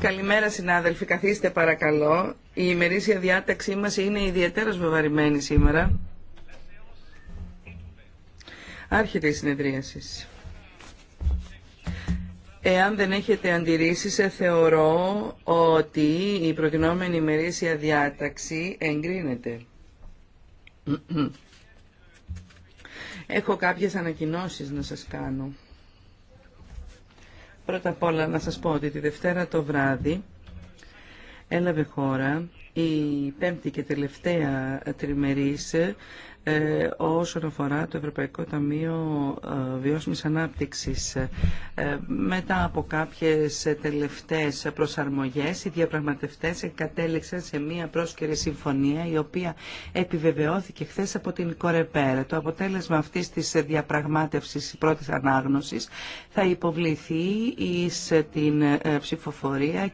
Καλημέρα συνάδελφοι, καθίστε παρακαλώ. Η ημερήσια διάταξή μας είναι ιδιαίτερα βεβαρημένη σήμερα. Άρχεται η συνεδρίαση. Εάν δεν έχετε αντιρρήσεις, ε, θεωρώ ότι η προκεινόμενη ημερήσια διάταξη εγκρίνεται. Έχω κάποιες ανακοινώσεις να σας κάνω. Πρώτα απ' όλα να σας πω ότι τη Δευτέρα το βράδυ έλαβε χώρα η πέμπτη και τελευταία τριμερής ε, όσον αφορά το Ευρωπαϊκό Ταμείο ε, Βιώσιμης Ανάπτυξης. Ε, μετά από κάποιες τελευταίες προσαρμογές, οι διαπραγματευτές κατέληξαν σε μία πρόσκαιρη συμφωνία, η οποία επιβεβαιώθηκε χθες από την Κορεπέρα. Το αποτέλεσμα αυτής της διαπραγμάτευσης της πρώτης ανάγνωσης θα υποβληθεί εις την ψηφοφορία,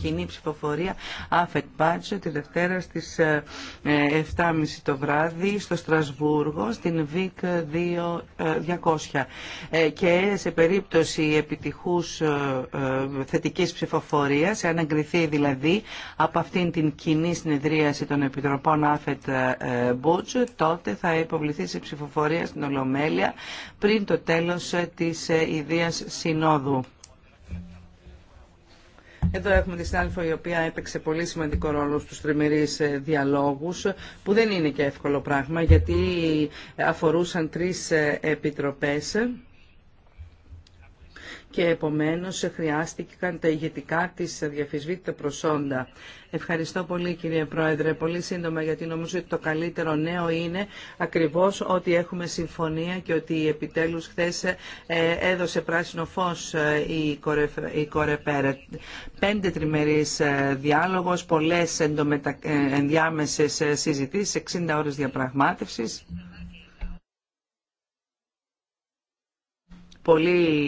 κοινή ψηφοφορία Αφετ Budget, τη Δευτέρα στις 7.30 το βράδυ, στο Στρασβούργο στην ΒΙΚ 200 ε, ε, και σε περίπτωση επιτυχούς ε, θετικής ψηφοφορίας, αν εγκριθεί δηλαδή από αυτήν την κοινή συνεδρίαση των Επιτροπών ΑΦΕΤ Μπούτζ, τότε θα υποβληθεί σε ψηφοφορία στην Ολομέλεια πριν το τέλος της ιδίας συνόδου. Εδώ έχουμε τη συνάδελφο η οποία έπαιξε πολύ σημαντικό ρόλο στους τριμερείς ε, διαλόγους που δεν είναι και εύκολο πράγμα γιατί αφορούσαν τρεις ε, επιτροπές και επομένως χρειάστηκαν τα ηγετικά της διαφυσβήτητα προσόντα. Ευχαριστώ πολύ κύριε Πρόεδρε. Πολύ σύντομα γιατί νομίζω ότι το καλύτερο νέο είναι ακριβώς ότι έχουμε συμφωνία και ότι επιτέλους χθε ε, έδωσε πράσινο φως ε, η, κορεπέρα. Πέντε τριμερείς ε, διάλογος, πολλές ενδιάμεσες συζητήσεις, 60 ώρες διαπραγμάτευσης. πολύ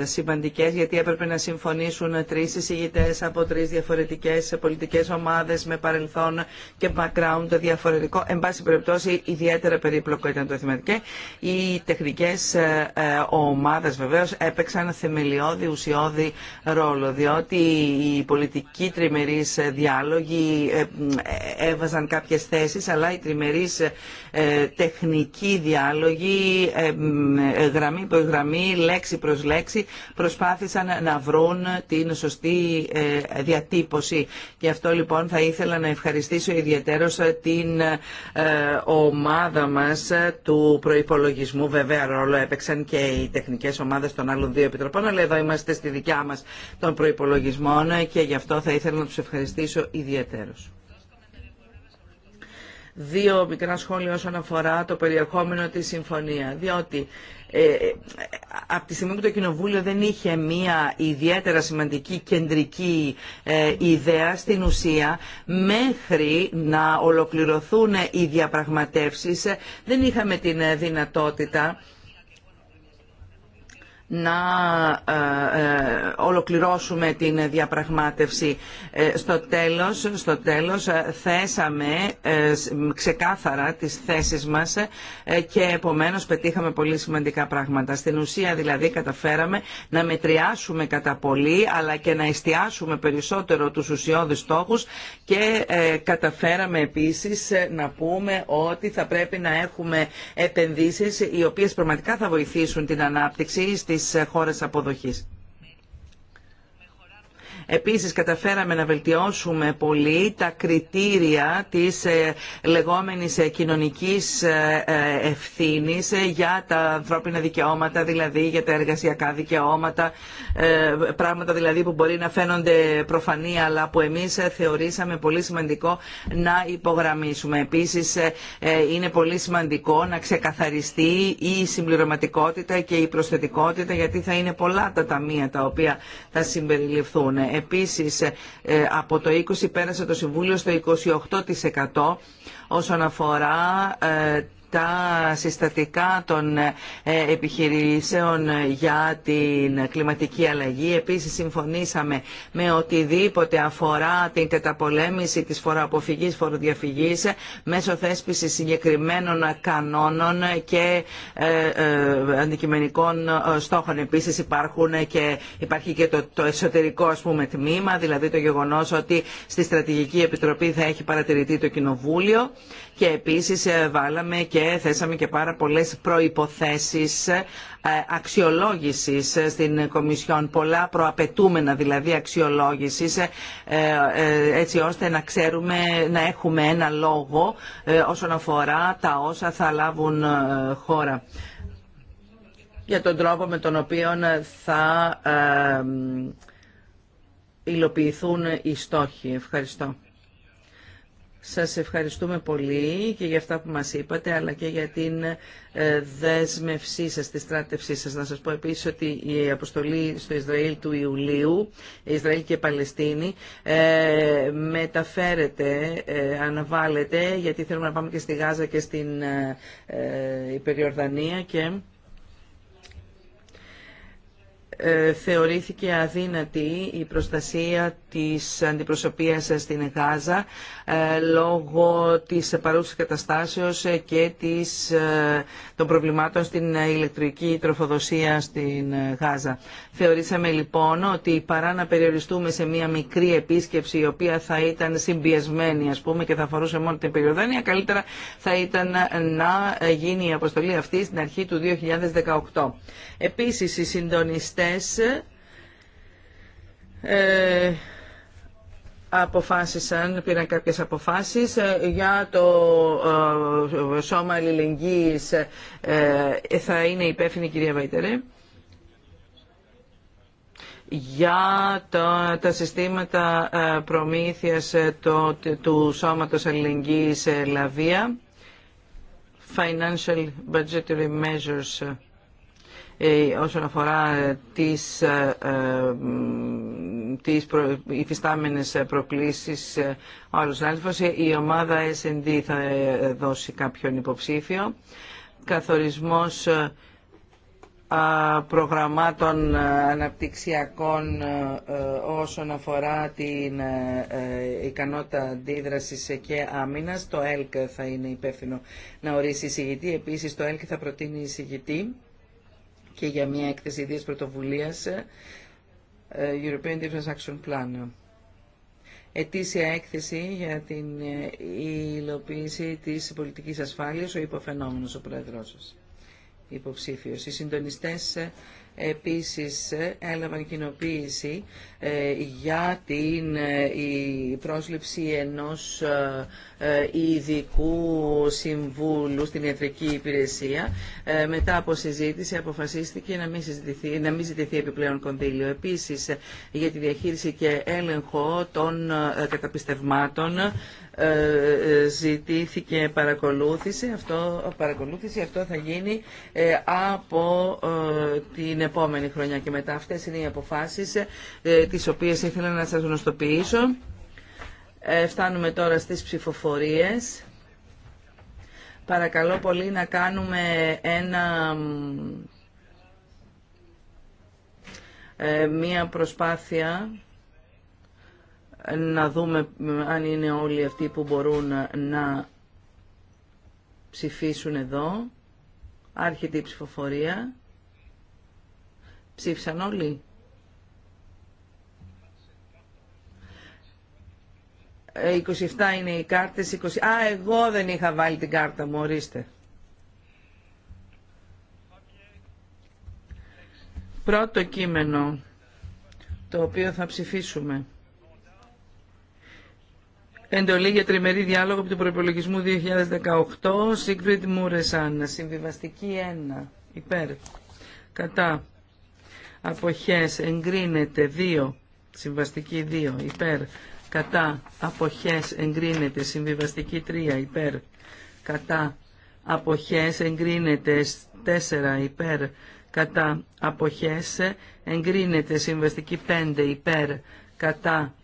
ε, σημαντικές γιατί έπρεπε να συμφωνήσουν τρεις εισηγητές από τρεις διαφορετικές πολιτικές ομάδες με παρελθόν και background διαφορετικό. Εν πάση περιπτώσει ιδιαίτερα περίπλοκο ήταν το θεματικό. οι τεχνικές ε, ε, ομάδες βεβαίως έπαιξαν θεμελιώδη ουσιώδη ρόλο διότι οι πολιτικοί τριμερείς διάλογοι έβαζαν κάποιες θέσεις αλλά οι τριμερείς τεχνικοί διάλογοι γραμμή υπό γραμμή λέξη προς λέξη προσπάθησαν να βρουν την σωστή ε, διατύπωση. Γι' αυτό λοιπόν θα ήθελα να ευχαριστήσω ιδιαίτερως ε, την ε, ομάδα μας του προϋπολογισμού. Βέβαια ρόλο έπαιξαν και οι τεχνικές ομάδες των άλλων δύο επιτροπών, αλλά εδώ είμαστε στη δικιά μας των προϋπολογισμών και γι' αυτό θα ήθελα να τους ευχαριστήσω ιδιαίτερως. Δύο μικρά σχόλια όσον αφορά το περιεχόμενο της συμφωνία, διότι ε, ε, από τη στιγμή που το Κοινοβούλιο δεν είχε μία ιδιαίτερα σημαντική κεντρική ε, ιδέα στην ουσία μέχρι να ολοκληρωθούν οι διαπραγματεύσεις δεν είχαμε την δυνατότητα να ε, ε, ολοκληρώσουμε την διαπραγμάτευση. Ε, στο τέλος, στο τέλος θέσαμε ξεκάθαρα τις θέσεις μας και επομένως πετύχαμε πολύ σημαντικά πράγματα. Στην ουσία δηλαδή καταφέραμε να μετριάσουμε κατά πολύ αλλά και να εστιάσουμε περισσότερο τους ουσιώδεις στόχους και καταφέραμε επίσης να πούμε ότι θα πρέπει να έχουμε επενδύσεις οι οποίες πραγματικά θα βοηθήσουν την ανάπτυξη σε χώρες αποδοχής. Επίσης καταφέραμε να βελτιώσουμε πολύ τα κριτήρια της ε, λεγόμενης ε, κοινωνικής ε, ευθύνης για τα ανθρώπινα δικαιώματα, δηλαδή για τα εργασιακά δικαιώματα, πράγματα δηλαδή που μπορεί να φαίνονται προφανή αλλά που εμείς θεωρήσαμε πολύ σημαντικό να υπογραμμίσουμε. Επίσης είναι πολύ σημαντικό να ξεκαθαριστεί η συμπληρωματικότητα και η προσθετικότητα γιατί θα είναι πολλά τα ταμεία τα οποία θα συμπεριληφθούν επίσης ε, από το 20 πέρασε το Συμβούλιο στο 28% όσον αφορά ε, τα συστατικά των ε, επιχειρήσεων για την κλιματική αλλαγή. Επίσης συμφωνήσαμε με οτιδήποτε αφορά την καταπολέμηση της φοροαποφυγής, φοροδιαφυγής μέσω θέσπισης συγκεκριμένων κανόνων και ε, ε, αντικειμενικών στόχων. Επίσης υπάρχουν και, υπάρχει και το, εσωτερικό ας πούμε, τμήμα, δηλαδή το γεγονός ότι στη Στρατηγική Επιτροπή θα έχει παρατηρηθεί το Κοινοβούλιο και επίσης ε, βάλαμε και θέσαμε και πάρα πολλές προϋποθέσεις ε, αξιολόγησης ε, στην Κομισιόν, πολλά προαπαιτούμενα δηλαδή αξιολόγησης έτσι ώστε να ξέρουμε, να έχουμε ένα λόγο όσον αφορά τα όσα θα λάβουν χώρα για τον τρόπο με τον οποίο θα υλοποιηθούν οι στόχοι. Ευχαριστώ. Σας ευχαριστούμε πολύ και για αυτά που μας είπατε, αλλά και για την ε, δέσμευσή σας, τη στράτευσή σας. Να σας πω επίσης ότι η αποστολή στο Ισραήλ του Ιουλίου, Ισραήλ και Παλαιστίνη, ε, μεταφέρεται, ε, αναβάλλεται, γιατί θέλουμε να πάμε και στη Γάζα και στην Υπεριορδανία και... Ε, θεωρήθηκε αδύνατη η προστασία της αντιπροσωπείας στην Γάζα ε, λόγω της παρούσης καταστάσεως και της, ε, των προβλημάτων στην ηλεκτρική τροφοδοσία στην Γάζα. Θεωρήσαμε λοιπόν ότι παρά να περιοριστούμε σε μια μικρή επίσκεψη η οποία θα ήταν συμπιεσμένη ας πούμε και θα αφορούσε μόνο την Περιοδάνεια καλύτερα θα ήταν να γίνει η αποστολή αυτή στην αρχή του 2018. Επίσης οι συντονιστές ε, αποφάσισαν, πήραν κάποιες αποφάσεις ε, για το ε, σώμα αλληλεγγύης θα είναι υπεύθυνη κυρία Βαϊτερή, για τα, τα συστήματα προμήθειας το, του Σώματος Αλληλεγγύης Λαβία Financial Budgetary Measures ε, όσον αφορά ε, τις, ε, τις προ, υφιστάμενες προκλήσεις ο άλλος η ομάδα S&D θα δώσει κάποιον υποψήφιο. Καθορισμός προγραμμάτων αναπτυξιακών όσον αφορά την ικανότητα αντίδρασης και άμυνας. Το ΕΛΚ θα είναι υπεύθυνο να ορίσει εισηγητή. Επίσης το ΕΛΚ θα προτείνει εισηγητή και για μια έκθεση ιδέα πρωτοβουλία ε, European Defense Action Plan. Ετήσια έκθεση για την ε, υλοποίηση της πολιτικής ασφάλειας, ο υποφαινόμενο ο πρόεδρός σα. υποψήφιο. Οι συντονιστέ. Ε, Επίσης έλαβαν κοινοποίηση ε, για την ε, η πρόσληψη ενός ε, ειδικού συμβούλου στην ιατρική υπηρεσία. Μετά από συζήτηση αποφασίστηκε να μην, συζητηθεί, να μην ζητηθεί επιπλέον κονδύλιο. Επίσης για τη διαχείριση και έλεγχο των καταπιστευμάτων ε, ε, ζητήθηκε παρακολούθηση. Αυτό, παρακολούθηση. Αυτό θα γίνει ε, από την επόμενη χρονιά και μετά. Αυτές είναι οι αποφάσεις τις οποίες ήθελα να σας γνωστοποιήσω. Φτάνουμε τώρα στις ψηφοφορίες. Παρακαλώ πολύ να κάνουμε ένα μία προσπάθεια να δούμε αν είναι όλοι αυτοί που μπορούν να ψηφίσουν εδώ. Άρχεται η ψηφοφορία. Ψήφισαν όλοι. Ε, 27 είναι οι κάρτες. 20... Α, εγώ δεν είχα βάλει την κάρτα μου, ορίστε. Πρώτο κείμενο το οποίο θα ψηφίσουμε. Εντολή για τριμερή διάλογο από του προπολογισμού 2018. Σίγκριτ Μούρεσαν. Συμβιβαστική 1. Υπέρ. Κατά. Αποχές. Εγκρίνεται 2. Συμβαστική 2. Υπέρ. Κατά. Αποχές. Εγκρίνεται. Συμβιβαστική 3. Υπέρ. Κατά. Αποχές. Εγκρίνεται 4. Υπέρ. Κατά. Αποχές. Εγκρίνεται. Συμβαστική 5. Υπέρ. Κατά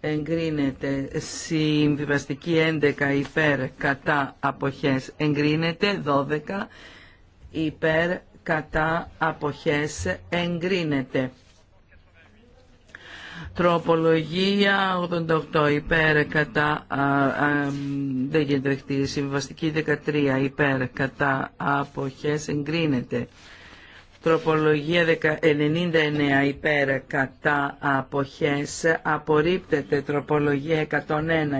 εγκρίνεται συμβιβαστική 11 υπέρ κατά αποχές εγκρίνεται 12 υπέρ κατά αποχές εγκρίνεται τροπολογία 88 υπέρ κατά α, α, δεν γίνεται συμβιβαστική 13 υπέρ κατά αποχές εγκρίνεται Τροπολογία 99 υπέρ κατά αποχές απορρίπτεται. Τροπολογία 101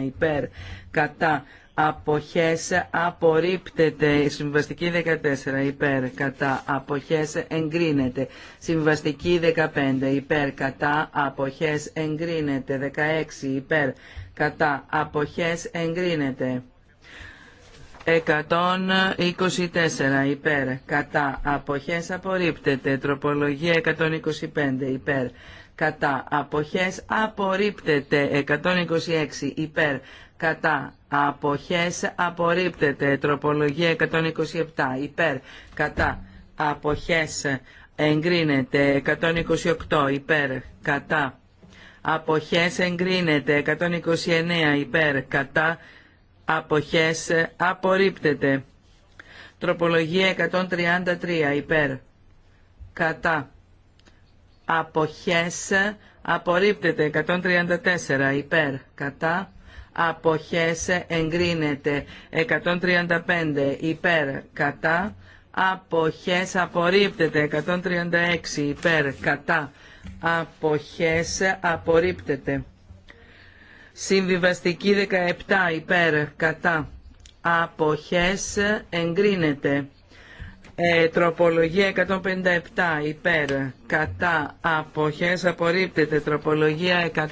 υπέρ κατά αποχές απορρίπτεται. Συμβαστική 14 υπέρ κατά αποχές εγκρίνεται. Συμβαστική 15 υπέρ κατά αποχές εγκρίνεται. 16 υπέρ κατά αποχές εγκρίνεται. 124 υπέρ κατά αποχές απορρίπτεται τροπολογία 125 υπέρ κατά αποχές απορρίπτεται 126 υπέρ κατά αποχές απορρίπτεται τροπολογία 127 υπέρ κατά αποχές εγκρίνεται 128 υπέρ κατά αποχές εγκρίνεται 129 υπέρ κατά αποχές απορρίπτεται. Τροπολογία 133 υπέρ κατά αποχές απορρίπτεται. 134 υπέρ κατά αποχές εγκρίνεται. 135 υπέρ κατά αποχές απορρίπτεται. 136 υπέρ κατά αποχές απορρίπτεται. Συμβιβαστική 17 υπέρ κατά αποχές εγκρίνεται. Ε, τροπολογία 157 υπέρ κατά αποχές απορρίπτεται. Τροπολογία 160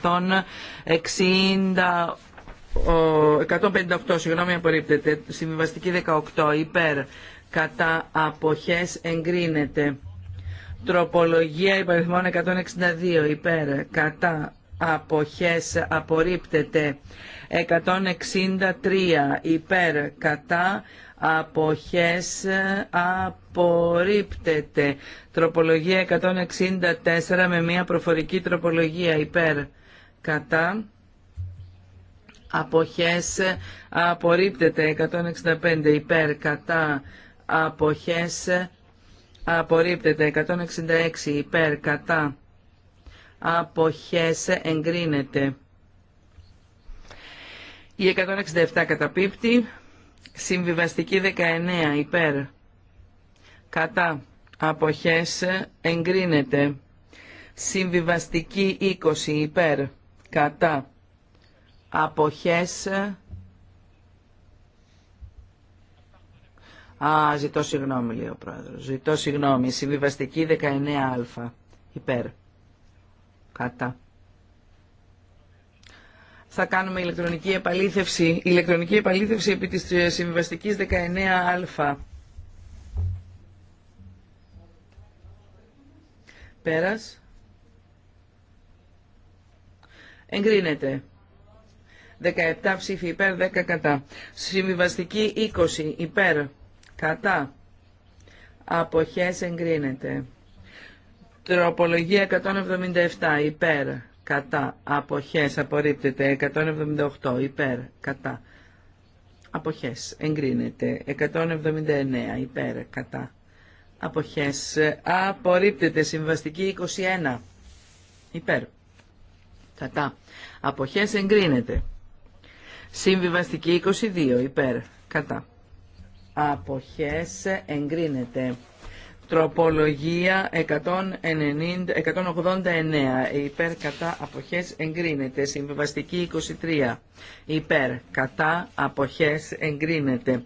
158 συγγνώμη απορρίπτεται. Συμβιβαστική 18 υπέρ κατά αποχές εγκρίνεται. Τροπολογία υπαριθμών 162 υπέρ κατά αποχές απορρίπτεται 163 υπέρ κατά αποχές απορρίπτεται τροπολογία 164 με μια προφορική τροπολογία υπέρ κατά αποχές απορρίπτεται 165 υπέρ κατά αποχές απορρίπτεται 166 υπέρ κατά αποχές εγκρίνεται. Η 167 καταπίπτει. Συμβιβαστική 19 υπέρ. Κατά αποχές εγκρίνεται. Συμβιβαστική 20 υπέρ. Κατά αποχές Α, ζητώ συγγνώμη, λέει ο πρόεδρος. Ζητώ συγγνώμη. Συμβιβαστική 19α. Υπέρ. Κατά. Θα κάνουμε ηλεκτρονική επαλήθευση, ηλεκτρονική επαλήθευση επί της ε, συμβιβαστικής 19α. Πέρας. Εγκρίνεται. 17 ψήφοι υπέρ, 10 κατά. Συμβιβαστική 20 υπέρ, κατά. Αποχές εγκρίνεται. Τροπολογία 177 υπέρ κατά αποχές απορρίπτεται 178 υπέρ κατά αποχές εγκρίνεται 179 υπέρ κατά αποχές απορρίπτεται συμβαστική 21 υπέρ κατά αποχές εγκρίνεται συμβιβαστική 22 υπέρ κατά αποχές εγκρίνεται Τροπολογία 189 υπέρ κατά αποχές εγκρίνεται. Συμβιβαστική 23 υπέρ κατά αποχές εγκρίνεται.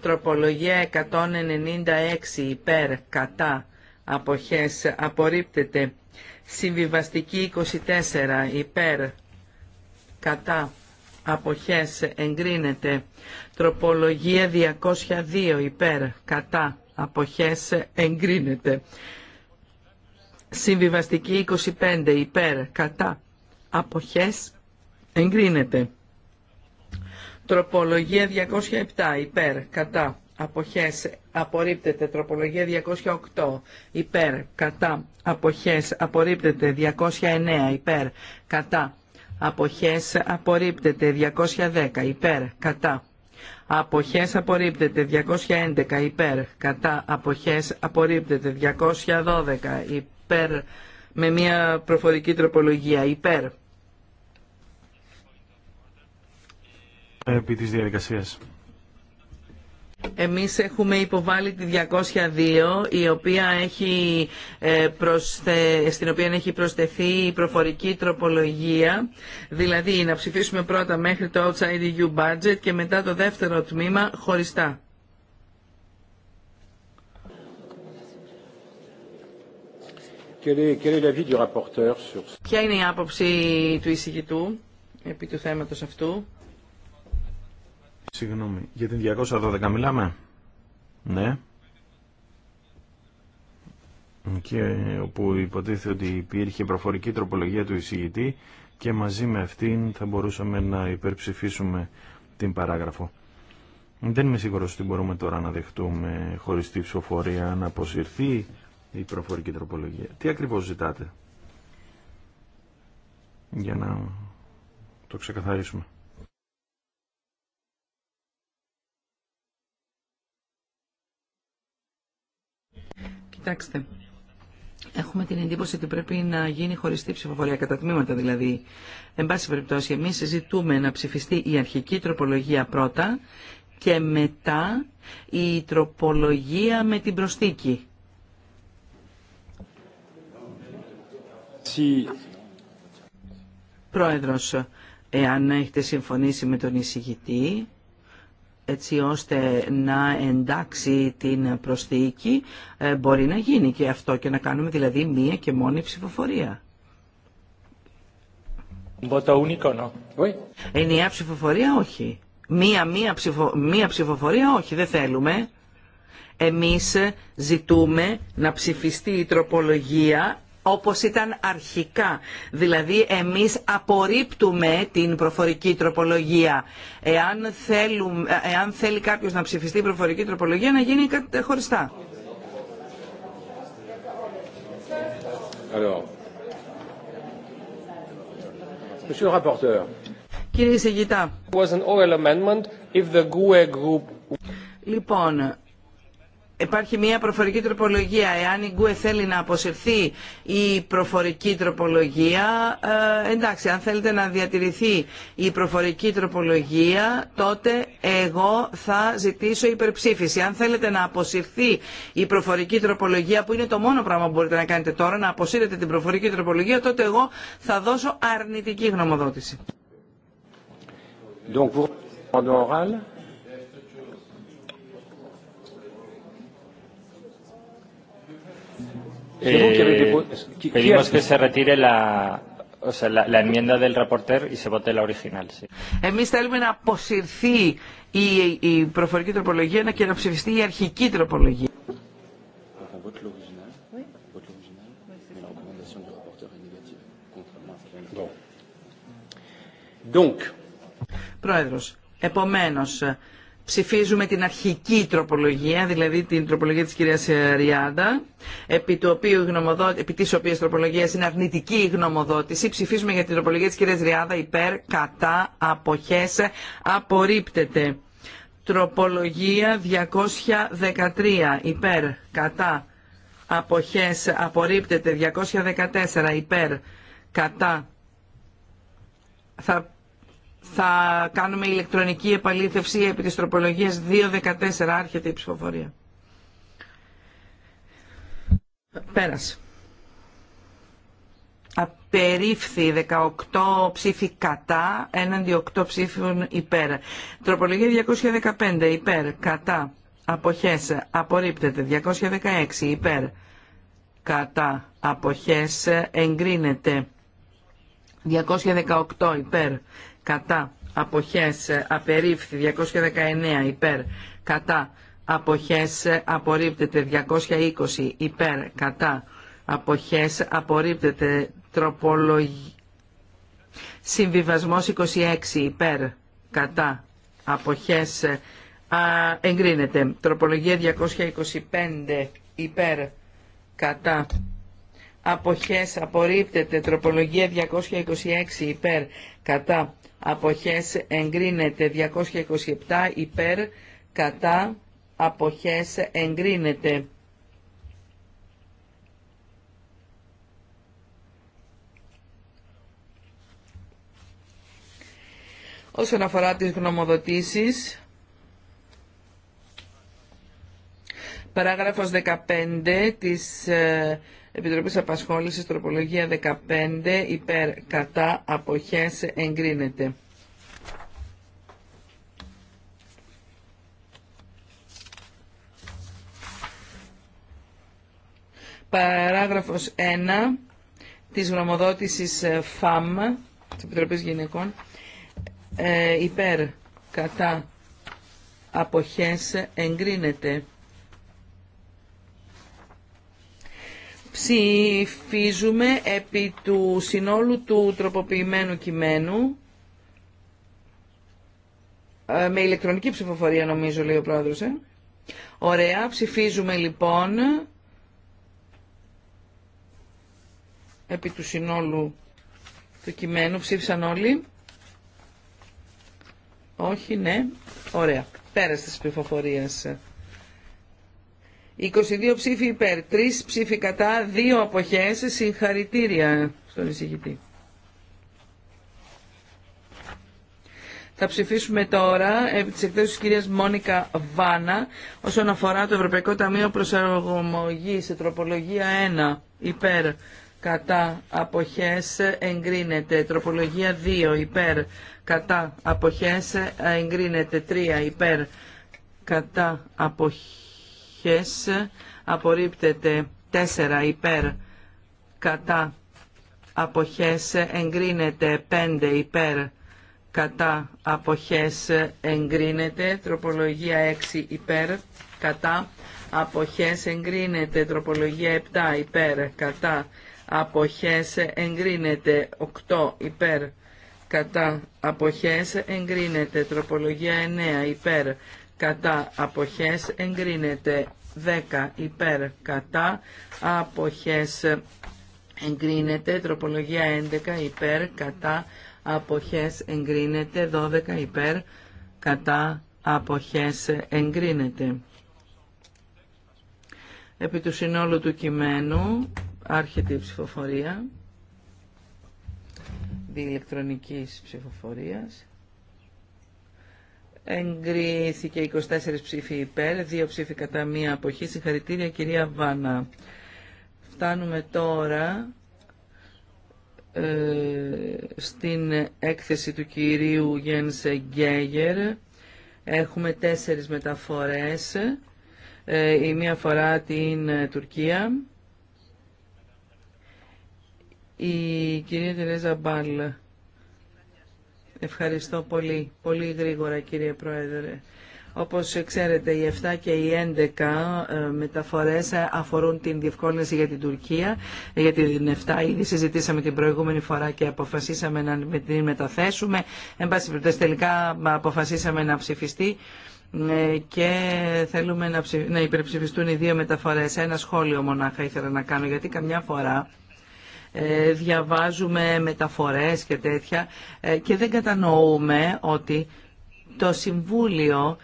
Τροπολογία 196 υπέρ κατά αποχές απορρίπτεται. Συμβιβαστική 24 υπέρ κατά αποχές εγκρίνεται. Τροπολογία 202 υπέρ κατά αποχές εγκρίνεται. Συμβιβαστική 25 υπέρ κατά αποχές εγκρίνεται. Τροπολογία 207 υπέρ κατά αποχές απορρίπτεται. Τροπολογία 208 υπέρ κατά αποχές απορρίπτεται. 209 υπέρ κατά αποχές απορρίπτεται. 210 υπέρ κατά αποχές απορρίπτεται 211 υπέρ κατά αποχές απορρίπτεται 212 υπέρ με μια προφορική τροπολογία υπέρ επί της διαδικασίας εμείς έχουμε υποβάλει τη 202, η οποία έχει ε, προσθε... στην οποία έχει προσθεθεί η προφορική τροπολογία, δηλαδή να ψηφίσουμε πρώτα μέχρι το outside EU budget και μετά το δεύτερο τμήμα χωριστά. Ποια είναι η άποψη του εισηγητού επί του θέματος αυτού. Συγγνώμη, για την 212 μιλάμε. Ναι. Και όπου υποτίθεται ότι υπήρχε προφορική τροπολογία του εισηγητή και μαζί με αυτήν θα μπορούσαμε να υπερψηφίσουμε την παράγραφο. Δεν είμαι σίγουρος ότι μπορούμε τώρα να δεχτούμε χωρί τη ψηφοφορία να αποσυρθεί η προφορική τροπολογία. Τι ακριβώς ζητάτε για να το ξεκαθαρίσουμε. Κοιτάξτε, έχουμε την εντύπωση ότι πρέπει να γίνει χωριστή ψηφοφορία, κατά τμήματα δηλαδή. Εν πάση περιπτώσει, εμείς ζητούμε να ψηφιστεί η αρχική τροπολογία πρώτα και μετά η τροπολογία με την προστίκη. Πρόεδρος, εάν έχετε συμφωνήσει με τον εισηγητή, έτσι ώστε να εντάξει την προσθήκη ε, μπορεί να γίνει και αυτό και να κάνουμε δηλαδή μία και μόνη ψηφοφορία. Ενιαία ψηφοφορία όχι. Μία, μία, ψηφο, μία ψηφοφορία όχι δεν θέλουμε. Εμείς ζητούμε να ψηφιστεί η τροπολογία όπως ήταν αρχικά. Δηλαδή εμείς απορρίπτουμε την προφορική τροπολογία. Εάν, θέλει κάποιος να ψηφιστεί η προφορική τροπολογία να γίνει χωριστά. Κύριε Σιγητά. Λοιπόν, Υπάρχει μια προφορική τροπολογία. Εάν η Γκουε θέλει να αποσυρθεί η προφορική τροπολογία, ε, εντάξει, αν θέλετε να διατηρηθεί η προφορική τροπολογία, τότε εγώ θα ζητήσω υπερψήφιση. Αν θέλετε να αποσυρθεί η προφορική τροπολογία, που είναι το μόνο πράγμα που μπορείτε να κάνετε τώρα, να αποσύρετε την προφορική τροπολογία, τότε εγώ θα δώσω αρνητική γνωμοδότηση. Donc, vous... Eh, Pedimos que se retire la, o sea, la, la enmienda del reporter y se vote la original. Sí. Εμείς θέλουμε να αποσυρθεί η, η προφορική τροπολογία και να ψηφιστεί η αρχική τροπολογία. Πρόεδρος, επομένως, ψηφίζουμε την αρχική τροπολογία, δηλαδή την τροπολογία της κυρίας Ριάντα, επί, του οποίου γνωμοδότη, επί της οποίας τροπολογία είναι αρνητική η γνωμοδότηση. Ψηφίζουμε για την τροπολογία της κυρίας Ριάντα υπέρ, κατά, αποχές, απορρίπτεται. Τροπολογία 213 υπέρ, κατά, αποχές, απορρίπτεται. 214 υπέρ, κατά, θα θα κάνουμε ηλεκτρονική επαλήθευση επί της τροπολογίας 2.14. Άρχεται η ψηφοφορία. Πέρασε. Απερίφθη 18 ψήφοι κατά, έναντι 8 ψήφων υπέρ. Τροπολογία 215 υπέρ, κατά. Αποχές, απορρίπτεται. 216 υπέρ, κατά. Αποχές, εγκρίνεται. 218 υπέρ, κατά αποχές απερίφθη 219 υπέρ κατά αποχές απορρίπτεται 220 υπέρ κατά αποχές απορρίπτεται τροπολογία συμβιβασμός 26 υπέρ κατά αποχές α, εγκρίνεται τροπολογία 225 υπέρ κατά αποχές απορρίπτεται τροπολογία 226 υπέρ κατά αποχές εγκρίνεται 227 υπέρ κατά αποχές εγκρίνεται Όσον αφορά τις γνωμοδοτήσεις, παράγραφος 15 της ε, Επιτροπής Απασχόλησης, τροπολογία 15, υπέρ κατά αποχές εγκρίνεται. Παράγραφος 1 της γνωμοδότησης ε, ΦΑΜ, της Επιτροπής Γυναικών, ε, υπέρ κατά αποχές εγκρίνεται. Ψηφίζουμε επί του συνόλου του τροποποιημένου κειμένου. Ε, με ηλεκτρονική ψηφοφορία νομίζω λέει ο πρόεδρος. Ε. Ωραία, ψηφίζουμε λοιπόν επί του συνόλου του κειμένου. Ψήφισαν όλοι. Όχι, ναι. Ωραία. Πέρασε της ψηφοφορίας. 22 ψήφοι υπέρ, 3 ψήφοι κατά, 2 αποχές, συγχαρητήρια στον εισηγητή. Θα ψηφίσουμε τώρα επί της τη της κυρίας Μόνικα Βάνα όσον αφορά το Ευρωπαϊκό Ταμείο Προσαρμογή. τροπολογία 1 υπέρ κατά αποχές εγκρίνεται. Τροπολογία 2 υπέρ κατά αποχές εγκρίνεται. 3 υπέρ κατά αποχές αποχές απορρίπτεται 4 υπέρ κατά αποχές εγκρίνεται 5 υπέρ κατά αποχές εγκρίνεται τροπολογία 6 υπέρ κατά αποχές εγκρίνεται τροπολογία 7 υπέρ κατά αποχές εγκρίνεται 8 υπέρ κατά αποχές εγκρίνεται τροπολογία 9 υπέρ κατά αποχές εγκρίνεται 10 υπέρ κατά αποχές εγκρίνεται τροπολογία 11 υπέρ κατά αποχές εγκρίνεται 12 υπέρ κατά αποχές εγκρίνεται επί του συνόλου του κειμένου άρχεται η ψηφοφορία διηλεκτρονικής ψηφοφορίας Εγκρίθηκε 24 ψήφοι υπέρ, 2 ψήφοι κατά μία αποχή. Συγχαρητήρια κυρία Βάνα. Φτάνουμε τώρα ε, στην έκθεση του κυρίου Γένσε Γκέγερ. Έχουμε τέσσερις μεταφορές. Ε, η μία φορά την Τουρκία. Η κυρία Τερέζα Μπάλ Ευχαριστώ πολύ. Πολύ γρήγορα κύριε Πρόεδρε. Όπως ξέρετε, οι 7 και οι 11 ε, μεταφορές ε, αφορούν την διευκόλυνση για την Τουρκία. Για την 7 ήδη συζητήσαμε την προηγούμενη φορά και αποφασίσαμε να την μεταθέσουμε. Εν πάση περιπτώσει, τελικά αποφασίσαμε να ψηφιστεί ε, και θέλουμε να υπερψηφιστούν οι δύο μεταφορές. Ένα σχόλιο μονάχα ήθελα να κάνω, γιατί καμιά φορά ε, διαβάζουμε μεταφορές και τέτοια ε, και δεν κατανοούμε ότι το Συμβούλιο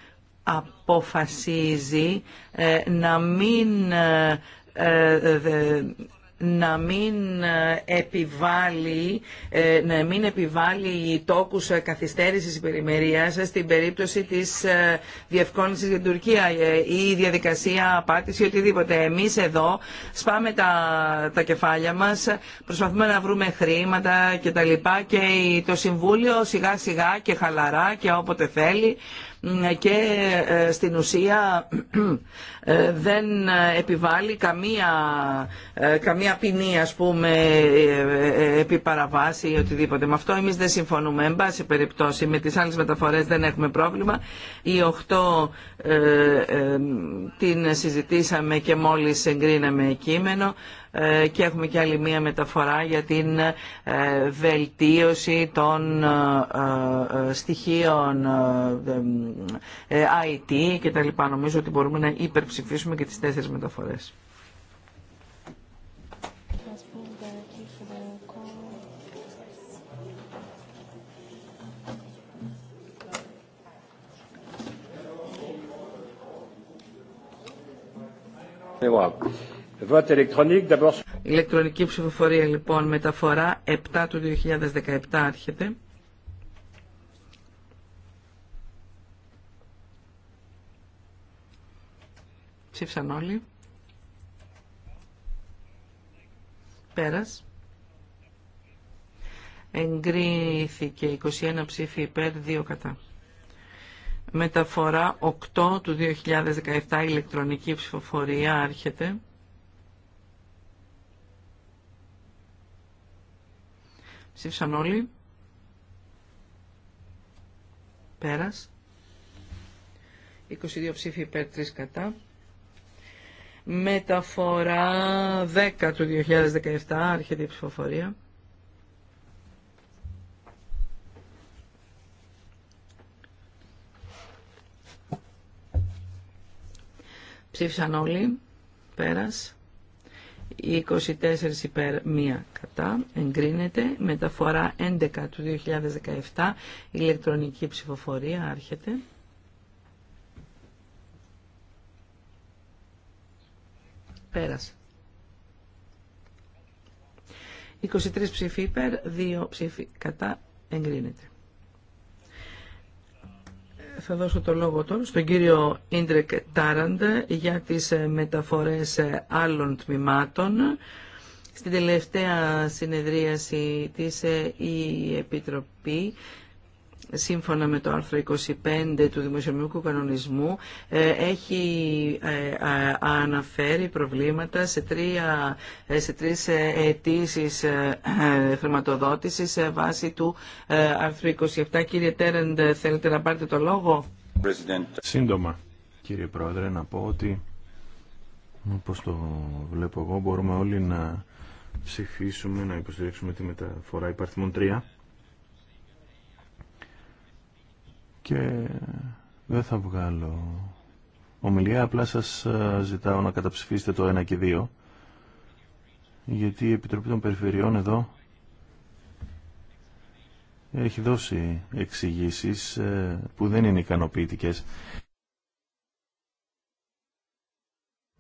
αποφασίζει ε, να μην να μην ε, επιβάλλει, ε, να μην επιβάλλει τόκους ε, καθυστέρησης υπερημερίας στην περίπτωση της διευκόλυνσης για την Τουρκία ή διαδικασία απάτηση ή οτιδήποτε. Εμείς εδώ σπάμε τα, κεφάλια μας, προσπαθούμε να βρούμε χρήματα Και, τα και το Συμβούλιο σιγά σιγά και χαλαρά και όποτε θέλει και ε, στην ουσία ε, δεν επιβάλλει καμία, ε, καμία ποινή ας πούμε επί παραβάση ή οτιδήποτε. Με αυτό εμείς δεν συμφωνούμε. Εν πάση περιπτώσει με τις άλλες μεταφορές δεν έχουμε πρόβλημα. Η 8 την συζητήσαμε και μόλις εγκρίναμε κείμενο. Ε, και έχουμε και άλλη μία μεταφορά για την ε, βελτίωση των ε, στοιχείων IT και τα λοιπά. Νομίζω ότι μπορούμε να υπερψηφίσουμε και τις τέσσερις μεταφορές. Ηλεκτρονική ψηφοφορία λοιπόν μεταφορά 7 του 2017 άρχεται. Ψήφισαν όλοι. Πέρας. Εγκρίθηκε 21 ψήφοι υπέρ, 2 κατά. Μεταφορά 8 του 2017 ηλεκτρονική ψηφοφορία άρχεται. Ψήφισαν όλοι. Πέρας. 22 ψήφοι υπέρ 3 κατά. Μεταφορά 10 του 2017, άρχεται η ψηφοφορία. Ψήφισαν όλοι. Πέρας. 24 υπέρ 1 κατά εγκρίνεται. Μεταφορά 11 του 2017 ηλεκτρονική ψηφοφορία άρχεται. Πέρασε. 23 ψήφοι υπέρ, 2 ψήφοι κατά εγκρίνεται. Θα δώσω το λόγο τώρα στον κύριο Ίντρεκ Τάραντ για τις ε, μεταφορές ε, άλλων τμήματων. Στην τελευταία συνεδρίαση της ε, η Επιτροπή σύμφωνα με το άρθρο 25 του Δημοσιονομικού Κανονισμού ε, έχει ε, αναφέρει προβλήματα σε, τρία, ε, σε τρεις αιτήσει χρηματοδότησης βάση του άρθρου 27. Κύριε Τέρεντ, θέλετε να πάρετε το λόγο. Σύντομα, κύριε Πρόεδρε, να πω ότι όπως το βλέπω εγώ μπορούμε όλοι να ψηφίσουμε, να υποστηρίξουμε τη μεταφορά υπαρθμών 3 και δεν θα βγάλω ομιλία, απλά σας ε, ζητάω να καταψηφίσετε το 1 και 2 γιατί η Επιτροπή των Περιφερειών εδώ έχει δώσει εξηγήσει ε, που δεν είναι ικανοποιητικέ.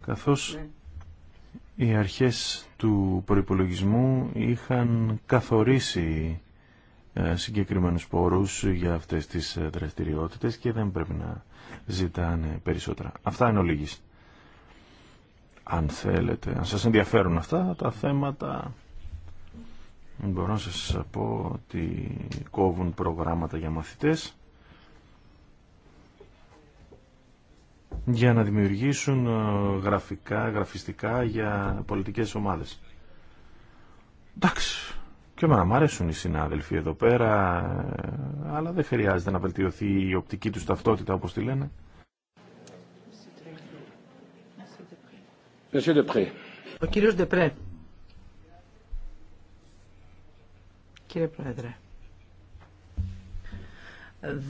Καθώς οι αρχές του προϋπολογισμού είχαν καθορίσει ε, συγκεκριμένους πόρους για αυτές τις ε, δραστηριότητες και δεν πρέπει να ζητάνε περισσότερα. Αυτά είναι ολίγης. Αν θέλετε, αν σας ενδιαφέρουν αυτά τα θέματα, μπορώ να σας πω ότι κόβουν προγράμματα για μαθητές για να δημιουργήσουν ε, γραφικά, γραφιστικά για πολιτικές ομάδες. Εντάξει, και εμένα μου αρέσουν οι συνάδελφοι εδώ πέρα, αλλά δεν χρειάζεται να βελτιωθεί η οπτική του ταυτότητα όπως τη λένε. Ο κύριος Ντεπρέ. Κύριε Πρόεδρε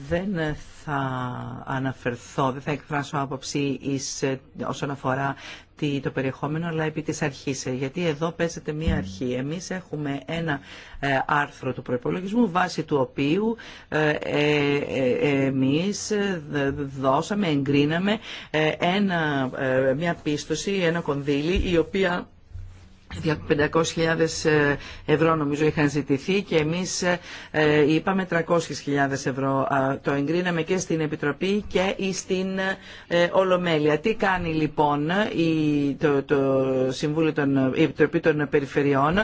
δεν θα αναφερθώ, δεν θα εκφράσω άποψη εις, ε, όσον αφορά το περιεχόμενο, αλλά επί της αρχής. Ε, γιατί εδώ παίζεται μία αρχή. Εμείς έχουμε ένα ε, άρθρο του προϋπολογισμού, βάσει του οποίου εμείς δώσαμε, εγκρίναμε ένα, μια πίστοση, ένα κονδύλι, η οποία 500.000 ε, ευρώ νομίζω είχαν ζητηθεί και εμείς ε, ε, είπαμε 300.000 ευρώ. Το εγκρίναμε και στην Επιτροπή και στην Ολομέλεια. Τι κάνει λοιπόν η, το, το Συμβούλιο των, Επιτροπή των Περιφερειών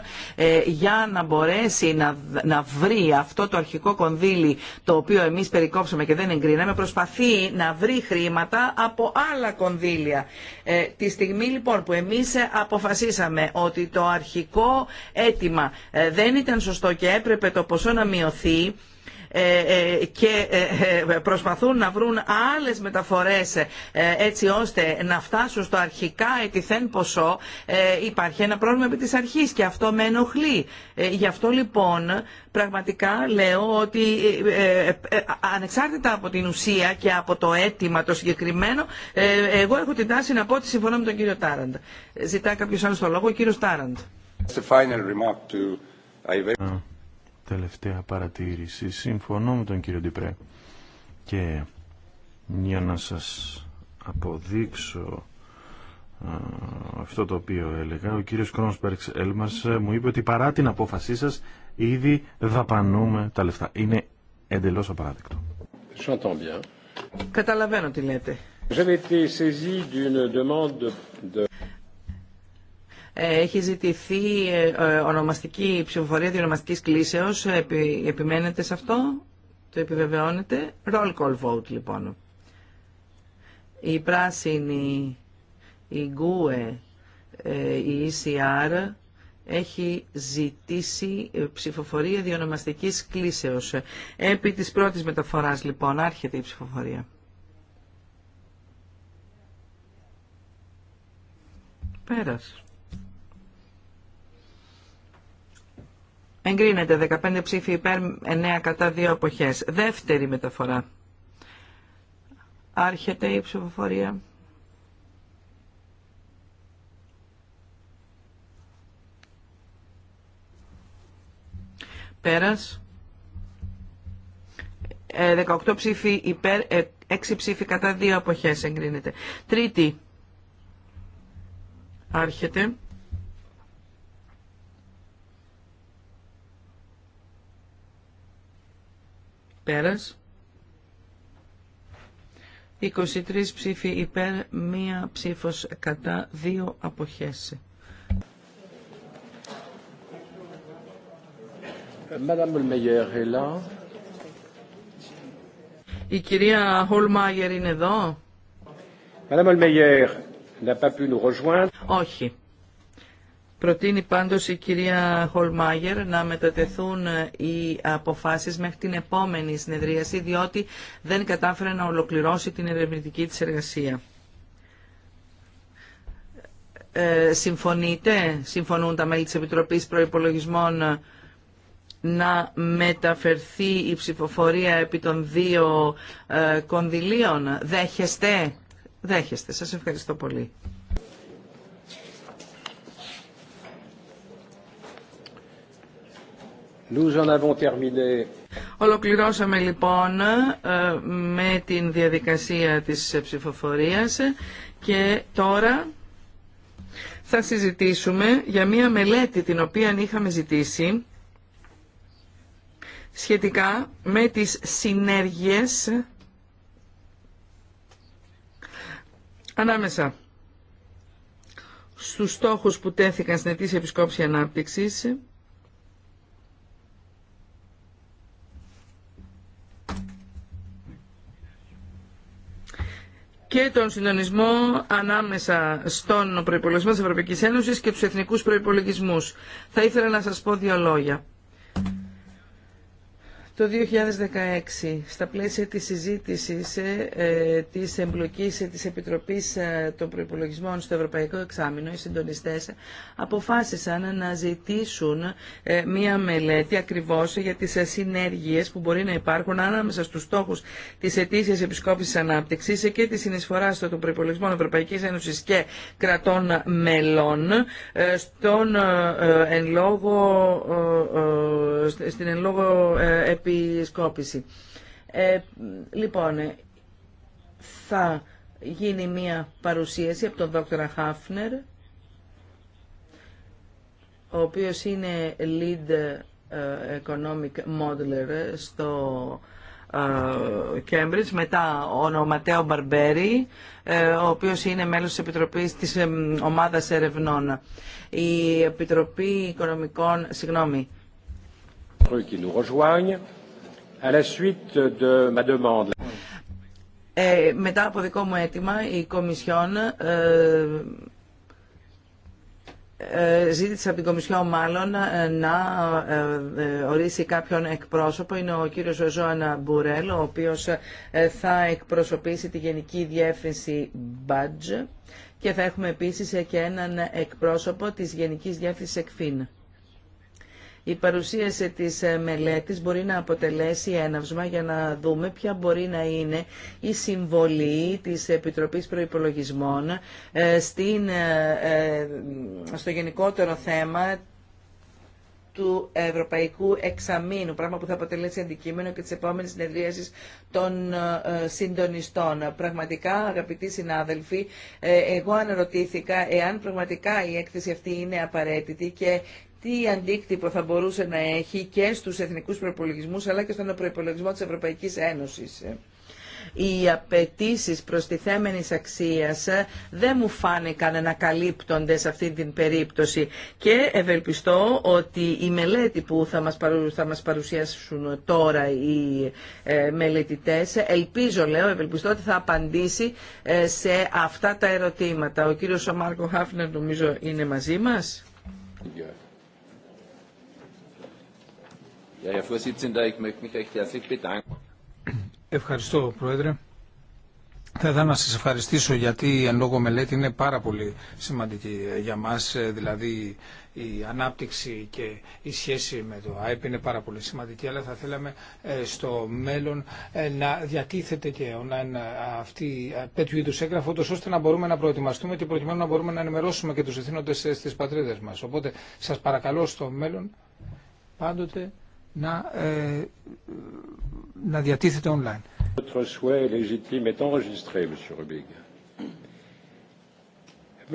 για να μπορέσει να, να βρει αυτό το αρχικό κονδύλι το οποίο εμείς περικόψαμε και δεν εγκρίναμε προσπαθεί να βρει χρήματα από άλλα κονδύλια. Τη στιγμή λοιπόν που εμείς αποφασίσαμε ότι ότι το αρχικό αίτημα ε, δεν ήταν σωστό και έπρεπε το ποσό να μειωθεί ε, ε, και ε, προσπαθούν να βρουν άλλες μεταφορές έτσι ώστε να φτάσουν στο αρχικά ετηθέν ποσό υπάρχει ένα πρόβλημα επί της αρχής και αυτό με ενοχλεί. Γι' αυτό λοιπόν πραγματικά λέω ότι ανεξάρτητα από την ουσία και από το αίτημα το συγκεκριμένο εγώ έχω την τάση να πω ότι συμφωνώ με τον κύριο Τάραντ. Ζητά κάποιος άλλος το λόγο, ο κύριος Τάραντ τελευταία παρατήρηση. Συμφωνώ με τον κύριο Ντιπρέ και για να σας αποδείξω αυτό το οποίο έλεγα, ο κύριος Κρόνσπερξ Έλμας ε, μου είπε ότι παρά την απόφασή σας ήδη δαπανούμε τα λεφτά. Είναι εντελώς απαράδεκτο. Καταλαβαίνω τι λέτε. Έχει ζητηθεί ε, ε, ονομαστική ψηφοφορία διονομαστικής κλίσεως. επιμένετε σε αυτό, το επιβεβαιώνετε. Roll call vote λοιπόν. Η πράσινη, η γκούε, ε, η ECR έχει ζητήσει ψηφοφορία διονομαστικής κλίσεως. Επί της πρώτης μεταφοράς λοιπόν άρχεται η ψηφοφορία. Πέρασε. Εγκρίνεται 15 ψήφοι υπέρ, 9 κατά 2 αποχές. Δεύτερη μεταφορά. Άρχεται η ψηφοφορία. Πέρας. 18 ε, ψήφοι υπέρ, 6 ε, ψήφοι κατά 2 αποχές εγκρίνεται. Τρίτη. Άρχεται. Πέρας. 23 ψήφοι υπέρ, μία ψήφος κατά, δύο αποχές. Η κυρία Χολμάγερ είναι εδώ. Madame n'a pas pu nous Όχι. Προτείνει πάντως η κυρία Χολμάγερ να μετατεθούν οι αποφάσεις μέχρι την επόμενη συνεδρίαση, διότι δεν κατάφερε να ολοκληρώσει την ερευνητική της εργασία. Ε, συμφωνείτε, συμφωνούν τα μέλη της Επιτροπής Προϋπολογισμών να μεταφερθεί η ψηφοφορία επί των δύο ε, κονδυλίων. Δέχεστε. Δέχεστε. Σας ευχαριστώ πολύ. Ολοκληρώσαμε λοιπόν ε, με την διαδικασία της ψηφοφορίας και τώρα θα συζητήσουμε για μία μελέτη την οποία είχαμε ζητήσει σχετικά με τις συνέργειες ανάμεσα στους στόχους που τέθηκαν στην ετήσια επισκόψη ανάπτυξης και τον συντονισμό ανάμεσα στον προπολογισμό της Ευρωπαϊκής Ένωσης και τους εθνικούς προϋπολογισμούς. Θα ήθελα να σας πω δύο λόγια. Το 2016, στα πλαίσια της συζήτησης ε, ε, της εμπλοκής ε, της Επιτροπής των Προϋπολογισμών στο Ευρωπαϊκό Εξάμεινο, οι συντονιστές αποφάσισαν να ζητήσουν μία μελέτη ακριβώς για τις συνέργειες που μπορεί να υπάρχουν ανάμεσα στους στόχους της ετήσιας επισκόπησης ανάπτυξης και της συνεισφοράς των προϋπολογισμών Ευρωπαϊκής Ένωσης και κρατών μελών στον εν λόγω, στην επισκόπηση. Ε, λοιπόν, θα γίνει μία παρουσίαση από τον δόκτωρα Χάφνερ, ο οποίος είναι lead ε, economic modeler στο ε, Cambridge, μετά ο Ματέο Μπαρμπέρι, ο οποίος είναι μέλος της Επιτροπής της Ομάδας Ερευνών. Η Επιτροπή Οικονομικών, συγγνώμη, μετά από δικό μου αίτημα, η Κομισιόν ε, ε, ζήτησε από την Κομισιόν μάλλον ε, να ορίσει κάποιον εκπρόσωπο. Είναι ο κύριος Ζωάν Μπουρέλ, ο οποίος θα εκπροσωπήσει τη Γενική Διεύθυνση Budge και θα έχουμε επίσης και έναν εκπρόσωπο της Γενικής Διεύθυνσης ΕΚΦΙΝ. Η παρουσίαση της ε, μελέτης μπορεί να αποτελέσει έναυσμα για να δούμε ποια μπορεί να είναι η συμβολή της Επιτροπής Προϋπολογισμών ε, στην, ε, στο γενικότερο θέμα του Ευρωπαϊκού Εξαμήνου, πράγμα που θα αποτελέσει αντικείμενο και τη επόμενη συνεδρίαση των συντονιστών. Πραγματικά, αγαπητοί συνάδελφοι, εγώ αναρωτήθηκα εάν πραγματικά η έκθεση αυτή είναι απαραίτητη τι αντίκτυπο θα μπορούσε να έχει και στους εθνικούς προϋπολογισμούς αλλά και στον προϋπολογισμό της Ευρωπαϊκής Ένωσης. Οι απαιτήσει θέμενη αξία δεν μου φάνηκαν να καλύπτονται σε αυτή την περίπτωση και ευελπιστώ ότι η μελέτη που θα μας παρουσιάσουν τώρα οι ε, μελετητές ελπίζω λέω, ευελπιστώ ότι θα απαντήσει ε, σε αυτά τα ερωτήματα. Ο κύριος Μάρκο Χάφνερ νομίζω είναι μαζί μας. Ευχαριστώ, Πρόεδρε. Θα ήθελα να σας ευχαριστήσω γιατί η εν λόγω μελέτη είναι πάρα πολύ σημαντική για μας, ε, δηλαδή η ανάπτυξη και η σχέση με το ΑΕΠ είναι πάρα πολύ σημαντική, αλλά θα θέλαμε ε, στο μέλλον ε, να διατίθεται και online αυτή τέτοιου είδου έγγραφο, ώστε να μπορούμε να προετοιμαστούμε και προκειμένου να μπορούμε να ενημερώσουμε και του ευθύνοντε στις πατρίδες μας. Οπότε σας παρακαλώ στο μέλλον πάντοτε να, ε, να διατίθεται online. Votre souhait légitime est enregistré, Rubig.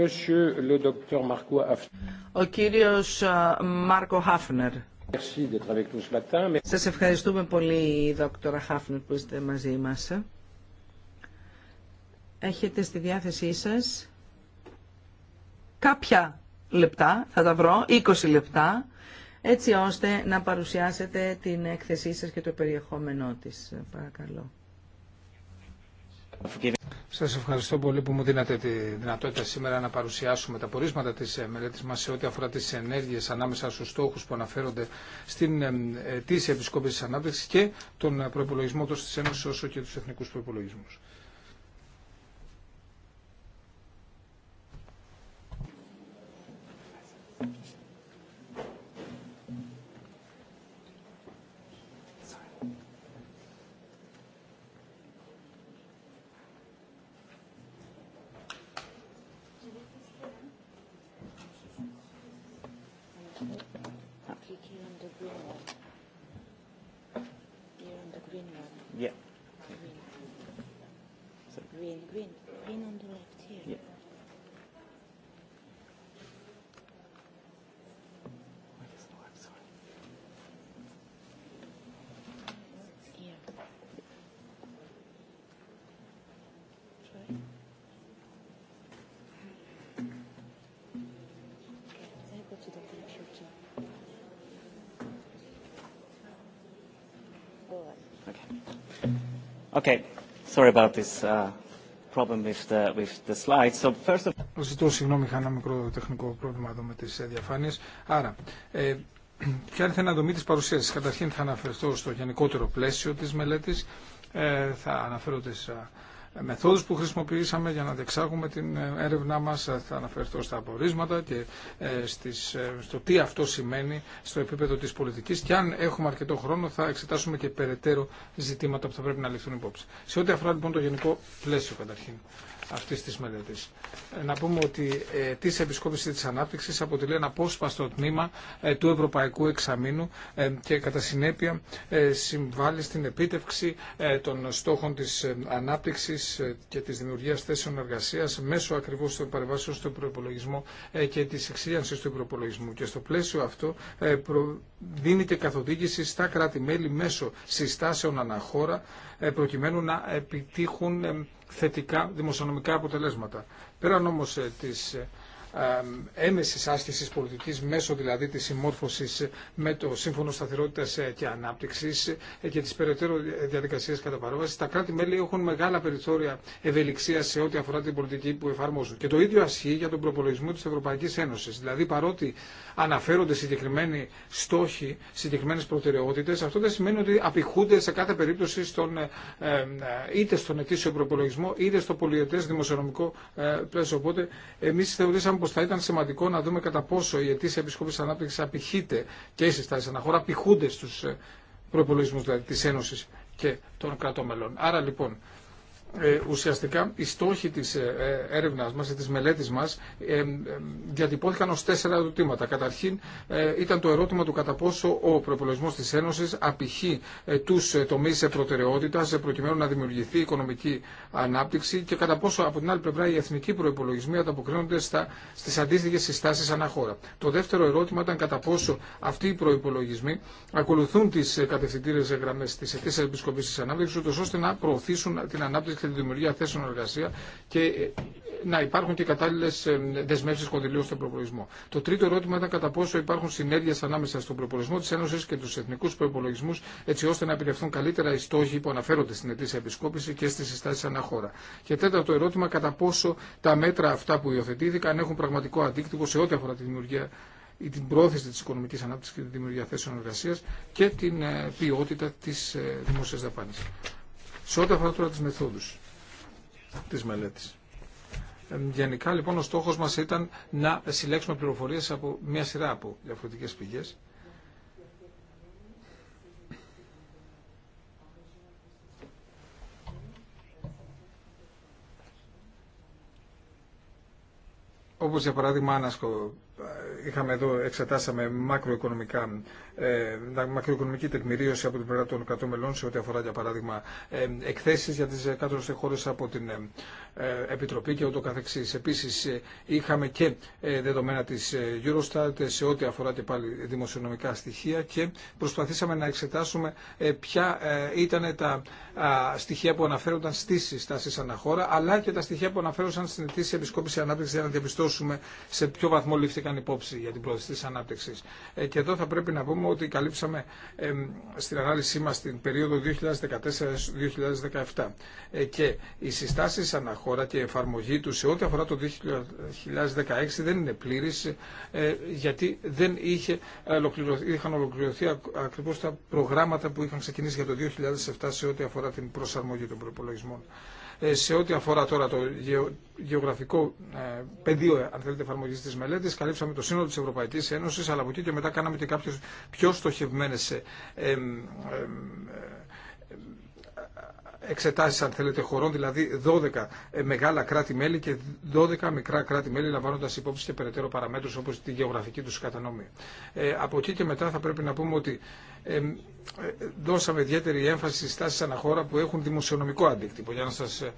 Monsieur le docteur Marco Hafner. Ο κύριος ε, Μάρκο Χάφνερ. Σας ευχαριστούμε πολύ, δόκτωρα Χάφνερ, που είστε μαζί μας. Έχετε στη διάθεσή σας κάποια λεπτά, θα τα βρω, 20 λεπτά, έτσι ώστε να παρουσιάσετε την έκθεσή σας και το περιεχόμενό της. Παρακαλώ. Σας ευχαριστώ πολύ που μου δίνατε τη δυνατότητα σήμερα να παρουσιάσουμε τα πορίσματα της ε, μελέτης μας σε ό,τι αφορά τις ενέργειες ανάμεσα στους στόχους που αναφέρονται στην ετήσια επισκόπηση της ανάπτυξης και τον ε, προπολογισμό τόσο της Ένωσης όσο και τους εθνικούς προπολογισμούς. Okay. Sorry about this uh, problem with the, with the slides. So first of... Ζητώ συγγνώμη, είχα ένα μικρό τεχνικό πρόβλημα εδώ με τις ε, διαφάνειες. Άρα, ε, ποια είναι η αναδομή της παρουσίασης. Καταρχήν θα αναφερθώ στο γενικότερο πλαίσιο της μελέτης. Ε, θα αναφέρω τις μεθόδους που χρησιμοποιήσαμε για να διεξάγουμε την έρευνά μας. Θα αναφερθώ στα απορίσματα και ε, στις, ε, στο τι αυτό σημαίνει στο επίπεδο της πολιτικής και αν έχουμε αρκετό χρόνο θα εξετάσουμε και περαιτέρω ζητήματα που θα πρέπει να ληφθούν υπόψη. Σε ό,τι αφορά λοιπόν το γενικό πλαίσιο καταρχήν αυτή τη μελέτη. Ε, να πούμε ότι ε, τη επισκόπηση τη ανάπτυξη αποτελεί ένα απόσπαστο τμήμα του Ευρωπαϊκού Εξαμήνου και κατά συνέπεια ε, συμβάλλει στην επίτευξη των στόχων τη ανάπτυξη και τη δημιουργία θέσεων εργασία μέσω ακριβώς των παρεμβάσεων στον προπολογισμό ε, και τη εξήγησης του προπολογισμού. Και στο πλαίσιο αυτό ε, δίνει και καθοδήγηση στα κράτη-μέλη μέσω συστάσεων αναχώρα ε, προκειμένου να επιτύχουν θετικά δημοσιονομικά αποτελέσματα. Πέραν όμως τις Έμεση άσκηση πολιτική μέσω δηλαδή τη συμμόρφωση με το Σύμφωνο σταθερότητα ε, και ανάπτυξη ε, και τι περαιτέρω διαδικασίε κατά παρόβαση, τα κράτη-μέλη έχουν μεγάλα περιθώρια ευελιξία σε ό,τι αφορά την πολιτική που εφαρμόζουν. Και το ίδιο ασχεί για τον προπολογισμό τη Ευρωπαϊκή Ένωση. Δηλαδή παρότι αναφέρονται συγκεκριμένοι στόχοι, συγκεκριμένε προτεραιότητε, αυτό δεν σημαίνει ότι απηχούνται σε κάθε περίπτωση στον, ε, είτε στον ετήσιο προπολογισμό είτε στο πολιετέ δημοσιονομικό πλαίσιο. Οπότε εμεί θεωρήσαμε πως θα ήταν σημαντικό να δούμε κατά πόσο η ετήσια επισκόπηση ανάπτυξη απηχείται και οι συστάσει αναχώρα απηχούνται στου ε, προπολογισμού δηλαδή, τη Ένωση και των κρατών Άρα λοιπόν ε, ουσιαστικά οι στόχοι της ε, ε, έρευνάς μας ή της μελέτης μας διατυπώθηκαν ως τέσσερα ερωτήματα. Καταρχήν ήταν το ερώτημα του κατά πόσο ο προπολογισμό της Ένωσης απηχεί τους τομείς προτεραιότητας προκειμένου να δημιουργηθεί οικονομική ανάπτυξη και κατά πόσο από την άλλη πλευρά οι εθνικοί προπολογισμοί ανταποκρίνονται στα, στις αντίστοιχες συστάσεις χώρα. Το δεύτερο ερώτημα ήταν κατά πόσο αυτοί οι προπολογισμοί ακολουθούν τις κατευθυντήρες γραμμές της Ετήσιας Επισκοπής της Ανάπτυξης ώστε να προωθήσουν την ανάπτυξη και τη δημιουργία θέσεων εργασία και ε, να υπάρχουν και κατάλληλε δεσμεύσει κονδυλίων στον προπολογισμό. Το τρίτο ερώτημα ήταν κατά πόσο υπάρχουν συνέργειε ανάμεσα στον προπολογισμό τη Ένωση και του εθνικού προπολογισμού, έτσι ώστε να επιτευχθούν καλύτερα οι στόχοι που αναφέρονται στην ετήσια επισκόπηση και στι συστάσει χώρα. Και τέταρτο ερώτημα, κατά πόσο τα μέτρα αυτά που υιοθετήθηκαν έχουν πραγματικό αντίκτυπο σε ό,τι αφορά τη δημιουργία ή την πρόθεση της οικονομικής ανάπτυξης και τη δημιουργία θέσεων εργασίας και την ε, ποιότητα της ε, δημόσια δαπάνη. Σε ό,τι αφορά τώρα τις μεθόδους της μελέτης. Γενικά λοιπόν ο στόχος μας ήταν να συλλέξουμε πληροφορίες από μια σειρά από διαφορετικές πηγές. Όπως για παράδειγμα είχαμε εδώ, εξετάσαμε μακροοικονομικά ε, μακροοικονομική τεκμηρίωση από την πλευρά των κρατών μελών σε ό,τι αφορά για παράδειγμα ε, εκθέσεις για τις ε, κάτω χώρες από την Επιτροπή και ούτω καθεξής. Επίσης είχαμε και δεδομένα της Eurostat σε ό,τι αφορά και πάλι δημοσιονομικά στοιχεία και προσπαθήσαμε να εξετάσουμε ποια ήταν τα στοιχεία που αναφέρονταν στις συστάσεις αναχώρα αλλά και τα στοιχεία που αναφέρονταν στην ετήσια επισκόπηση ανάπτυξη για να διαπιστώσουμε σε ποιο βαθμό λήφθηκαν υπόψη για την πρόθεση της ανάπτυξης. Και εδώ θα πρέπει να πούμε βλέπουμε ότι καλύψαμε στην ανάλυση μας την περίοδο 2014-2017 ε, και οι συστάσεις αναχώρα και η εφαρμογή του σε ό,τι αφορά το 2016 δεν είναι πλήρης ε, γιατί δεν είχε ολοκληρωθεί, είχαν ολοκληρωθεί ακριβώς τα προγράμματα που είχαν ξεκινήσει για το 2007 σε ό,τι αφορά την προσαρμογή των προπολογισμών. Ε, σε ό,τι αφορά τώρα το γεωγραφικό ε, πεδίο αν θέλετε, εφαρμογή τη μελέτη. Καλύψαμε το σύνολο τη Ευρωπαϊκή Ένωση, αλλά από εκεί και μετά κάναμε και κάποιε πιο στοχευμένε ε, εξετάσεις αν θέλετε χωρών, δηλαδή 12 ε, μεγάλα κράτη-μέλη και 12 μικρά κράτη-μέλη λαμβάνοντας υπόψη και περαιτέρω παραμέτρους όπως τη γεωγραφική τους κατανομή. Ε, από εκεί και μετά θα πρέπει να πούμε ότι ε, ε δώσαμε ιδιαίτερη έμφαση στις τάσεις αναχώρα που έχουν δημοσιονομικό αντίκτυπο. Για να σας ε,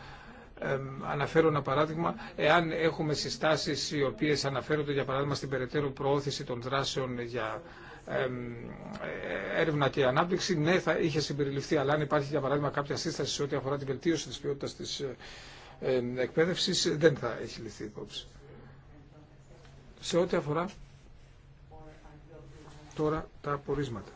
ε, αναφέρω ένα παράδειγμα, εάν έχουμε συστάσεις οι οποίες αναφέρονται για παράδειγμα στην περαιτέρω προώθηση των δράσεων για ε, έρευνα και ανάπτυξη, ναι, θα είχε συμπεριληφθεί, αλλά αν υπάρχει για παράδειγμα κάποια σύσταση σε ό,τι αφορά την βελτίωση τη ποιότητα τη ε, εκπαίδευση, δεν θα έχει ληφθεί υπόψη. Σε ό,τι αφορά τώρα τα απορίσματα.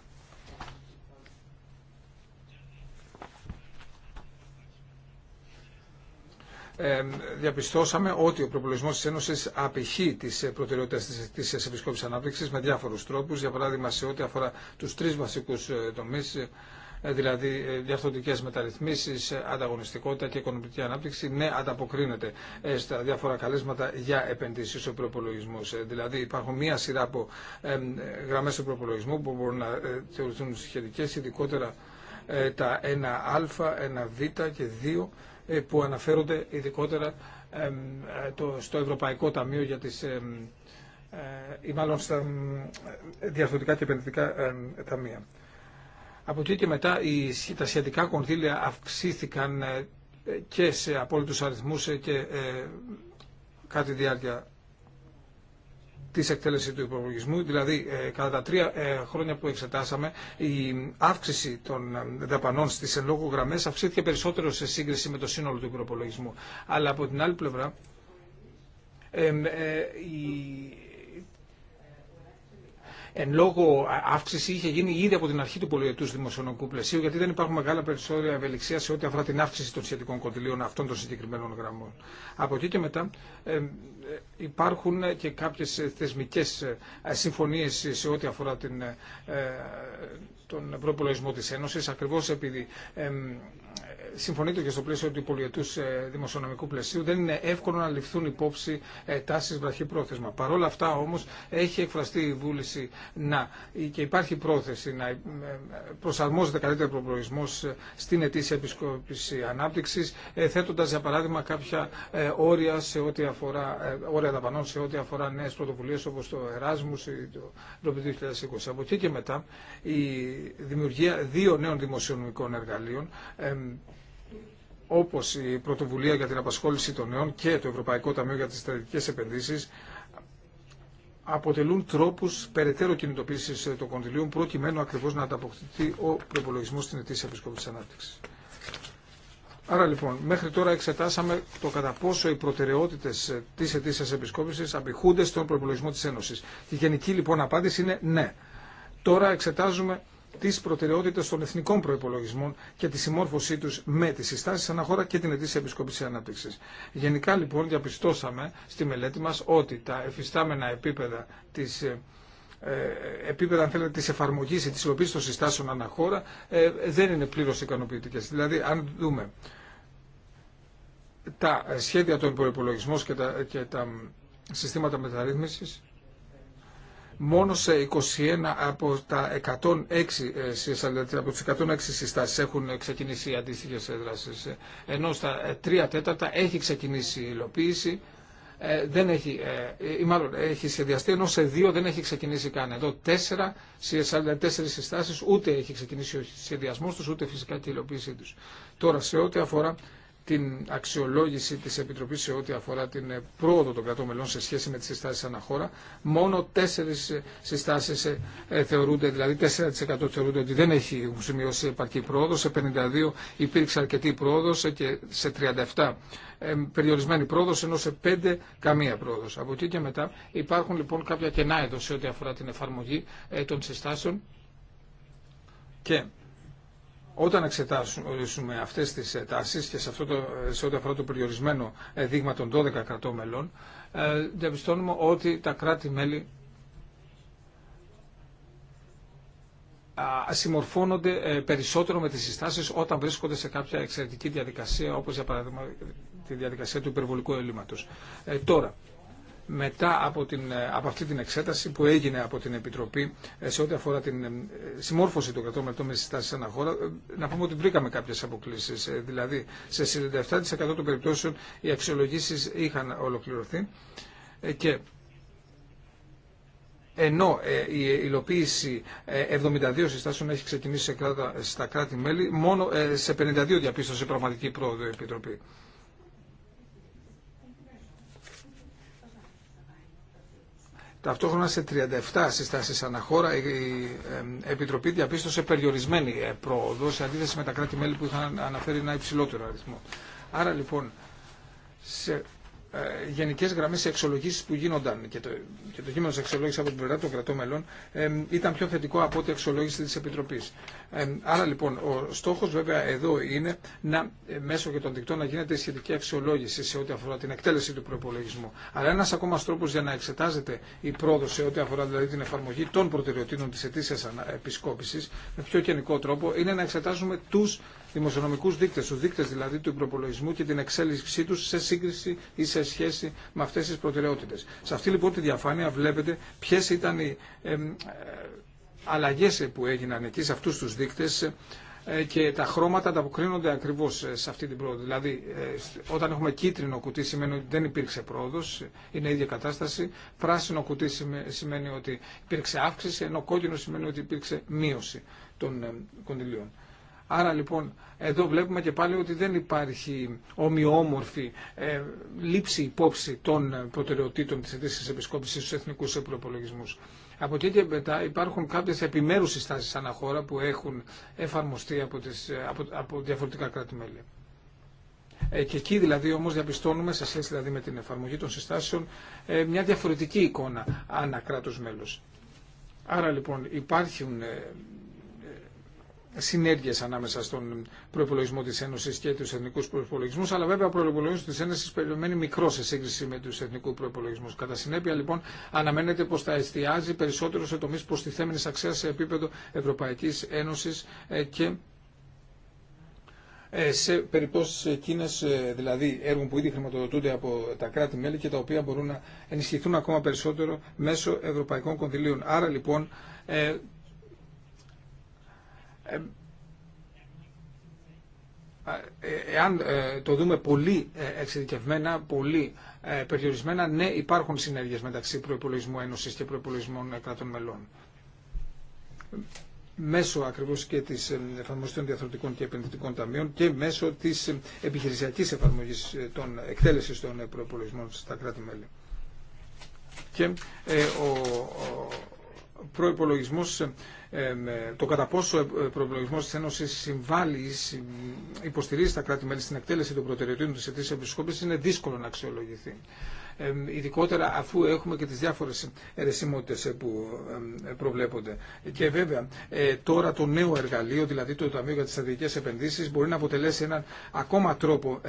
διαπιστώσαμε ότι ο προπολογισμό τη Ένωση απηχεί τι ε, προτεραιότητε τη ε, επισκόπηση ανάπτυξη με διάφορου τρόπου. Για παράδειγμα, σε ό,τι αφορά του τρει βασικού ε, τομεί, δηλαδή διαρθρωτικέ μεταρρυθμίσει, ανταγωνιστικότητα και οικονομική ανάπτυξη, ναι, ανταποκρίνεται στα διάφορα καλέσματα για επενδύσει ο προπολογισμό. Δηλαδή, υπάρχουν μία σειρά από γραμμέ του προπολογισμού που μπορούν να θεωρηθούν σχετικέ, ειδικότερα τα 1α, 1β και 2 ε, που αναφέρονται ειδικότερα ε, στο Ευρωπαϊκό Ταμείο για τις ε, ή μάλλον στα διαρθρωτικά και επενδυτικά ταμεία. Από εκεί και μετά τα σχετικά κονδύλια αυξήθηκαν και σε απόλυτους αριθμούς και κάτι διάρκεια τη εκτέλεση του υπολογισμού. Δηλαδή, ε, κατά τα τρία ε, χρόνια που εξετάσαμε, η αύξηση των ε, δαπανών στι εν λόγω γραμμέ αυξήθηκε περισσότερο σε σύγκριση με το σύνολο του υπολογισμού. Αλλά από την άλλη πλευρά, η εν λόγω αύξηση είχε γίνει ήδη από την αρχή του πολιετού δημοσιονομικού πλαισίου, γιατί δεν υπάρχουν μεγάλα περισσότερα ευελιξία σε ό,τι αφορά την αύξηση των σχετικών κοντιλίων αυτών των συγκεκριμένων γραμμών. Από εκεί και μετά ε, υπάρχουν και κάποιε θεσμικέ ε, συμφωνίε σε ό,τι αφορά την, ε, τον προπολογισμό τη Ένωση, ακριβώ επειδή συμφωνείτε και στο πλαίσιο του πολιετού ε, δημοσιονομικού πλαισίου, δεν είναι εύκολο να ληφθούν υπόψη ε, τάσει βραχυπρόθεσμα. Παρ' όλα αυτά όμω έχει εκφραστεί η βούληση να και υπάρχει πρόθεση να ε, προσαρμόζεται καλύτερο προπολογισμό στην ετήσια επισκόπηση ανάπτυξη, θέτοντα για παράδειγμα κάποια όρια σε ό,τι αφορά όρια δαπανών σε ό,τι αφορά νέε πρωτοβουλίε όπω το Εράσμου ή το Ευρώπη 2020. Από εκεί και μετά η δημιουργία δύο νέων δημοσιονομικών εργαλείων Όπω η Πρωτοβουλία για την Απασχόληση των Νέων και το Ευρωπαϊκό Ταμείο για τι Στρατηγικές επενδύσει αποτελούν τρόπου περαιτέρω κινητοποίηση των κονδυλίων προκειμένου ακριβώ να ανταποκριθεί ο προπολογισμό στην ετήσια επισκόπηση ανάπτυξη. Άρα λοιπόν, μέχρι τώρα εξετάσαμε το κατά πόσο οι προτεραιότητε τη ετήσια επισκόπηση απηχούνται στον προπολογισμό τη Ένωση. Η γενική λοιπόν απάντηση είναι ναι. Τώρα εξετάζουμε τι προτεραιότητε των εθνικών προπολογισμών και τη συμμόρφωσή του με τι συστάσει αναχώρα και την ετήσια επισκόπηση ανάπτυξη. Γενικά λοιπόν διαπιστώσαμε στη μελέτη μα ότι τα εφιστάμενα επίπεδα τη ε, ε, επίπεδα αν θέλετε της εφαρμογής ή της υλοποίησης των συστάσεων αναχώρα ε, δεν είναι πλήρως ικανοποιητικές. Δηλαδή αν δούμε τα σχέδια των προϋπολογισμών και τα, και τα συστήματα μεταρρύθμισης μόνο σε 21 από τα 106, ε, από τις 106 συστάσεις έχουν ξεκινήσει οι αντίστοιχες δράσεις. Ε, ενώ στα 3 ε, τέταρτα έχει ξεκινήσει η υλοποίηση, δεν έχει, ή έχει σχεδιαστεί, ενώ σε 2 δεν έχει ξεκινήσει καν. Εδώ 4 CSR, συστάσεις, ούτε έχει ξεκινήσει ο σχεδιασμός τους, ούτε φυσικά και η υλοποίησή τους. Τώρα, σε ό,τι αφορά την αξιολόγηση τη επιτροπή σε ό,τι αφορά την πρόοδο των κρατών μελών σε σχέση με τις συστάσεις αναχώρα, μόνο τέσσερι συστάσει ε, ε, θεωρούνται, δηλαδή 4% θεωρούνται ότι δεν έχει σημειώσει επαρκή πρόοδο, σε 52 υπήρξε αρκετή πρόοδο και σε 37 ε, περιορισμένη πρόοδο, ενώ σε 5 καμία πρόοδο. Από εκεί και μετά υπάρχουν λοιπόν κάποια κενά εδώ σε ό,τι αφορά την εφαρμογή των συστάσεων και όταν εξετάσουμε αυτές τις ε, τάσεις και σε, αυτό το, ε, σε ό,τι αφορά το περιορισμένο ε, δείγμα των 12 κρατών μελών, διαπιστώνουμε ότι τα κράτη-μέλη συμμορφώνονται περισσότερο με τις συστάσεις όταν βρίσκονται σε κάποια εξαιρετική διαδικασία, όπως για παράδειγμα τη διαδικασία του υπερβολικού έλλειμματος. τώρα, μετά από, την, ε, από αυτή την εξέταση που έγινε από την Επιτροπή ε, σε ό,τι αφορά την ε, συμμόρφωση των κρατών μελετών με συστάσει ένα χώρα, να πούμε ότι βρήκαμε κάποιε αποκλήσει. Δηλαδή, σε 47% των περιπτώσεων οι αξιολογήσει είχαν ολοκληρωθεί και ενώ η υλοποίηση 72 συστάσεων έχει ξεκινήσει στα κράτη-μέλη, μόνο σε 52 διαπίστωσε πραγματική πρόοδο η Επιτροπή. Ταυτόχρονα σε 37 συστάσεις αναχώρα η Επιτροπή διαπίστωσε περιορισμένη ε, πρόοδο σε αντίθεση με τα κράτη-μέλη που είχαν αναφέρει ένα υψηλότερο αριθμό. Άρα λοιπόν σε ε, γενικές γραμμές εξολογήσεις που γίνονταν και το, και το κείμενο της εξολόγησης από την πλευρά των κρατών μελών ήταν πιο θετικό από ό,τι εξολόγηση της Επιτροπής. άρα λοιπόν ο στόχος βέβαια εδώ είναι να, ε, μέσω και των δικτών να γίνεται η σχετική αξιολόγηση σε ό,τι αφορά την εκτέλεση του προπολογισμού. Αλλά ένας ακόμα τρόπος για να εξετάζεται η πρόοδος σε ό,τι αφορά δηλαδή την εφαρμογή των προτεραιοτήτων της ετήσιας επισκόπησης με πιο κενικό τρόπο είναι να εξετάζουμε τους δημοσιονομικού δείκτε, του δείκτε δηλαδή του προπολογισμού και την εξέλιξή του σε σύγκριση ή σε σχέση με αυτέ τι προτεραιότητε. Σε αυτή λοιπόν τη διαφάνεια βλέπετε ποιε ήταν οι ε, αλλαγέ που έγιναν εκεί σε αυτού του δείκτε ε, και τα χρώματα ανταποκρίνονται ακριβώ ε, σε αυτή την πρόοδο. Δηλαδή, όταν έχουμε κίτρινο κουτί σημαίνει ότι δεν υπήρξε πρόοδο, είναι η ίδια κατάσταση. Πράσινο κουτί σημαίνει ότι υπήρξε αύξηση, ενώ κόκκινο σημαίνει ότι υπήρξε μείωση των κονδυλίων. Άρα λοιπόν εδώ βλέπουμε και πάλι ότι δεν υπάρχει ομοιόμορφη ε, λήψη υπόψη των προτεραιοτήτων της ετήσιας επισκόπησης στους εθνικούς προπολογισμούς. Από εκεί και μετά υπάρχουν κάποιες επιμέρους συστάσεις χώρα που έχουν εφαρμοστεί από, τις, ε, απο από διαφορετικά κράτη-μέλη. Ε, και εκεί δηλαδή όμως διαπιστώνουμε σε σχέση δηλαδή με την εφαρμογή των συστάσεων ε, μια διαφορετική εικόνα ανά κράτος μέλος. Άρα λοιπόν υπάρχουν ε, συνέργειε ανάμεσα στον προπολογισμό τη Ένωση και του εθνικού προπολογισμού. Αλλά βέβαια ο προπολογισμό τη Ένωση περιμένει μικρό σε σύγκριση με του εθνικού προπολογισμού. Κατά συνέπεια, λοιπόν, αναμένεται πω θα εστιάζει περισσότερο σε τομεί προστιθέμενη αξία σε επίπεδο Ευρωπαϊκή Ένωση ε, και ε, σε περιπτώσει εκείνε, ε, δηλαδή έργων που ήδη χρηματοδοτούνται από τα κράτη-μέλη και τα οποία μπορούν να ενισχυθούν ακόμα περισσότερο μέσω ευρωπαϊκών κονδυλίων. Άρα λοιπόν ε, εάν ε, το δούμε πολύ ε, εξειδικευμένα, πολύ περιορισμένα, ναι υπάρχουν συνέργειες μεταξύ προϋπολογισμού Ένωσης και προϋπολογισμών κρατών μελών. Μέσω ακριβώς και της εφαρμογής των διαθροτικών και επενδυτικών ταμείων και μέσω της επιχειρησιακής εφαρμογής των εκτέλεσης των προϋπολογισμών στα κράτη-μέλη. Και ο προπολογισμό, ε, ε, το κατά πόσο ο ε, προπολογισμό τη Ένωση συμβάλλει ή υποστηρίζει τα κράτη-μέλη στην εκτέλεση των προτεραιοτήτων τη ετήσια επισκόπηση είναι δύσκολο να αξιολογηθεί. Ειδικότερα αφού έχουμε και τις διάφορες ερεσιμότητες που προβλέπονται. Και βέβαια τώρα το νέο εργαλείο, δηλαδή το Ταμείο για τις Στρατηγικές Επενδύσεις, μπορεί να αποτελέσει έναν ακόμα τρόπο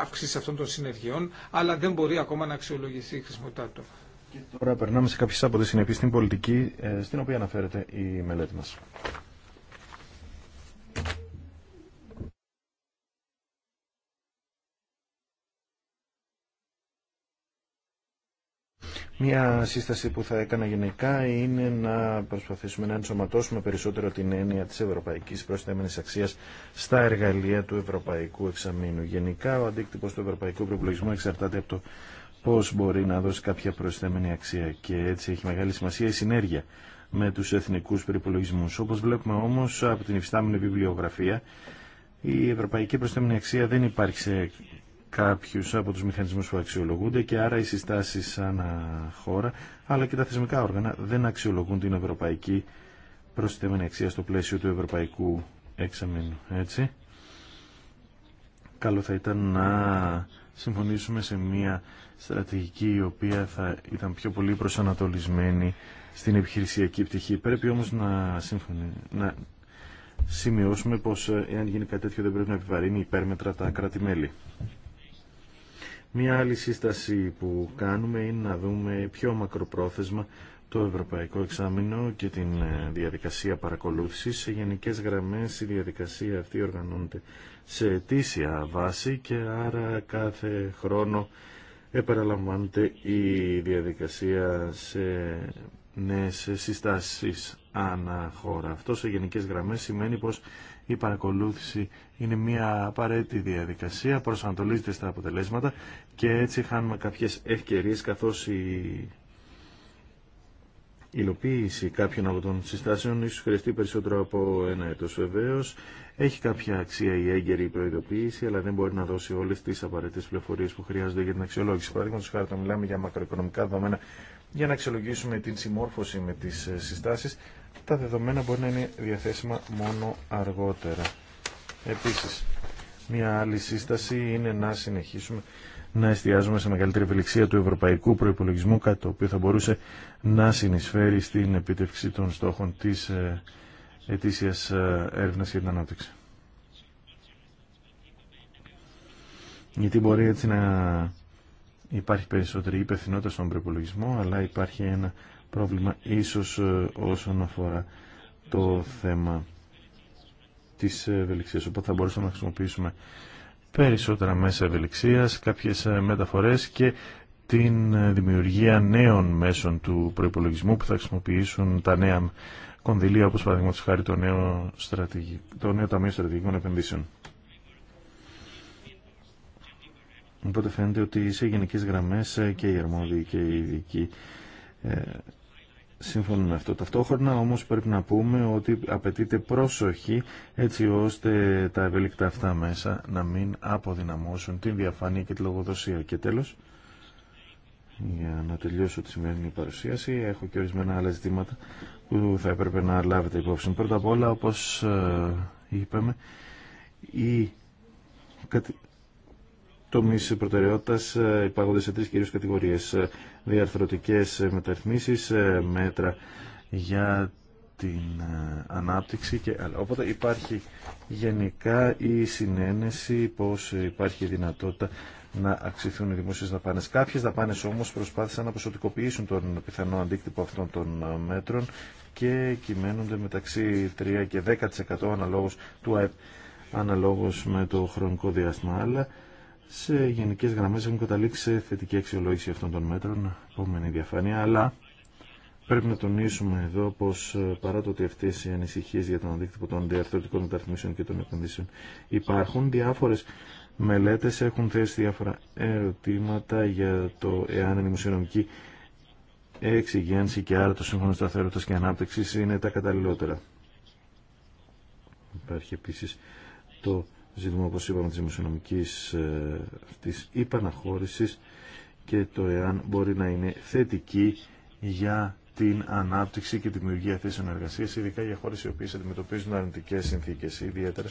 αύξηση αυτών των συνεργειών, αλλά δεν μπορεί ακόμα να αξιολογηθεί η χρησιμότητά του. Και τώρα περνάμε σε κάποιες από τις συνεπείς στην πολιτική ε, στην οποία αναφέρεται η μελέτη μας. Μία σύσταση που θα έκανα γενικά είναι να προσπαθήσουμε να ενσωματώσουμε περισσότερο την έννοια της ευρωπαϊκής προσθέμενης αξίας στα εργαλεία του ευρωπαϊκού εξαμήνου. Γενικά, ο αντίκτυπος του ευρωπαϊκού προπολογισμού εξαρτάται από το Πώ μπορεί να δώσει κάποια προσθέμενη αξία και έτσι έχει μεγάλη σημασία η συνέργεια με του εθνικού περιπολογισμού. Όπω βλέπουμε όμω από την υφιστάμενη βιβλιογραφία η ευρωπαϊκή προσθέμενη αξία δεν υπάρχει σε κάποιου από του μηχανισμού που αξιολογούνται και άρα οι συστάσει σαν χώρα αλλά και τα θεσμικά όργανα δεν αξιολογούν την ευρωπαϊκή προσθέμενη αξία στο πλαίσιο του ευρωπαϊκού εξαμήνου. Έτσι. Καλό θα ήταν να συμφωνήσουμε σε μια στρατηγική η οποία θα ήταν πιο πολύ προσανατολισμένη στην επιχειρησιακή πτυχή. Πρέπει όμως να, σύμφωνη, να σημειώσουμε πως ε, εάν γίνει κάτι τέτοιο δεν πρέπει να επιβαρύνει υπέρμετρα τα κρατη Μία άλλη σύσταση που κάνουμε είναι να δούμε πιο μακροπρόθεσμα το Ευρωπαϊκό Εξάμεινο και την ε, διαδικασία παρακολούθησης. Σε γενικές γραμμές η διαδικασία αυτή οργανώνεται σε αιτήσια βάση και άρα κάθε χρόνο επαναλαμβάνεται η διαδικασία σε νέες συστάσεις ανά χώρα. Αυτό σε γενικές γραμμές σημαίνει πως η παρακολούθηση είναι μια απαραίτητη διαδικασία, προσανατολίζεται στα αποτελέσματα και έτσι χάνουμε κάποιες ευκαιρίες καθώς η υλοποίηση κάποιων από των συστάσεων ίσως χρειαστεί περισσότερο από ένα έτος βεβαίως. Έχει κάποια αξία η έγκαιρη προειδοποίηση, αλλά δεν μπορεί να δώσει όλε τι απαραίτητε πληροφορίε που χρειάζονται για την αξιολόγηση. Παραδείγματο χάρη, όταν μιλάμε για μακροοικονομικά δεδομένα για να αξιολογήσουμε την συμμόρφωση με τι ε, συστάσει, τα δεδομένα μπορεί να είναι διαθέσιμα μόνο αργότερα. Επίση, μια άλλη σύσταση είναι να συνεχίσουμε να εστιάζουμε σε μεγαλύτερη ευελιξία του ευρωπαϊκού προπολογισμού, κάτι το οποίο θα μπορούσε να συνεισφέρει στην επίτευξη των στόχων τη ε, ετήσιας ε, έρευνας για την ανάπτυξη. Γιατί μπορεί έτσι να υπάρχει περισσότερη υπευθυνότητα στον προπολογισμό, αλλά υπάρχει ένα πρόβλημα ίσως ε, όσον αφορά το θέμα της ευελιξίας. Οπότε θα μπορούσαμε να χρησιμοποιήσουμε περισσότερα μέσα ευελιξίας, κάποιες ε, μεταφορές και την δημιουργία νέων μέσων του προϋπολογισμού που θα χρησιμοποιήσουν τα νέα κονδυλία όπως παραδείγματο χάρη το νέο, το νέο Ταμείο Στρατηγικών Επενδύσεων. Οπότε φαίνεται ότι σε γενικέ γραμμέ ε, και οι αρμόδιοι και οι ειδικοί ε, σύμφωνοι με αυτό. Ταυτόχρονα όμω πρέπει να πούμε ότι απαιτείται πρόσοχη έτσι ώστε τα ευελικτά αυτά μέσα να μην αποδυναμώσουν την διαφάνεια και τη λογοδοσία. Και τέλο, για να τελειώσω τη σημερινή παρουσίαση, έχω και ορισμένα άλλα ζητήματα που θα έπρεπε να λάβετε υπόψη. Πρώτα απ' όλα, όπως ε, είπαμε, το τομείς προτεραιότητας ε, υπάρχουν σε τρεις κυρίως κατηγορίες. Ε, διαρθρωτικές μεταρρυθμίσεις, μέτρα για την ανάπτυξη και άλλα. Οπότε υπάρχει γενικά η συνένεση πως υπάρχει δυνατότητα να αξιθούν οι δημόσιες δαπάνες. Κάποιες δαπάνες όμως προσπάθησαν να ποσοτικοποιήσουν τον πιθανό αντίκτυπο αυτών των ε, μέτρων και κυμαίνονται μεταξύ 3 και 10% αναλόγως του αναλόγως με το χρονικό διάστημα. Αλλά σε γενικές γραμμές έχουν καταλήξει σε θετική αξιολόγηση αυτών των μέτρων, επόμενη διαφάνεια, αλλά... Πρέπει να τονίσουμε εδώ πω ε, παρά το ότι αυτέ οι ανησυχίε για τον αντίκτυπο των διαρθρωτικών μεταρρυθμίσεων και των επενδύσεων υπάρχουν, διάφορε μελέτες έχουν θέσει διάφορα ερωτήματα για το εάν η δημοσιονομική εξυγένση και άρα το Σύμφωνο Σταθερότητας και Ανάπτυξης είναι τα καταλληλότερα. Υπάρχει επίσης το ζήτημα, όπω είπαμε, της δημοσιονομική ε, υπαναχώρηση υπαναχώρησης και το εάν μπορεί να είναι θετική για την ανάπτυξη και τη δημιουργία θέσεων εργασία, ειδικά για χώρε οι οποίε αντιμετωπίζουν αρνητικέ συνθήκε. Ιδιαίτερα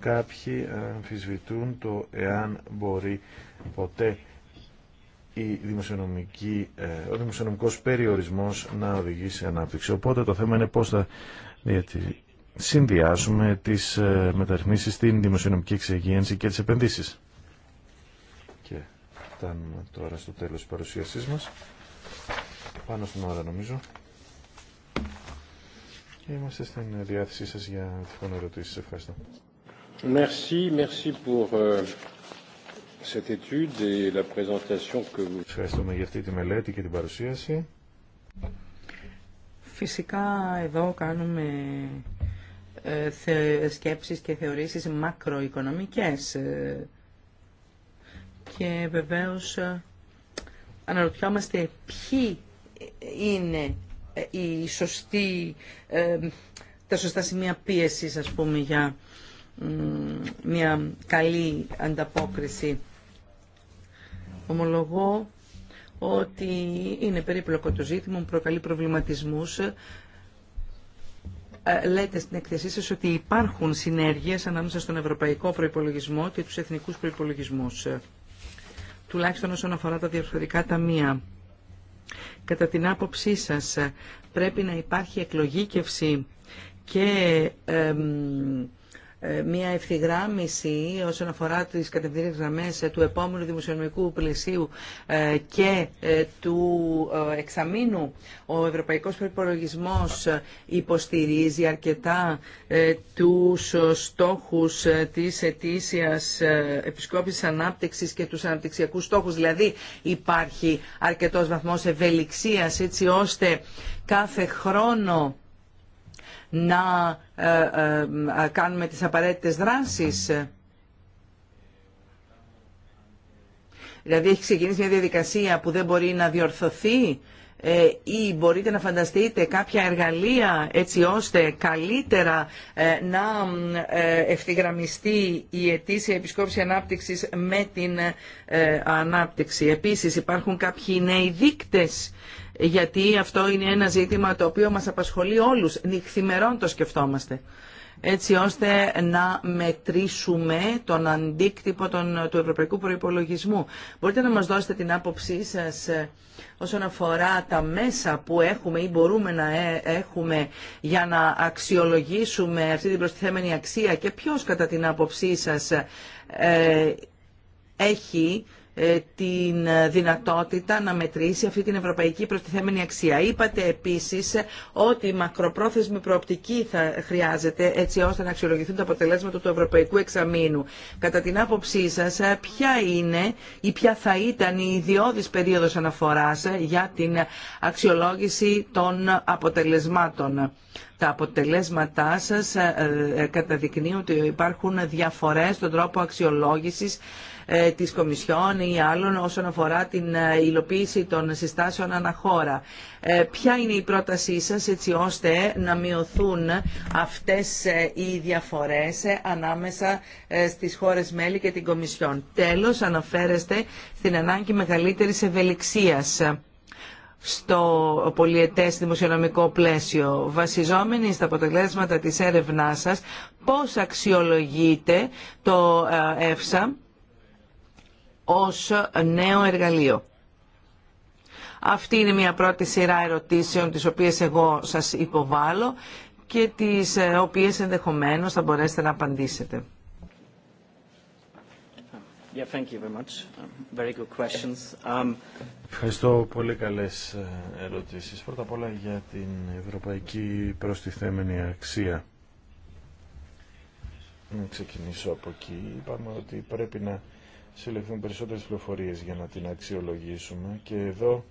Κάποιοι αμφισβητούν το εάν μπορεί ποτέ η δημοσιονομική, ε, ο δημοσιονομικός περιορισμός να οδηγήσει σε ανάπτυξη. Οπότε το θέμα είναι πώς θα συνδυάσουμε τις ε, μεταρρυθμίσεις στην δημοσιονομική εξεγένση και τις επενδύσεις. Και φτάνουμε τώρα στο τέλος της παρουσίασής μας. Πάνω στην ώρα νομίζω. Και είμαστε στην διάθεσή σας για τυχόν ερωτήσεις. Ευχαριστώ. Merci, merci pour euh, cette étude et Ευχαριστούμε αυτή τη μελέτη και την παρουσίαση. Φυσικά εδώ κάνουμε ε, σκέψεις και θεωρήσεις μακροοικονομικές ε, και βεβαίως ε, αναρωτιόμαστε ποιοι είναι οι σωστοί, τα σωστά σημεία πίεσης ας πούμε για μια καλή ανταπόκριση. Ομολογώ ότι είναι περίπλοκο το ζήτημα, προκαλεί προβληματισμούς. Ε, λέτε στην εκθεσή σας ότι υπάρχουν συνέργειες ανάμεσα στον ευρωπαϊκό προϋπολογισμό και τους εθνικούς προϋπολογισμούς, ε, τουλάχιστον όσον αφορά τα διαφορετικά ταμεία. Κατά την άποψή σας ε, πρέπει να υπάρχει εκλογήκευση και... Ε, μια ευθυγράμμιση όσον αφορά τις κατευθύνες γραμμές ε, του επόμενου δημοσιονομικού πλαισίου ε, και του εξαμήνου. Ο Ευρωπαϊκός Προϋπολογισμός υποστηρίζει αρκετά τους στόχους της ετήσιας επισκόπησης ανάπτυξης και τους αναπτυξιακούς στόχους. Δηλαδή υπάρχει αρκετός βαθμός ευελιξίας έτσι ώστε κάθε χρόνο να ε, ε, ε, κάνουμε τις απαραίτητες δράσεις. Δηλαδή έχει ξεκινήσει μια διαδικασία που δεν μπορεί να διορθωθεί ή μπορείτε να φανταστείτε κάποια εργαλεία έτσι ώστε καλύτερα να ευθυγραμμιστεί η ετήσια επισκόπηση ανάπτυξης με την ανάπτυξη. Επίσης υπάρχουν κάποιοι νέοι δείκτες γιατί αυτό είναι ένα ζήτημα το οποίο μας απασχολεί όλους, νυχθημερών το σκεφτόμαστε έτσι ώστε να μετρήσουμε τον αντίκτυπο του ευρωπαϊκού προϋπολογισμού. Μπορείτε να μας δώσετε την άποψή σας ε, όσον αφορά τα μέσα που έχουμε ή μπορούμε να ε, έχουμε για να αξιολογήσουμε αυτή την προστιθέμενη αξία και ποιος κατά την άποψή σας ε, έχει ε, την ε, δυνατότητα να μετρήσει αυτή την ευρωπαϊκή προστιθέμενη αξία. Είπατε επίσης ε, ότι μακροπρόθεσμη προοπτική θα χρειάζεται έτσι ώστε να αξιολογηθούν τα αποτελέσματα του Ευρωπαϊκού Εξαμήνου. Κατά την άποψή σας, ποια είναι ή ποια θα ήταν η ιδιώδης περίοδος αναφοράς για την αξιολόγηση των αποτελεσμάτων. Τα αποτελέσματά σας καταδεικνύουν ότι υπάρχουν διαφορές στον τρόπο αξιολόγησης ε, της Κομισιόν ή άλλων όσον αφορά την ε, υλοποίηση των συστάσεων αναχώρα. Ε, ποια είναι η πρότασή σας έτσι ώστε να μειωθούν αυτές οι διαφορές ανάμεσα στις χώρες μέλη και την Κομισιόν. Τέλος, αναφέρεστε στην ανάγκη μεγαλύτερης ευελιξίας στο πολιετές δημοσιονομικό πλαίσιο. Βασιζόμενοι στα αποτελέσματα της έρευνάς σας, πώς αξιολογείτε το ΕΦΣΑ ως νέο εργαλείο. Αυτή είναι μια πρώτη σειρά ερωτήσεων τις οποίες εγώ σας υποβάλλω και τις ε, οποίες ενδεχομένως θα μπορέσετε να απαντήσετε. Ευχαριστώ πολύ καλές ε, ερωτήσεις. Πρώτα απ' όλα για την ευρωπαϊκή προστιθέμενη αξία. Να ξεκινήσω από εκεί. Είπαμε ότι πρέπει να συλλεχθούν περισσότερες πληροφορίες για να την αξιολογήσουμε και εδώ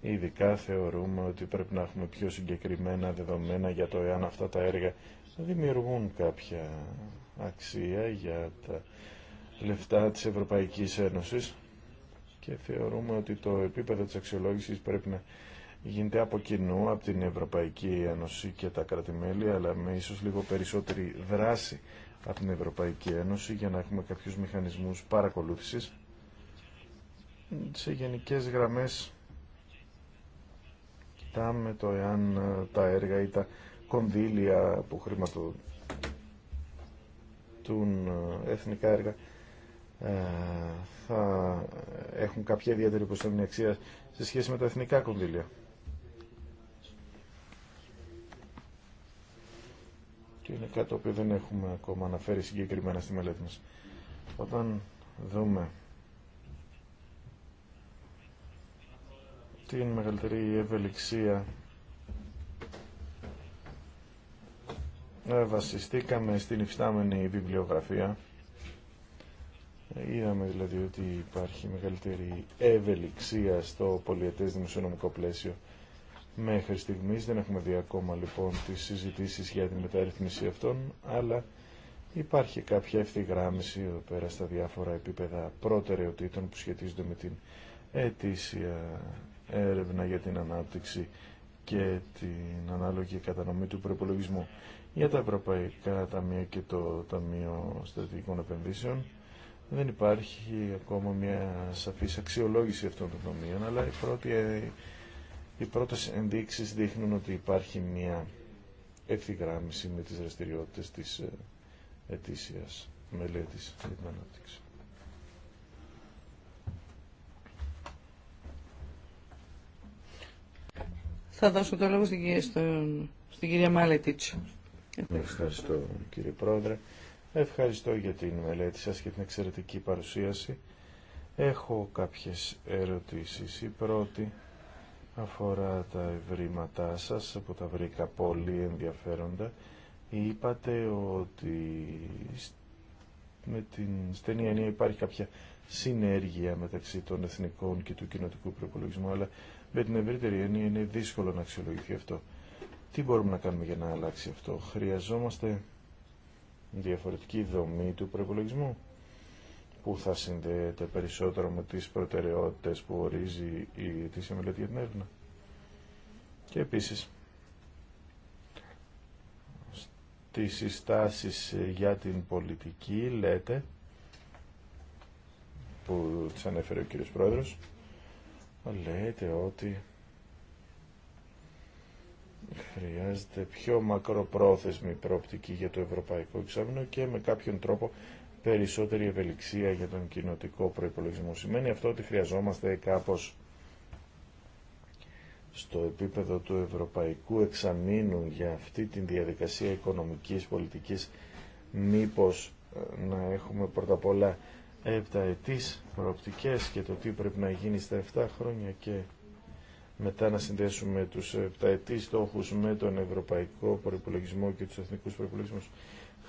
ειδικά θεωρούμε ότι πρέπει να έχουμε πιο συγκεκριμένα δεδομένα για το εάν αυτά τα έργα δημιουργούν κάποια αξία για τα λεφτά της Ευρωπαϊκής Ένωσης και θεωρούμε ότι το επίπεδο της αξιολόγησης πρέπει να γίνεται από κοινού, από την Ευρωπαϊκή Ένωση και τα κρατημέλη, αλλά με ίσως λίγο περισσότερη δράση από την Ευρωπαϊκή Ένωση για να έχουμε κάποιους μηχανισμούς παρακολούθησης σε γενικές γραμμές κοιτάμε το εάν ε, τα έργα ή τα κονδύλια που χρηματοδοτούν ε, εθνικά έργα ε, θα έχουν κάποια ιδιαίτερη προσθέμενη αξία σε σχέση με τα εθνικά κονδύλια. και είναι κάτι το οποίο δεν έχουμε ακόμα αναφέρει συγκεκριμένα στη μελέτη μας. Όταν δούμε την μεγαλύτερη ευελιξία βασιστήκαμε στην υφιστάμενη βιβλιογραφία Είδαμε δηλαδή ότι υπάρχει μεγαλύτερη ευελιξία στο πολιετές δημοσιονομικό πλαίσιο Μέχρι στιγμή, δεν έχουμε δει ακόμα λοιπόν τις συζητήσεις για την μεταρρύθμιση αυτών, αλλά υπάρχει κάποια ευθυγράμμιση εδώ πέρα στα διάφορα επίπεδα προτεραιοτήτων που σχετίζονται με την αιτήσια έρευνα για την ανάπτυξη και την ανάλογη κατανομή του προπολογισμού για τα Ευρωπαϊκά Ταμεία και το Ταμείο Στρατηγικών Επενδύσεων. Δεν υπάρχει ακόμα μια σαφής αξιολόγηση αυτών των τομείων, αλλά η πρώτη ε, οι πρώτες ενδείξεις δείχνουν ότι υπάρχει μια ευθυγράμμιση με τις δραστηριότητες της ε, ετήσιας μελέτης για την ανάπτυξη. Θα δώσω το λόγο στην, στην κυρία Μάλετιτς. Ευχαριστώ κύριε Πρόεδρε. Ευχαριστώ για την μελέτη σας και την εξαιρετική παρουσίαση. Έχω κάποιες ερωτήσεις. Η πρώτη αφορά τα ευρήματά σας που τα βρήκα πολύ ενδιαφέροντα είπατε ότι με την στενή ενία υπάρχει κάποια συνέργεια μεταξύ των εθνικών και του κοινοτικού προπολογισμού αλλά με την ευρύτερη ενία είναι δύσκολο να αξιολογηθεί αυτό. Τι μπορούμε να κάνουμε για να αλλάξει αυτό. Χρειαζόμαστε διαφορετική δομή του προπολογισμού που θα συνδέεται περισσότερο με τις προτεραιότητες που ορίζει η τη μελέτη για την έρευνα. Και επίσης, στις συστάσεις για την πολιτική λέτε, που τις ανέφερε ο κύριος Πρόεδρος, λέτε ότι χρειάζεται πιο μακροπρόθεσμη προοπτική για το ευρωπαϊκό εξάμεινο και με κάποιον τρόπο περισσότερη ευελιξία για τον κοινοτικό προϋπολογισμό. Σημαίνει αυτό ότι χρειαζόμαστε κάπως στο επίπεδο του Ευρωπαϊκού Εξαμήνου για αυτή την διαδικασία οικονομικής πολιτικής μήπως ε, να έχουμε πρώτα απ' όλα επταετής προοπτικές και το τι πρέπει να γίνει στα 7 χρόνια και μετά να συνδέσουμε τους επταετής στόχους με τον Ευρωπαϊκό Προϋπολογισμό και τους Εθνικούς Προϋπολογισμούς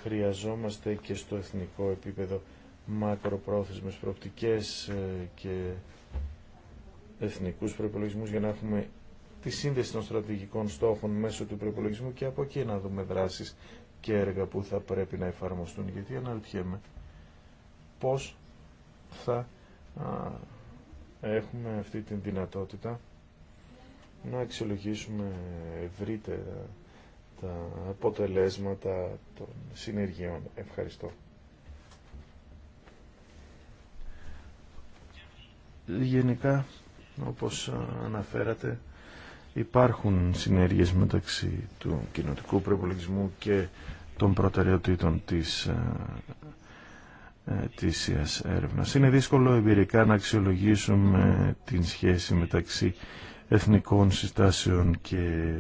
χρειαζόμαστε και στο εθνικό επίπεδο μακροπρόθεσμες προοπτικές ε, και εθνικούς προπολογισμού για να έχουμε τη σύνδεση των στρατηγικών στόχων μέσω του προπολογισμού και από εκεί να δούμε δράσεις και έργα που θα πρέπει να εφαρμοστούν. Γιατί αναρωτιέμαι πώς θα έχουμε αυτή την δυνατότητα να αξιολογήσουμε ευρύτερα τα αποτελέσματα των συνεργειών. Ευχαριστώ. Γενικά, όπως αναφέρατε, υπάρχουν συνέργειες μεταξύ του κοινοτικού προπολογισμού και των προτεραιοτήτων της ε, ε, ετήσιας έρευνας. Είναι δύσκολο εμπειρικά να αξιολογήσουμε την σχέση μεταξύ εθνικών συστάσεων και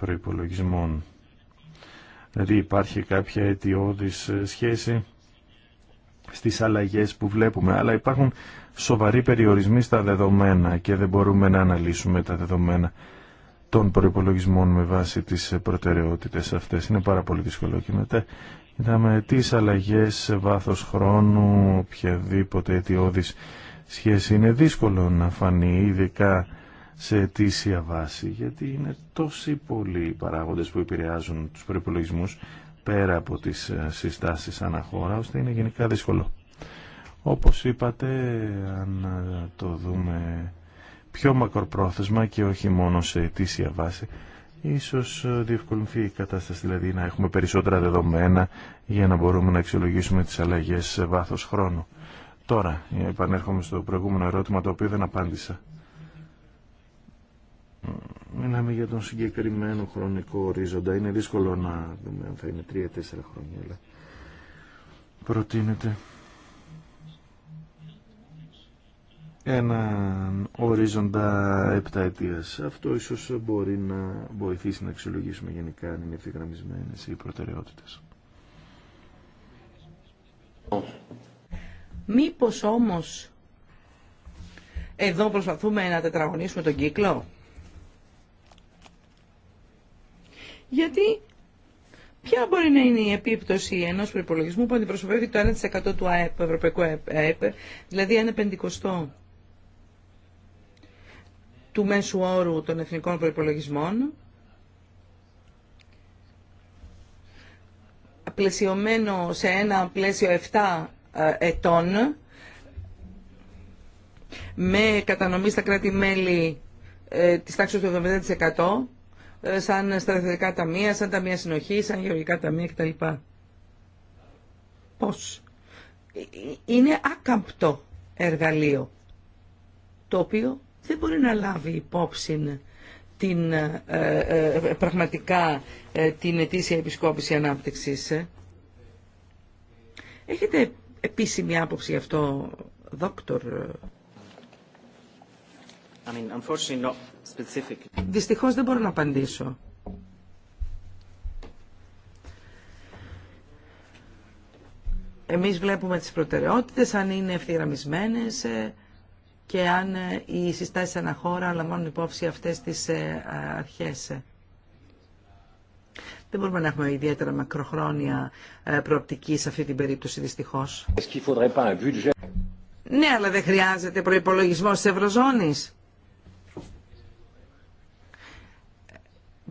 προϋπολογισμών. Δηλαδή υπάρχει κάποια αιτιώδης ε, σχέση στις αλλαγές που βλέπουμε, αλλά υπάρχουν σοβαροί περιορισμοί στα δεδομένα και δεν μπορούμε να αναλύσουμε τα δεδομένα των προϋπολογισμών με βάση τις ε, προτεραιότητες αυτές. Είναι πάρα πολύ δύσκολο και μετά είδαμε τις αλλαγές σε βάθος χρόνου, οποιαδήποτε αιτιώδης σχέση. Είναι δύσκολο να φανεί, ειδικά σε αιτήσια βάση, γιατί είναι τόσοι πολλοί οι παράγοντες που επηρεάζουν τους προπολογισμού πέρα από τις ε, συστάσεις αναχώρα, ώστε είναι γενικά δύσκολο. Όπως είπατε, αν ε, το δούμε πιο μακροπρόθεσμα και όχι μόνο σε αιτήσια βάση, ίσως ε, διευκολυνθεί η κατάσταση, δηλαδή να έχουμε περισσότερα δεδομένα για να μπορούμε να αξιολογήσουμε τις αλλαγές σε βάθος χρόνου. Τώρα, επανέρχομαι στο προηγούμενο ερώτημα το οποίο δεν απάντησα. Μιλάμε για τον συγκεκριμένο χρονικό ορίζοντα. Είναι δύσκολο να δούμε αν θα είναι τρία-τέσσερα χρόνια, αλλά προτείνεται έναν ορίζοντα επταετίας. Αυτό ίσως μπορεί να βοηθήσει να αξιολογήσουμε γενικά αν είναι ευθυγραμμισμένες οι προτεραιότητες. Μήπως όμως εδώ προσπαθούμε να τετραγωνίσουμε τον κύκλο. γιατί ποια μπορεί να είναι η επίπτωση ενός προπολογισμού που αντιπροσωπεύει το 1% του ΑΕΠ, Ευρωπαϊκού ΑΕΠ, δηλαδή ένα πεντηκοστό του μέσου όρου των εθνικών προϋπολογισμών, πλαισιωμένο σε ένα πλαίσιο 7 ε, ετών, με κατανομή στα κράτη-μέλη ε, της τάξης του 70%, ε, σαν στρατιωτικά ταμεία, σαν ταμεία συνοχή, σαν γεωργικά ταμεία κτλ. Πώς. Ε, ε, είναι άκαμπτο εργαλείο το οποίο δεν μπορεί να λάβει υπόψη την, πραγματικά την ετήσια επισκόπηση ανάπτυξης. Έχετε επίσημη άποψη γι' αυτό, δόκτωρ. I Δυστυχώς δεν μπορώ να απαντήσω. Εμείς βλέπουμε τις προτεραιότητες, αν είναι ευθυγραμμισμένες ε, και αν ε, οι συστάσεις αναχώρα λαμβάνουν υπόψη αυτές τις ε, αρχές. Δεν μπορούμε να έχουμε ιδιαίτερα μακροχρόνια προοπτική σε αυτή την περίπτωση, δυστυχώς. Ναι, αλλά δεν χρειάζεται προϋπολογισμός της Ευρωζώνης.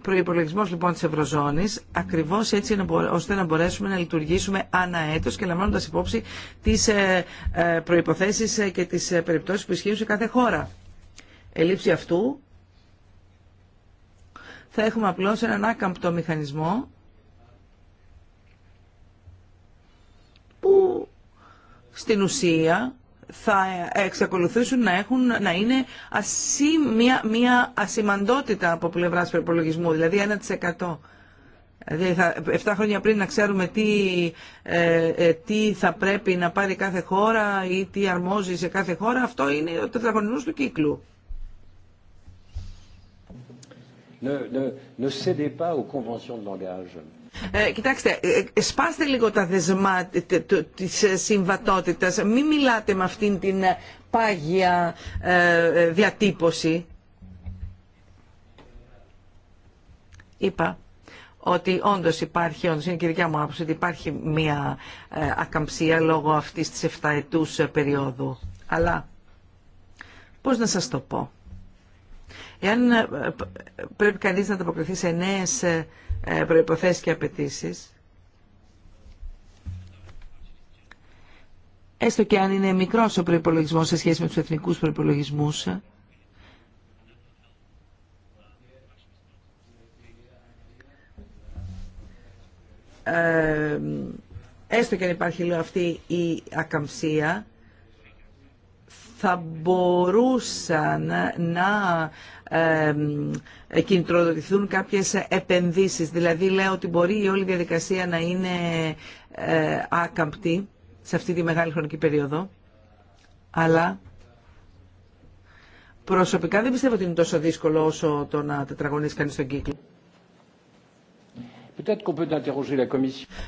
προπολογισμό λοιπόν τη Ευρωζώνη, ακριβώς έτσι ώστε να μπορέσουμε να λειτουργήσουμε αναέτος και λαμβάνοντας υπόψη τις ε, ε, προϋποθέσεις ε, και τις περιπτώσει που ισχύουν σε κάθε χώρα. Ελήψη αυτού θα έχουμε απλώς έναν άκαμπτο μηχανισμό που στην ουσία θα εξακολουθήσουν να, έχουν, να είναι ασύ, μια, μια ασημαντότητα από πλευράς προπολογισμού, δηλαδή 1%. Δηλαδή 7 χρόνια πριν να ξέρουμε τι, ε, ε, τι θα πρέπει να πάρει κάθε χώρα ή τι αρμόζει σε κάθε χώρα, αυτό είναι ο τετραγωνισμός του κύκλου. Ne, ε, κοιτάξτε, ε, ε, σπάστε λίγο τα δεσμά της ε, συμβατότητας. Μην μιλάτε με αυτήν την πάγια διατύπωση. Είπα ότι όντως υπάρχει, όντως είναι και μου άποψη, ότι υπάρχει μία ακαμψία λόγω αυτής της εφταετούς περίοδου. Αλλά, πώς να σας το πω. Εάν πρέπει κανείς να ανταποκριθεί σε νέες ε, προϋποθέσεις και απαιτήσει. Έστω και αν είναι μικρός ο προϋπολογισμός σε σχέση με τους εθνικούς προϋπολογισμούς, ε, έστω και αν υπάρχει λέω αυτή η ακαμψία, θα μπορούσαν να κινητροδοτηθούν κάποιες επενδύσεις. Δηλαδή λέω ότι μπορεί η όλη διαδικασία να είναι ε, άκαμπτη σε αυτή τη μεγάλη χρονική περίοδο, αλλά προσωπικά δεν πιστεύω ότι είναι τόσο δύσκολο όσο το να τετραγωνίσει κανείς τον κύκλο.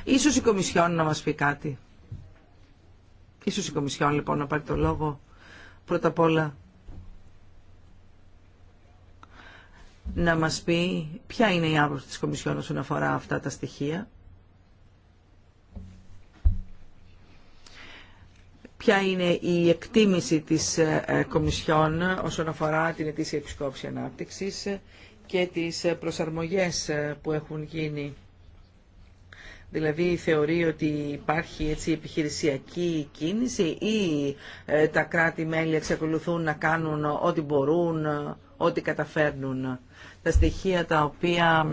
Ίσως η Κομισιόν να μας πει κάτι. Ίσως η Κομισιόν λοιπόν να πάρει το λόγο πρώτα απ' όλα να μας πει ποια είναι η άποψη της Κομισιόν όσον αφορά αυτά τα στοιχεία. Ποια είναι η εκτίμηση της ε, Κομισιόν όσον αφορά την ετήσια επισκόπηση ανάπτυξης και τις ε, προσαρμογές ε, που έχουν γίνει Δηλαδή θεωρεί ότι υπάρχει έτσι επιχειρησιακή κίνηση ή ε, τα κράτη-μέλη εξακολουθούν να κάνουν ό,τι μπορούν, ό,τι καταφέρνουν. Τα στοιχεία τα οποία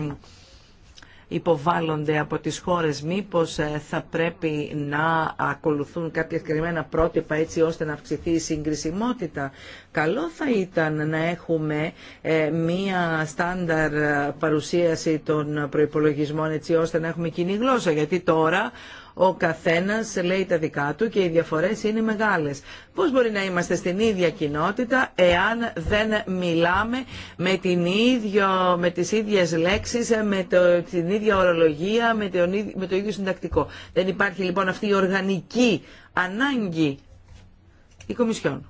υποβάλλονται από τις χώρες μήπως ε, θα πρέπει να ακολουθούν κάποια συγκεκριμένα πρότυπα έτσι ώστε να αυξηθεί η συγκρισιμότητα. Καλό θα ήταν να έχουμε ε, μία στάνταρ παρουσίαση των προϋπολογισμών έτσι ώστε να έχουμε κοινή γλώσσα γιατί τώρα ο καθένα λέει τα δικά του και οι διαφορέ είναι μεγάλε. Πώ μπορεί να είμαστε στην ίδια κοινότητα εάν δεν μιλάμε με, την ίδιο, με τις ίδιες λέξεις, με το, την ίδια ορολογία, με το, με το ίδιο συντακτικό. Δεν υπάρχει λοιπόν αυτή η οργανική ανάγκη η Κομισιόν.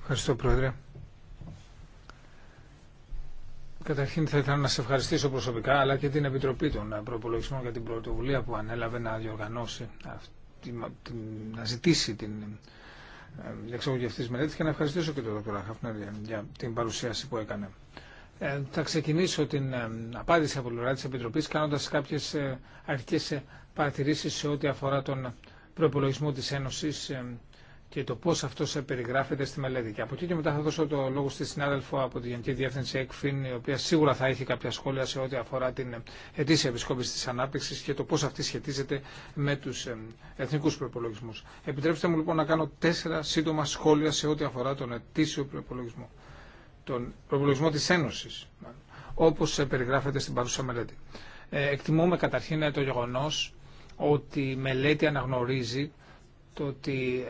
Ευχαριστώ Πρόεδρε. Καταρχήν θα ήθελα να σε ευχαριστήσω προσωπικά αλλά και την Επιτροπή των Προπολογισμών για την πρωτοβουλία που ανέλαβε να διοργανώσει, να ζητήσει την ε, διεξαγωγή αυτής και να ευχαριστήσω και τον Δ. Χαφνέρ για την παρουσίαση που έκανε. Ε, θα ξεκινήσω την ε, απάντηση από την της Επιτροπής κάνοντας κάποιες αρχικές παρατηρήσεις σε ό,τι αφορά τον προπολογισμό της Ένωσης και το πώ αυτό περιγράφεται στη μελέτη. Και από εκεί και μετά θα δώσω το λόγο στη συνάδελφο από τη Γενική Διεύθυνση ΕΚΦΙΝ, η οποία σίγουρα θα έχει κάποια σχόλια σε ό,τι αφορά την ε, ετήσια επισκόπηση τη ανάπτυξη και το πώ αυτή σχετίζεται με του ε, εθνικού προπολογισμού. Επιτρέψτε μου λοιπόν να κάνω τέσσερα σύντομα σχόλια σε ό,τι αφορά τον ετήσιο προπολογισμό. Τον προπολογισμό της Ένωσης, όπως περιγράφεται στην παρούσα μελέτη. Ε, εκτιμούμε καταρχήν το γεγονό ότι η μελέτη αναγνωρίζει το ότι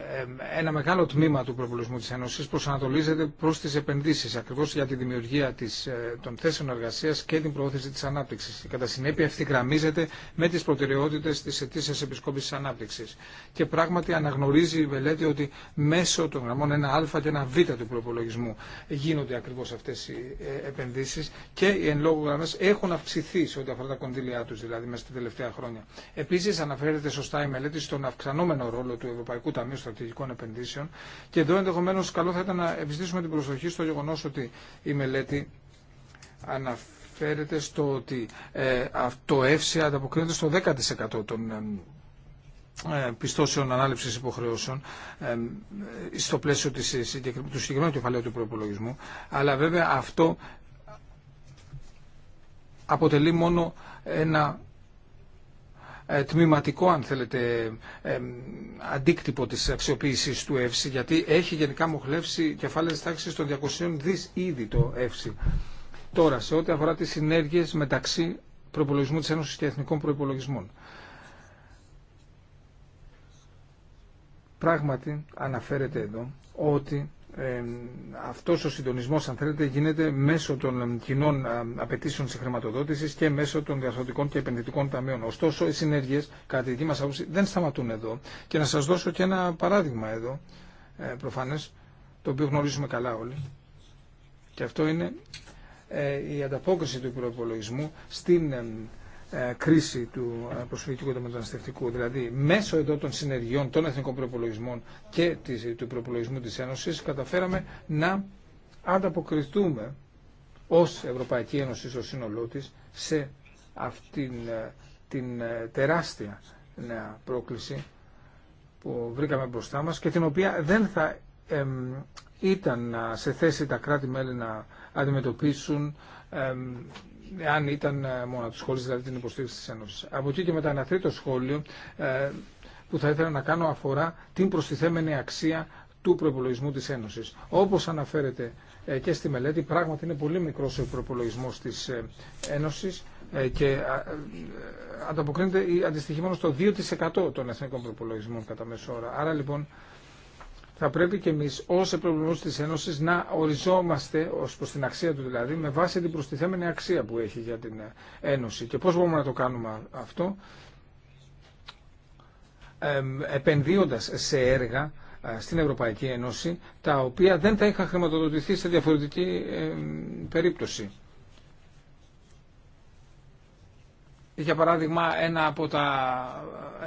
ένα μεγάλο τμήμα του προπολογισμού της Ένωσης προσανατολίζεται προς τις επενδύσεις, ακριβώς για τη δημιουργία της, ε, των θέσεων εργασίας και την προώθηση της ανάπτυξης. Η κατά συνέπεια ευθυγραμμίζεται με τις προτεραιότητες της αιτήσιας επισκόπηση ανάπτυξης. Και πράγματι αναγνωρίζει η μελέτη ότι μέσω των γραμμών ένα α και ένα β του προπολογισμού γίνονται ακριβώς αυτές οι ε, επενδύσεις και οι εν λόγω γραμμές έχουν αυξηθεί σε ό,τι αφορά τα κονδύλια τους, δηλαδή μέσα στα τελευταία χρόνια. Επίσης αναφέρεται σωστά η μελέτη στον αυξανόμενο ρόλο του Ευρωπαϊκού Ταμείου Στρατηγικών Επενδύσεων. Και εδώ ενδεχομένω καλό θα ήταν να επιστήσουμε την προσοχή στο γεγονό ότι η μελέτη αναφέρεται στο ότι ε, το ΕΦΣΙ ανταποκρίνεται στο 10% των ε, ε, πιστώσεων ανάληψης υποχρεώσεων ε, στο πλαίσιο της, του συγκεκριμένου κεφαλαίου του προπολογισμού. Αλλά βέβαια αυτό αποτελεί μόνο ένα ε, τμηματικό αν θέλετε ε, αντίκτυπο της αξιοποίηση του ΕΦΣΙ γιατί έχει γενικά μοχλεύσει κεφάλαιες τάξεις των 200 δις ήδη το ΕΦΣΙ. Τώρα σε ό,τι αφορά τις συνέργειες μεταξύ προπολογισμού της Ένωσης και εθνικών προϋπολογισμών. Πράγματι αναφέρεται εδώ ότι ε, αυτός ο συντονισμός αν θέλετε γίνεται μέσω των κοινών απαιτήσεων σε χρηματοδότηση και μέσω των διαρθρωτικών και επενδυτικών ταμείων. Ωστόσο οι συνέργειες κατά τη δική μας άποψη δεν σταματούν εδώ και να σας δώσω και ένα παράδειγμα εδώ ε, προφανές το οποίο γνωρίζουμε καλά όλοι και αυτό είναι ε, η ανταπόκριση του προπολογισμού στην ε, κρίση του ε, προσφυγικού και του μεταναστευτικού. Δηλαδή, μέσω εδώ των συνεργειών των εθνικών προπολογισμών και του προπολογισμού της Ένωσης, καταφέραμε να ανταποκριθούμε ως Ευρωπαϊκή Ένωση στο σύνολό της σε αυτήν ε, την τεράστια νέα πρόκληση που βρήκαμε μπροστά μας και την οποία δεν θα ήταν σε θέση τα κράτη-μέλη να αντιμετωπίσουν αν ήταν ε, μόνο του δηλαδή την υποστήριξη της Ένωση. Από εκεί και μετά ένα τρίτο σχόλιο ε, που θα ήθελα να κάνω αφορά την προστιθέμενη αξία του προπολογισμού της Ένωσης. Όπως αναφέρεται ε, και στη μελέτη, πράγματι είναι πολύ μικρός ο προπολογισμός της Ένωσης και ανταποκρίνεται μόνο στο 2% των εθνικών προπολογισμών κατά μέσο ώρα. Άρα λοιπόν θα πρέπει και εμείς ως επροβολούς της Ένωσης να οριζόμαστε ως προς την αξία του δηλαδή με βάση την προστιθέμενη αξία που έχει για την Ένωση. Και πώς μπορούμε να το κάνουμε αυτό επενδύοντας σε έργα ε, στην Ευρωπαϊκή Ένωση τα οποία δεν θα είχαν χρηματοδοτηθεί σε διαφορετική περίπτωση. για παράδειγμα ένα από τα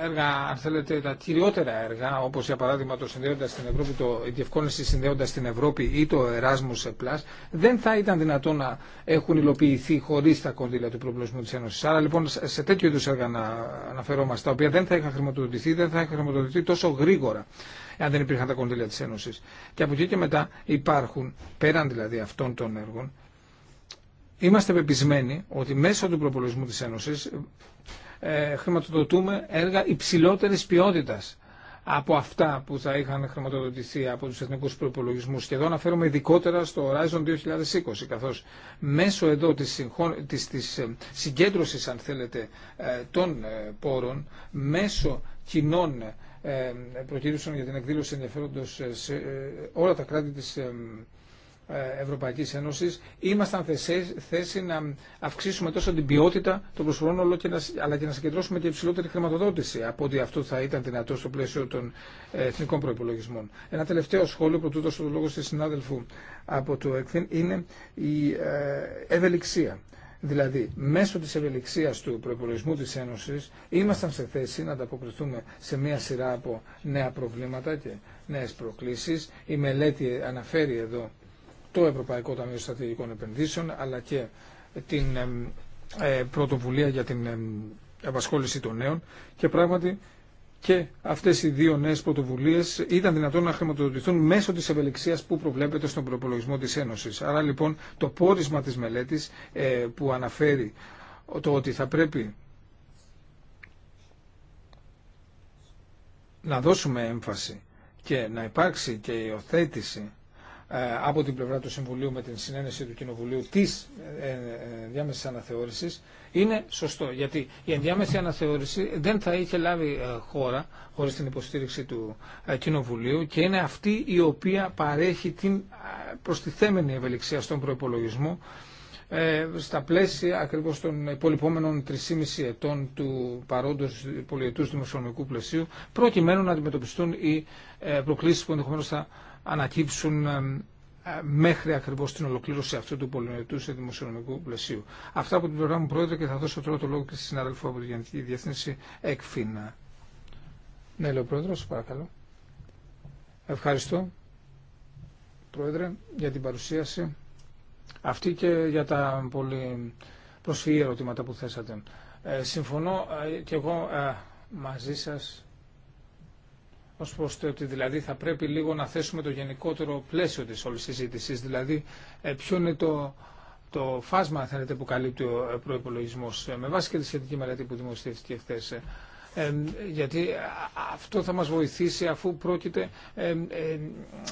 έργα, αν θέλετε, τα κυριότερα έργα, όπως για παράδειγμα το στην Ευρώπη, το η διευκόλυνση συνδέοντα στην Ευρώπη ή το Erasmus δεν θα ήταν δυνατό να έχουν υλοποιηθεί χωρί τα κονδύλια του προβληματισμού τη Ένωση. Άρα λοιπόν σε τέτοιου είδου έργα να αναφερόμαστε, τα οποία δεν θα είχαν χρηματοδοτηθεί, δεν θα είχαν χρηματοδοτηθεί τόσο γρήγορα αν δεν υπήρχαν τα κονδύλια της Ένωσης. Και από εκεί και μετά υπάρχουν, πέραν δηλαδή αυτών των έργων, Είμαστε πεπισμένοι ότι μέσω του προπολογισμού της Ένωσης ε, χρηματοδοτούμε έργα υψηλότερης ποιότητας από αυτά που θα είχαν χρηματοδοτηθεί από τους εθνικούς προπολογισμούς. Και εδώ αναφέρομαι ειδικότερα στο Horizon 2020, καθώς μέσω εδώ της, της, ε, συγκέντρωσης, αν θέλετε, ε, των πόρων, μέσω κοινών προκήρυξων για την εκδήλωση ενδιαφέροντος σε όλα τα κράτη της ε, Ευρωπαϊκής Ένωσης ήμασταν θέση να αυξήσουμε τόσο την ποιότητα των προσφορών αλλά και να συγκεντρώσουμε και υψηλότερη χρηματοδότηση από ότι αυτό θα ήταν δυνατό στο πλαίσιο των ε, εθνικών προϋπολογισμών. Ένα τελευταίο σχόλιο που δώσω το λόγο στη συνάδελφου από το ΕΚΘΗΝ είναι η ε, ευελιξία. Δηλαδή, μέσω της ευελιξίας του προπολογισμού της Ένωσης, ήμασταν σε θέση να ανταποκριθούμε σε μία σειρά από νέα προβλήματα και νέες προκλήσεις. Η μελέτη αναφέρει εδώ το Ευρωπαϊκό Ταμείο Στρατηγικών Επενδύσεων αλλά και την ε, πρωτοβουλία για την απασχόληση των νέων και πράγματι και αυτές οι δύο νέες πρωτοβουλίες ήταν δυνατόν να χρηματοδοτηθούν μέσω της ευελιξίας που προβλέπεται στον προπολογισμό της Ένωσης. Άρα λοιπόν το πόρισμα της μελέτης ε, που αναφέρει το ότι θα πρέπει να δώσουμε έμφαση και να υπάρξει και η ε, από την πλευρά του Συμβουλίου με την συνένεση του Κοινοβουλίου τη ε, ε, ενδιάμεσης αναθεώρηση, είναι σωστό. Γιατί η ενδιάμεση αναθεώρηση δεν θα είχε λάβει χώρα χωρί την υποστήριξη του Κοινοβουλίου και είναι αυτή η οποία παρέχει την προστιθέμενη ευελιξία στον προπολογισμό στα πλαίσια ακριβώς των υπολοιπόμενων 3,5 ετών του παρόντος πολιετούς δημοσιονομικού πλαισίου προκειμένου να αντιμετωπιστούν οι προκλήσεις που ενδεχομένως θα ανακύψουν ε, ε, μέχρι ακριβώς την ολοκλήρωση αυτού του πολυνοητού σε δημοσιονομικού πλαισίου. Αυτά από την πλευρά μου πρόεδρε και θα δώσω τώρα το λόγο και στη συνάδελφο από τη Γενική Διεθνήση ΕΚΦΙΝΑ. Ναι, λέω σας παρακαλώ. Ευχαριστώ, πρόεδρε, για την παρουσίαση αυτή και για τα πολύ προσφυγή ερωτήματα που θέσατε. Ε, συμφωνώ και εγώ μαζί σας ως προς το ότι δηλαδή θα πρέπει λίγο να θέσουμε το γενικότερο πλαίσιο της όλης συζήτησης, δηλαδή ε, ποιο είναι το, το φάσμα θέλετε, που καλύπτει ο ε, προπολογισμό ε, με βάση και τη σχετική μελέτη που δημοσιεύτηκε χθε γιατί αυτό θα μας βοηθήσει αφού πρόκειται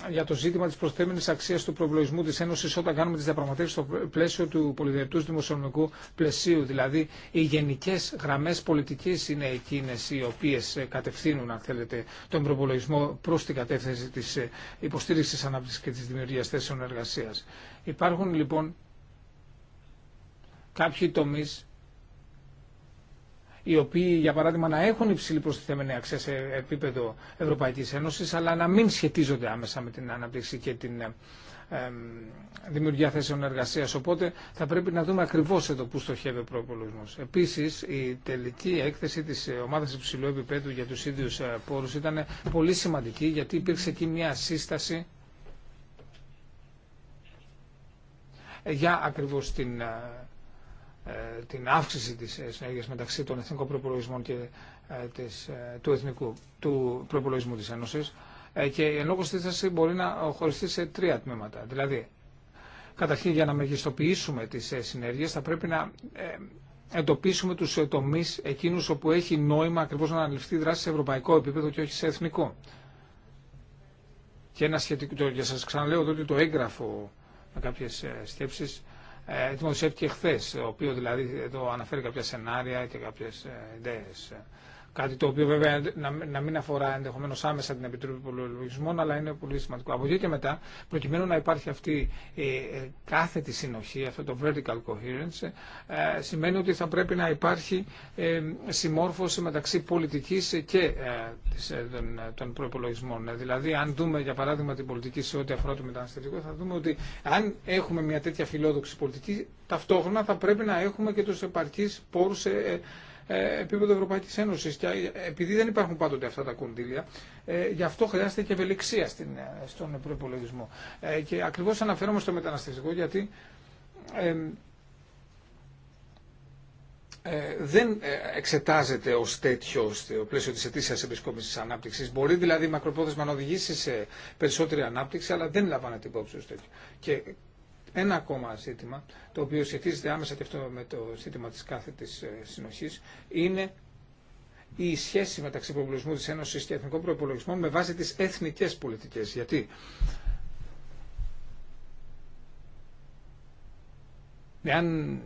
για το ζήτημα της προσθέμενης αξίας του προβλογισμού της Ένωσης όταν κάνουμε τις διαπραγματεύσεις στο πλαίσιο του πολυδιεπτούς δημοσιονομικού πλαισίου. Δηλαδή οι γενικές γραμμές πολιτικής είναι εκείνες οι οποίες ε, κατευθύνουν αν θέλετε τον προπολογισμό προς την κατεύθυνση της ε, υποστήριξης ανάπτυξης και της δημιουργίας θέσεων εργασίας. Υπάρχουν λοιπόν κάποιοι τομείς οι οποίοι για παράδειγμα να έχουν υψηλή προστιθέμενη αξία σε επίπεδο Ευρωπαϊκής Ένωσης αλλά να μην σχετίζονται άμεσα με την αναπτύξη και την ε, δημιουργία θέσεων εργασία. Οπότε θα πρέπει να δούμε ακριβώ εδώ πού στοχεύει ο προπολογισμό. Επίση, η τελική έκθεση τη ομάδα υψηλού επίπεδου για του ίδιου ε, πόρου ήταν πολύ σημαντική γιατί υπήρξε εκεί μια σύσταση για ακριβώ την ε, ε, την αύξηση της ε, συνέργειας μεταξύ των εθνικών προπολογισμών και ε, της, του εθνικού του προπολογισμού της Ένωσης και η ενόχως σύσταση μπορεί να χωριστεί σε τρία τμήματα. Δηλαδή, καταρχήν για να μεγιστοποιήσουμε τις συνέργειες θα πρέπει να εντοπίσουμε τους τομείς εκείνους όπου έχει νόημα ακριβώς να αναλυφθεί δράση σε ευρωπαϊκό επίπεδο και όχι σε εθνικό. Και ένα σχετικό, για σας ξαναλέω ότι το έγγραφο με κάποιες σκέψεις ε, δημοσιεύτηκε χθε, ο οποίο δηλαδή εδώ αναφέρει κάποια σενάρια και κάποιες ε, ιδέε. Κάτι το οποίο βέβαια να μην αφορά ενδεχομένω άμεσα την Επιτροπή Πολυλογισμών, αλλά είναι πολύ σημαντικό. Από εκεί και μετά, προκειμένου να υπάρχει αυτή η ε, κάθετη συνοχή, αυτό το vertical coherence, ε, σημαίνει ότι θα πρέπει να υπάρχει ε, συμμόρφωση μεταξύ πολιτική και των προπολογισμών. Δηλαδή, αν δούμε για παράδειγμα την πολιτική σε ό,τι αφορά το μεταναστευτικό, θα δούμε ότι αν έχουμε μια τέτοια φιλόδοξη πολιτική, ταυτόχρονα θα πρέπει να έχουμε και του επαρκεί πόρου ε, επίπεδο Ευρωπαϊκής Ένωσης και ε, επειδή δεν υπάρχουν πάντοτε αυτά τα κονδύλια, ε, γι' αυτό χρειάζεται και ευελιξία στον προπολογισμό. Και ακριβώς αναφέρομαι στο μεταναστευτικό γιατί ε, δεν εξετάζεται ω τέτοιο στο πλαίσιο τη ετήσια επισκόπηση ανάπτυξη. Μπορεί δηλαδή μακροπρόθεσμα να οδηγήσει σε περισσότερη ανάπτυξη, αλλά δεν λαμβάνεται υπόψη ω τέτοιο. Και ένα ακόμα ζήτημα, το οποίο σχετίζεται άμεσα και αυτό με το ζήτημα της κάθετης ε, συνοχής, είναι η σχέση μεταξύ προπολογισμού της Ένωσης και εθνικών προπολογισμών με βάση τις εθνικές πολιτικές. Γιατί εάν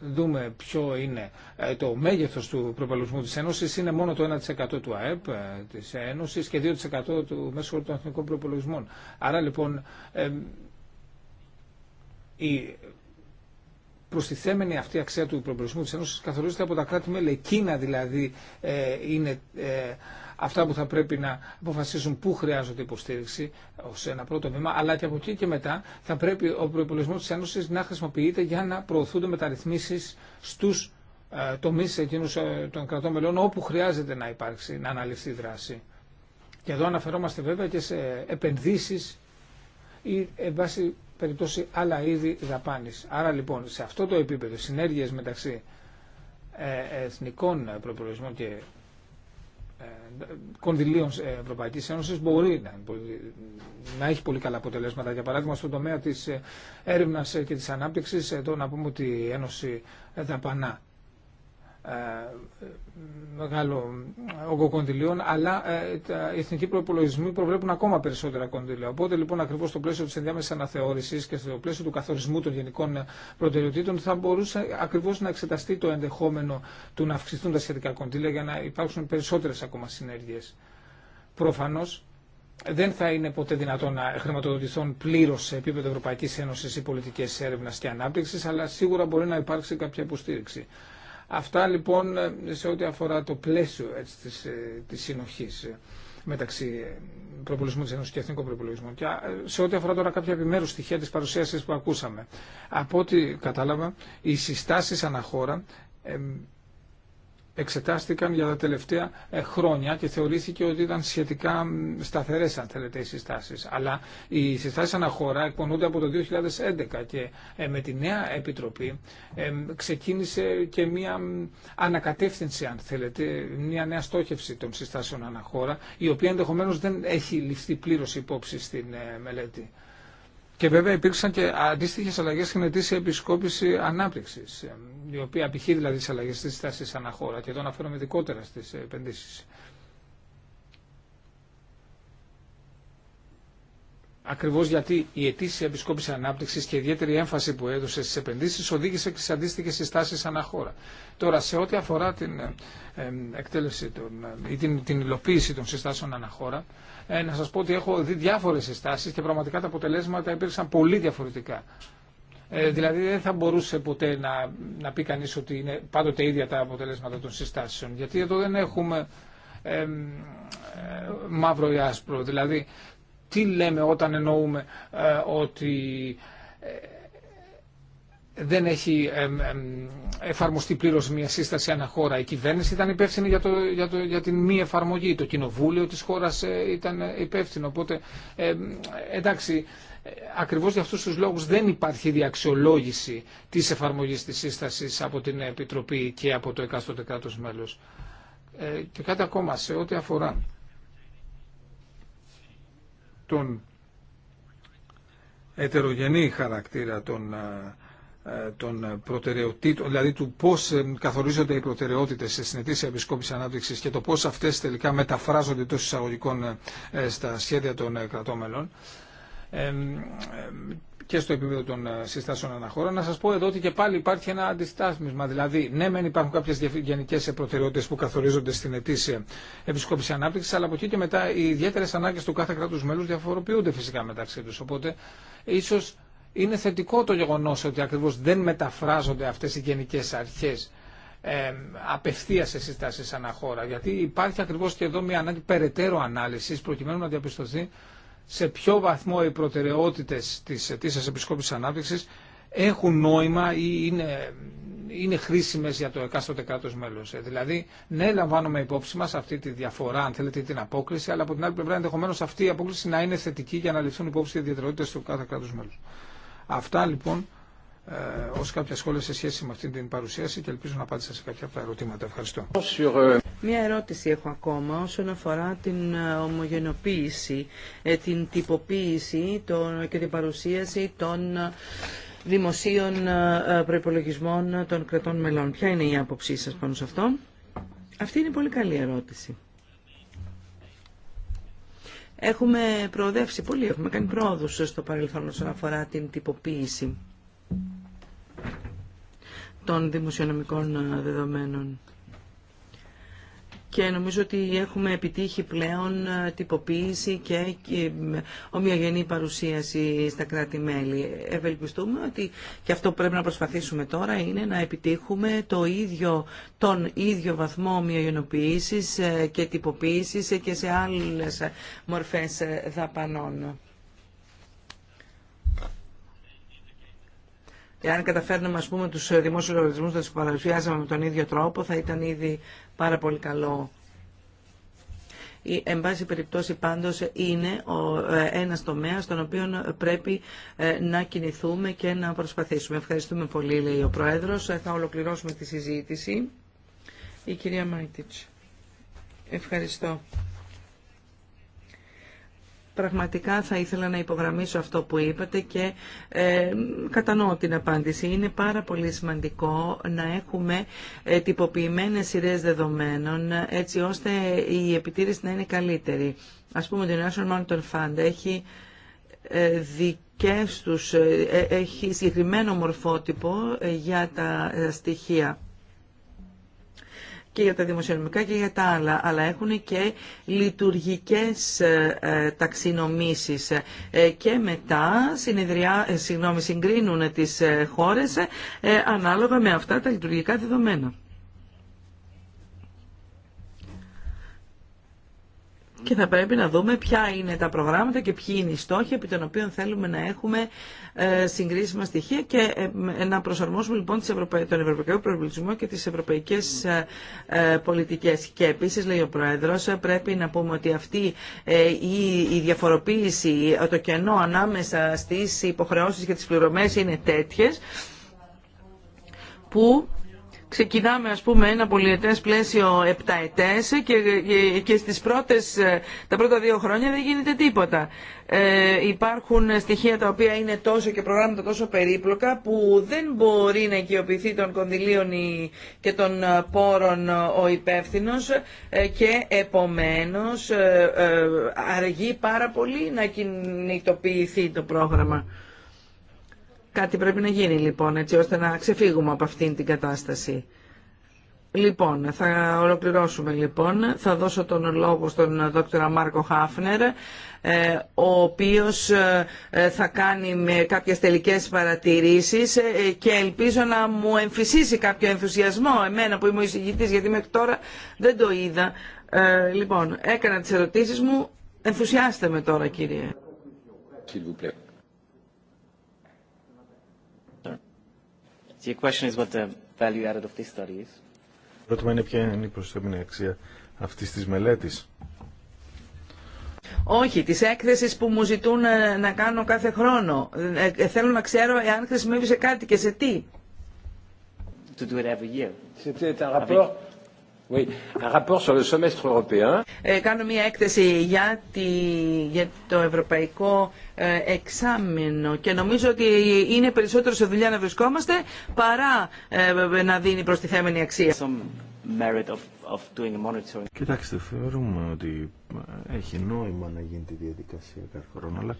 δούμε ποιο είναι ε, το μέγεθος του προπολογισμού της Ένωσης, είναι μόνο το 1% του ΑΕΠ ε, της Ένωσης και 2% του μέσου των εθνικών προπολογισμών. Άρα λοιπόν η προστιθέμενη αυτή αξία του προπολογισμού της Ένωσης καθορίζεται από τα κράτη-μέλη. Εκείνα δηλαδή ε, είναι ε, αυτά που θα πρέπει να αποφασίσουν πού χρειάζονται υποστήριξη ως ένα πρώτο βήμα, αλλά και από εκεί και μετά θα πρέπει ο προπολογισμό της Ένωση να χρησιμοποιείται για να προωθούνται μεταρρυθμίσει στου ε, τομεί εκείνου των κρατών μελών όπου χρειάζεται να υπάρξει, να αναλυφθεί δράση. Και εδώ αναφερόμαστε βέβαια και σε επενδύσει ή εν περιπτώσει άλλα είδη δαπάνης. Άρα λοιπόν σε αυτό το επίπεδο συνέργειες μεταξύ ε, εθνικών προπολογισμών και ε, κονδυλίων Ευρωπαϊκής Ένωσης μπορεί να, να έχει πολύ καλά αποτελέσματα. Για παράδειγμα, στον τομέα της ε, έρευνας και της ανάπτυξης, εδώ να πούμε ότι η Ένωση δαπανά ε, μεγάλο όγκο κονδυλίων, αλλά οι ε, εθνικοί προπολογισμοί προβλέπουν ακόμα περισσότερα κονδύλια. Οπότε λοιπόν ακριβώ στο πλαίσιο τη ενδιάμεση αναθεώρηση και στο πλαίσιο του καθορισμού των γενικών προτεραιοτήτων θα μπορούσε ακριβώ να εξεταστεί το ενδεχόμενο του να αυξηθούν τα σχετικά κονδύλια για να υπάρξουν περισσότερε ακόμα συνέργειε. Προφανώ δεν θα είναι ποτέ δυνατό να χρηματοδοτηθούν πλήρω σε επίπεδο Ευρωπαϊκή Ένωση οι πολιτικέ έρευνα και ανάπτυξη, αλλά σίγουρα μπορεί να υπάρξει κάποια υποστήριξη. Αυτά λοιπόν σε ό,τι αφορά το πλαίσιο έτσι, της, ε, της συνοχής ε, μεταξύ ε, προπολογισμού τη Ένωση και εθνικού προπολογισμού. Και σε ό,τι αφορά τώρα κάποια επιμέρους στοιχεία της παρουσίασης που ακούσαμε. Από ό,τι κατάλαβα, οι συστάσεις αναχώρα εξετάστηκαν για τα τελευταία ε, χρόνια και θεωρήθηκε ότι ήταν σχετικά σταθερές αν θέλετε οι συστάσεις. Αλλά οι συστάσεις αναχώρα εκπονούνται από το 2011 και ε, με τη νέα Επιτροπή ε, ξεκίνησε και μια ανακατεύθυνση αν θέλετε, μια νέα στόχευση των συστάσεων αναχώρα η οποία ενδεχομένως δεν έχει ληφθεί πλήρως υπόψη στην μελέτη. Και βέβαια υπήρξαν και αντίστοιχε αλλαγέ στην ετήσια επισκόπηση ανάπτυξη, η οποία απηχεί δηλαδή τι αλλαγέ τη τάση αναχώρα. Και εδώ αναφέρομαι ειδικότερα στι επενδύσει. Ακριβώ γιατί η ετήσια επισκόπηση ανάπτυξη και η ιδιαίτερη έμφαση που έδωσε στις επενδύσει, οδήγησε και στις αντίστοιχες συστάσεις αναχώρα. Τώρα, σε ό,τι αφορά την ε, ε, εκτέλεση των, ε, ή την, την υλοποίηση των συστάσεων αναχώρα, ε, να σας πω ότι έχω δει διάφορες συστάσεις και πραγματικά τα αποτελέσματα υπήρξαν πολύ διαφορετικά. Ε, δηλαδή δεν θα μπορούσε ποτέ να, να πει κανείς ότι είναι πάντοτε ίδια τα αποτελέσματα των συστάσεων. Γιατί εδώ δεν έχουμε ε, μαύρο ή άσπρο. Δηλαδή τι λέμε όταν εννοούμε ε, ότι δεν έχει εφαρμοστεί πλήρως μια σύσταση χώρα. Η κυβέρνηση ήταν υπεύθυνη για, το, για, το, για την μη εφαρμογή. Το κοινοβούλιο της χώρας ε, ήταν ε, υπεύθυνο. Οπότε, ε, εντάξει, ακριβώς για αυτούς τους λόγους δεν υπάρχει διαξιολόγηση της εφαρμογής της σύστασης από την Επιτροπή και από το εκάστοτε κράτος μέλος. Ε, και κάτι ακόμα σε ό,τι αφορά τον ετερογενή χαρακτήρα των ε, ε, των προτεραιοτήτων, δηλαδή του πώ ε, καθορίζονται οι προτεραιότητε σε ετήσια επισκόπηση ανάπτυξη και το πώ αυτέ τελικά μεταφράζονται τόσο εισαγωγικών ε, στα σχέδια των κρατών και στο επίπεδο των συστάσεων αναχώρων Να σα πω εδώ ότι και πάλι υπάρχει ένα αντιστάθμισμα. Δηλαδή, ναι, μεν υπάρχουν κάποιε γενικέ προτεραιότητε που καθορίζονται στην ετήσια επισκόπηση ανάπτυξη, αλλά από εκεί και μετά οι ιδιαίτερε ανάγκε του κάθε κράτου μέλου διαφοροποιούνται φυσικά μεταξύ του. Οπότε, ίσω είναι θετικό το γεγονός ότι ακριβώς δεν μεταφράζονται αυτές οι γενικές αρχές ε, απευθεία σε συστάσει αναχώρα. Γιατί υπάρχει ακριβώ και εδώ μια ανάγκη περαιτέρω ανάλυση προκειμένου να διαπιστωθεί σε ποιο βαθμό οι προτεραιότητε τη επισκόπηση ανάπτυξη έχουν νόημα ή είναι, είναι χρήσιμες για το εκάστοτε κράτος μέλος. Ε, δηλαδή, ναι, λαμβάνουμε υπόψη μας αυτή τη διαφορά, αν θέλετε, την απόκριση, αλλά από την άλλη πλευρά ενδεχομένω αυτή η απόκληση να είναι θετική για να ληφθούν υπόψη οι του κάθε Αυτά λοιπόν ε, ω κάποια σχόλια σε σχέση με αυτή την παρουσίαση και ελπίζω να απάντησα σε κάποια από τα ερωτήματα. Ευχαριστώ. Μία ερώτηση έχω ακόμα όσον αφορά την ε, ομογενοποίηση, ε, την τυποποίηση και την παρουσίαση των δημοσίων προπολογισμών των κρατών μελών. Ποια είναι η άποψή σας πάνω σε αυτό? Αυτή είναι πολύ καλή ερώτηση. Έχουμε προοδεύσει πολύ, έχουμε κάνει πρόοδους στο παρελθόν όσον αφορά την τυποποίηση των δημοσιονομικών δεδομένων και νομίζω ότι έχουμε επιτύχει πλέον ε, τυποποίηση και ομοιογενή παρουσίαση στα κράτη-μέλη. Ευελπιστούμε ότι και αυτό που πρέπει να προσπαθήσουμε τώρα είναι να επιτύχουμε το ίδιο, τον ίδιο βαθμό ομοιογενοποίησης ε, και τυποποίησης ε, και σε άλλες μορφές δαπανών. Εάν καταφέρνουμε ας πούμε τους ε, δημόσιους λογαριασμούς να τους παρουσιάζαμε με τον ίδιο τρόπο θα ήταν ήδη πάρα πολύ καλό. Η, εν πάση περιπτώσει πάντως είναι ο, ε, ένας τομέας στον οποίο ε, πρέπει να κινηθούμε και να προσπαθήσουμε. Ευχαριστούμε πολύ λέει ο Πρόεδρος. Θα ολοκληρώσουμε τη συζήτηση. Η κυρία Μάιτιτς. Ευχαριστώ. Πραγματικά θα ήθελα να υπογραμμίσω αυτό που είπατε και ε, κατανοώ την απάντηση. Είναι πάρα πολύ σημαντικό να έχουμε ε, τυποποιημένες σειρές δεδομένων έτσι ώστε η επιτήρηση να είναι καλύτερη. Ας πούμε το National Mountain Fund έχει ε, δικές τους, ε, έχει συγκεκριμένο μορφότυπο για τα στοιχεία και για τα δημοσιονομικά και για τα άλλα, αλλά έχουν και λειτουργικές ε, ε, ταξινομήσεις ε, και μετά συνεδριά, συγγνώμη, συγκρίνουν τις χώρες ανάλογα με αυτά τα λειτουργικά δεδομένα. και θα πρέπει να δούμε ποια είναι τα προγράμματα και ποιοι είναι οι στόχοι επί των οποίων θέλουμε να έχουμε ε, συγκρίσιμα στοιχεία και ε, ε, να προσαρμόσουμε λοιπόν τον ευρωπαϊκό προβληματισμό και τις ευρωπαϊκές πολιτικές. Και επίσης, λέει ο Πρόεδρος, πρέπει να πούμε ότι αυτή η διαφοροποίηση, το κενό ανάμεσα στις υποχρεώσεις και τις πληρωμές είναι τέτοιες που ξεκινάμε ας πούμε ένα πολυετές πλαίσιο επταετές και, και στις πρώτες, τα πρώτα δύο χρόνια δεν γίνεται τίποτα. Ε, υπάρχουν στοιχεία τα οποία είναι τόσο και προγράμματα τόσο περίπλοκα που δεν μπορεί να οικειοποιηθεί των κονδυλίων και των πόρων ο υπεύθυνο ε, και επομένως ε, αργεί πάρα πολύ να κινητοποιηθεί το πρόγραμμα. Κάτι πρέπει να γίνει λοιπόν έτσι ώστε να ξεφύγουμε από αυτήν την κατάσταση. Λοιπόν, θα ολοκληρώσουμε λοιπόν. Θα δώσω τον λόγο στον δόκτωρα Μάρκο Χάφνερ, ε, ο οποίος ε, ε, θα κάνει με κάποιες τελικές παρατηρήσεις και ελπίζω να μου εμφυσίσει κάποιο ενθουσιασμό εμένα που είμαι ο εισηγητής, γιατί μέχρι τώρα δεν το είδα. Λοιπόν, έκανα τις ερωτήσεις μου. Ενθουσιάστε με τώρα κύριε. So your question is what the value added of this study is. Το είναι ποια είναι η προσθέμενη αξία αυτής της μελέτης. Όχι, τη έκθεση που μου ζητούν ε, να κάνω κάθε χρόνο. Ε, ε, θέλω να ξέρω εάν χρησιμεύει σε κάτι και σε τι. To do it every year. C'était un rapport ε, κάνω μια έκθεση για, για το ευρωπαϊκό ε, εξάμεινο και νομίζω ότι είναι περισσότερο σε δουλειά να βρισκόμαστε παρά ε, να δίνει προστιθέμενη αξία. Of, αξία. Κοιτάξτε, θεωρούμε ότι ε, έχει νόημα να γίνει τη διαδικασία κάθε χρόνο, αλλά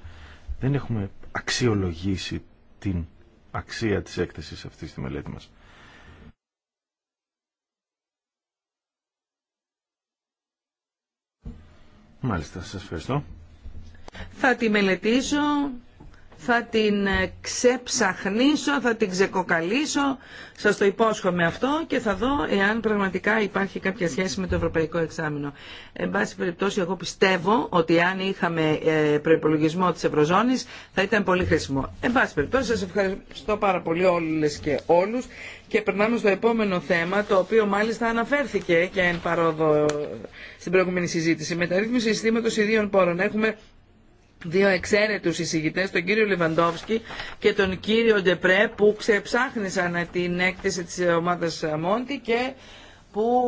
δεν έχουμε αξιολογήσει την αξία της έκθεσης αυτής στη μελέτη μας. Μάλιστα, σας ευχαριστώ. Θα τη μελετήσω θα την ξεψαχνίσω, θα την ξεκοκαλίσω, σας το υπόσχομαι αυτό και θα δω εάν πραγματικά υπάρχει κάποια σχέση με το Ευρωπαϊκό Εξάμεινο. Εν πάση περιπτώσει, εγώ πιστεύω ότι αν είχαμε ε, προπολογισμό της Ευρωζώνης θα ήταν πολύ χρήσιμο. Εν πάση περιπτώσει, σας ευχαριστώ πάρα πολύ όλες και όλους και περνάμε στο επόμενο θέμα, το οποίο μάλιστα αναφέρθηκε και εν παρόδο ε, στην προηγούμενη συζήτηση. Μεταρρύθμιση συστήματος ιδίων πόρων. Έχουμε δύο εξαίρετους εισηγητές, τον κύριο Λεβαντόφσκι και τον κύριο Ντεπρέ που ξεψάχνησαν την έκθεση της ομάδας Μόντι και που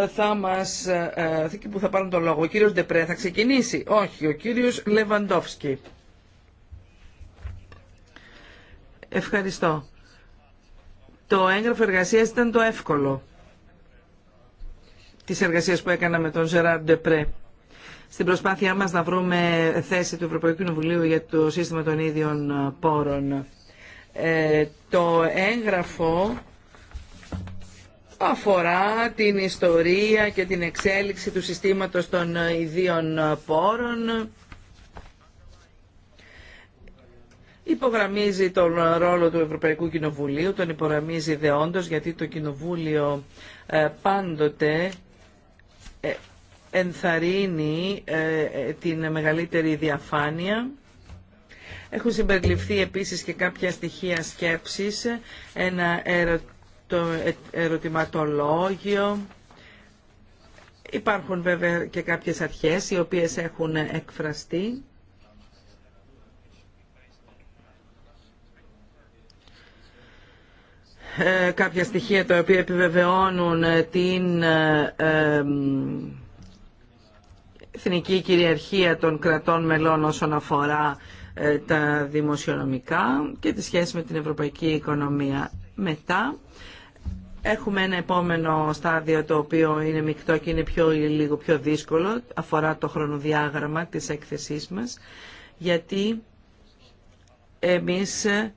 ε, θα μας ε, ε, που θα πάρουν τον λόγο. Ο κύριος Ντεπρέ θα ξεκινήσει. Όχι, ο κύριος Λεβαντόφσκι. Ευχαριστώ. Το έγγραφο εργασίας ήταν το εύκολο της εργασίας που έκανα με τον Ζεράρ Ντεπρέ στην προσπάθειά μας να βρούμε θέση του Ευρωπαϊκού Κοινοβουλίου για το σύστημα των ίδιων πόρων. Ε, το έγγραφο αφορά την ιστορία και την εξέλιξη του συστήματος των ιδίων πόρων. Υπογραμμίζει τον ρόλο του Ευρωπαϊκού Κοινοβουλίου, τον υπογραμμίζει δεόντως, γιατί το Κοινοβούλιο ε, πάντοτε ε, ενθαρρύνει ε, την μεγαλύτερη διαφάνεια. Έχουν συμπεριληφθεί επίσης και κάποια στοιχεία σκέψης, ένα ε, ερωτηματολόγιο. Υπάρχουν βέβαια και κάποιες αρχές οι οποίες έχουν εκφραστεί. Ε, κάποια στοιχεία τα οποία επιβεβαιώνουν την εθνική κυριαρχία των κρατών μελών όσον αφορά ε, τα δημοσιονομικά και τη σχέση με την ευρωπαϊκή οικονομία. Μετά έχουμε ένα επόμενο στάδιο το οποίο είναι μεικτό και είναι πιο, λίγο πιο δύσκολο, αφορά το χρονοδιάγραμμα της έκθεσής μας, γιατί εμείς ε,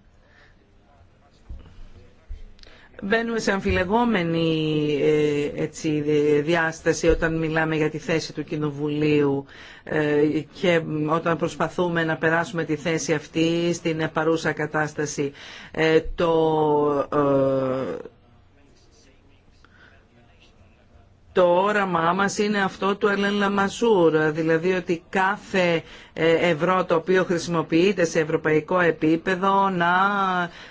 Μπαίνουμε σε αμφιλεγόμενη ε, έτσι, διάσταση όταν μιλάμε για τη θέση του Κοινοβουλίου ε, και όταν προσπαθούμε να περάσουμε τη θέση αυτή στην παρούσα κατάσταση. Ε, το το όραμά μας είναι αυτό του Ελέν Λαμασούρ, δηλαδή ότι κάθε ε, ευρώ το οποίο χρησιμοποιείται σε ευρωπαϊκό επίπεδο να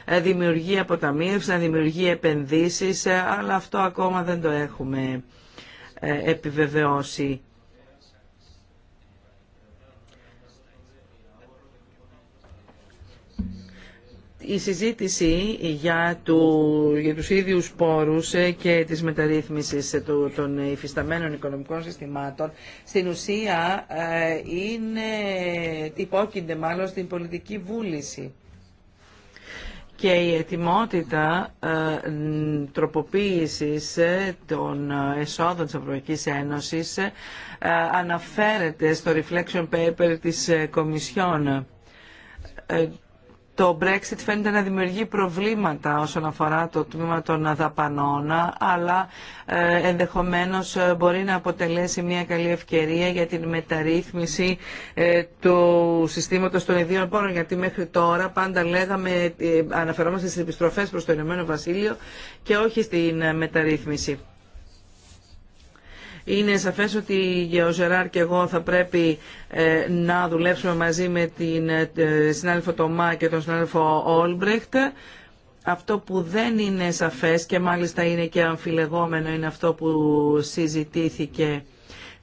ε, δημιουργεί αποταμίευση, να δημιουργεί επενδύσεις, ε, αλλά αυτό ακόμα δεν το έχουμε επιβεβαιώσει. η συζήτηση για, του, για τους ίδιους πόρους και τις μεταρρύθμισης των υφισταμένων οικονομικών συστημάτων στην ουσία ε, είναι, υπόκεινται μάλλον στην πολιτική βούληση και η ετοιμότητα ε, τροποποίησης ε, των εσόδων της Ευρωπαϊκής Ένωσης αναφέρεται στο reflection paper της Κομισιόν το Brexit φαίνεται να δημιουργεί προβλήματα όσον αφορά το τμήμα των δαπανών, αλλά ε, ενδεχομένως ε, μπορεί να αποτελέσει μια καλή ευκαιρία για την μεταρρύθμιση ε, του συστήματος των ιδίων πόρων, γιατί μέχρι τώρα πάντα λέγαμε, αναφερόμαστε στις επιστροφές προς το Ηνωμένο Βασίλειο και όχι στην μεταρρύθμιση. Είναι σαφές ότι ο Ζεράρ και εγώ θα πρέπει ε, να δουλέψουμε μαζί με την ε, συνάδελφο Τομά και τον συνάδελφο Όλμπρεχτ. Αυτό που δεν είναι σαφές και μάλιστα είναι και αμφιλεγόμενο είναι αυτό που συζητήθηκε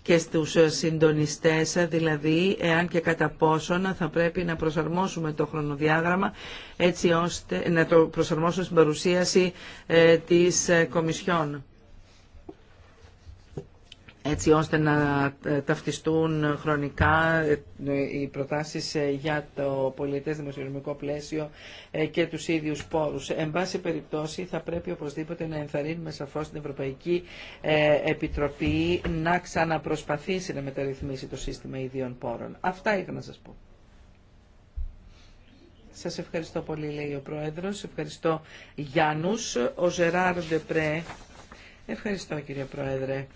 και στους συντονιστές, δηλαδή εάν και κατά να, θα πρέπει να προσαρμόσουμε το χρονοδιάγραμμα έτσι ώστε να το προσαρμόσουμε στην παρουσίαση ε, της Κομισιόν έτσι ώστε να ε, ταυτιστούν χρονικά ε, οι προτάσεις ε, για το πολιτές δημοσιονομικό πλαίσιο και τους ίδιους πόρους. Εν πάση περιπτώσει θα πρέπει οπωσδήποτε να ενθαρρύνουμε σαφώς την Ευρωπαϊκή Επιτροπή να ξαναπροσπαθήσει να μεταρρυθμίσει το σύστημα ιδίων πόρων. Αυτά είχα να σας πω. Σας ευχαριστώ πολύ, λέει ο Πρόεδρος. Ευχαριστώ Γιάννους. Ο Ζεράρ Ντεπρέ. Ευχαριστώ, κύριε Πρόεδρε.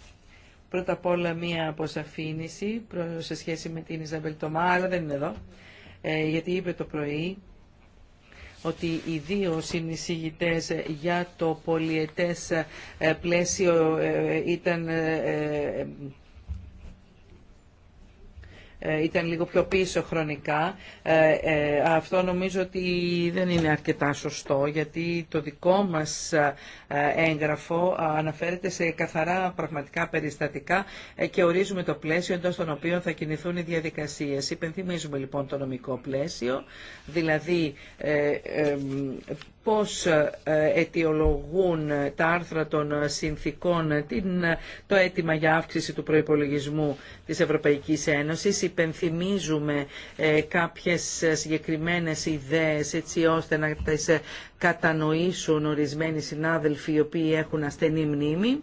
Πρώτα απ' όλα μία αποσαφήνιση σε σχέση με την Ιζαμπέλ αλλά δεν είναι εδώ, ε, γιατί είπε το πρωί ότι οι δύο συνεισηγητές για το πολιετές ε, πλαίσιο ε, ήταν ε, ήταν λίγο πιο πίσω χρονικά. Ε, ε, αυτό νομίζω ότι δεν είναι αρκετά σωστό, γιατί το δικό μας έγγραφο αναφέρεται σε καθαρά πραγματικά περιστατικά και ορίζουμε το πλαίσιο εντός των οποίων θα κινηθούν οι διαδικασίες. Υπενθυμίζουμε λοιπόν το νομικό πλαίσιο, δηλαδή πώς ε, αιτιολογούν τα άρθρα των συνθήκων την, το αίτημα για αύξηση του προϋπολογισμού της Ευρωπαϊκής Ένωσης. Υπενθυμίζουμε ε, κάποιες συγκεκριμένες ιδέες έτσι ώστε να τις κατανοήσουν ορισμένοι συνάδελφοι οι οποίοι έχουν ασθενή μνήμη.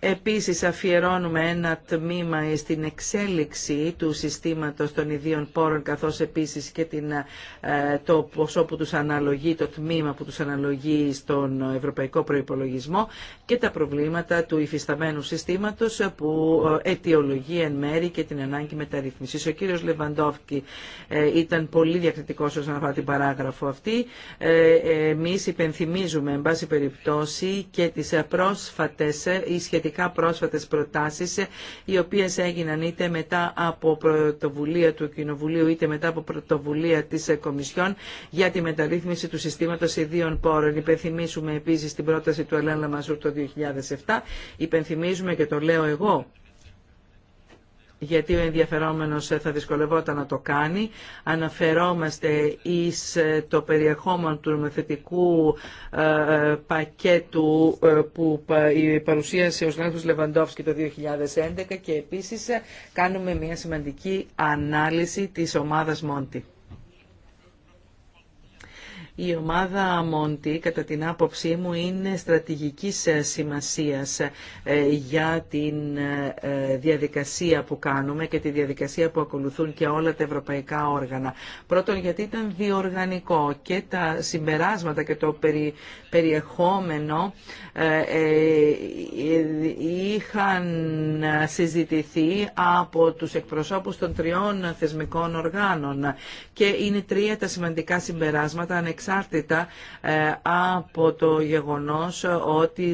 Επίσης αφιερώνουμε ένα τμήμα στην εξέλιξη του συστήματος των ιδίων πόρων καθώς επίσης και την, ε, το ποσό που τους αναλογεί, το τμήμα που τους αναλογεί στον ευρωπαϊκό προϋπολογισμό και τα προβλήματα του υφισταμένου συστήματος που ε, αιτιολογεί εν μέρη και την ανάγκη μεταρρύθμισης. Ο κύριος Λεβαντόφκη ε, ήταν πολύ διακριτικός όσον αφορά την παράγραφο αυτή. Εμείς υπενθυμίζουμε εν περιπτώσει και τις πρόσφατες ή σχετικά πρόσφατες προτάσεις οι οποίες έγιναν είτε μετά από πρωτοβουλία του Κοινοβουλίου είτε μετά από πρωτοβουλία της Κομισιόν για τη μεταρρύθμιση του συστήματος ιδίων πόρων. Υπενθυμίσουμε επίσης την πρόταση του Ελένα Μασούρ το 2007. Υπενθυμίζουμε και το λέω εγώ γιατί ο ενδιαφερόμενος θα δυσκολευόταν να το κάνει. Αναφερόμαστε εις ε, το περιεχόμενο του νομοθετικού ε, ε, πακέτου που παρουσίασε ο Σλάνθος Λεβαντόφσκι το 2011 και επίσης κάνουμε μια σημαντική ανάλυση της ομάδας Μόντι. Η ομάδα Μόντι, κατά την άποψή μου, είναι στρατηγικής ε, σημασίας ε, για την ε, διαδικασία που κάνουμε και τη διαδικασία που ακολουθούν και όλα τα ευρωπαϊκά όργανα. Πρώτον, γιατί ήταν διοργανικό και τα συμπεράσματα και το περιεχόμενο είχαν συζητηθεί από τους εκπροσώπους των τριών θεσμικών οργάνων και είναι τρία τα σημαντικά συμπεράσματα ανεξάρτητα ε, από το γεγονός ότι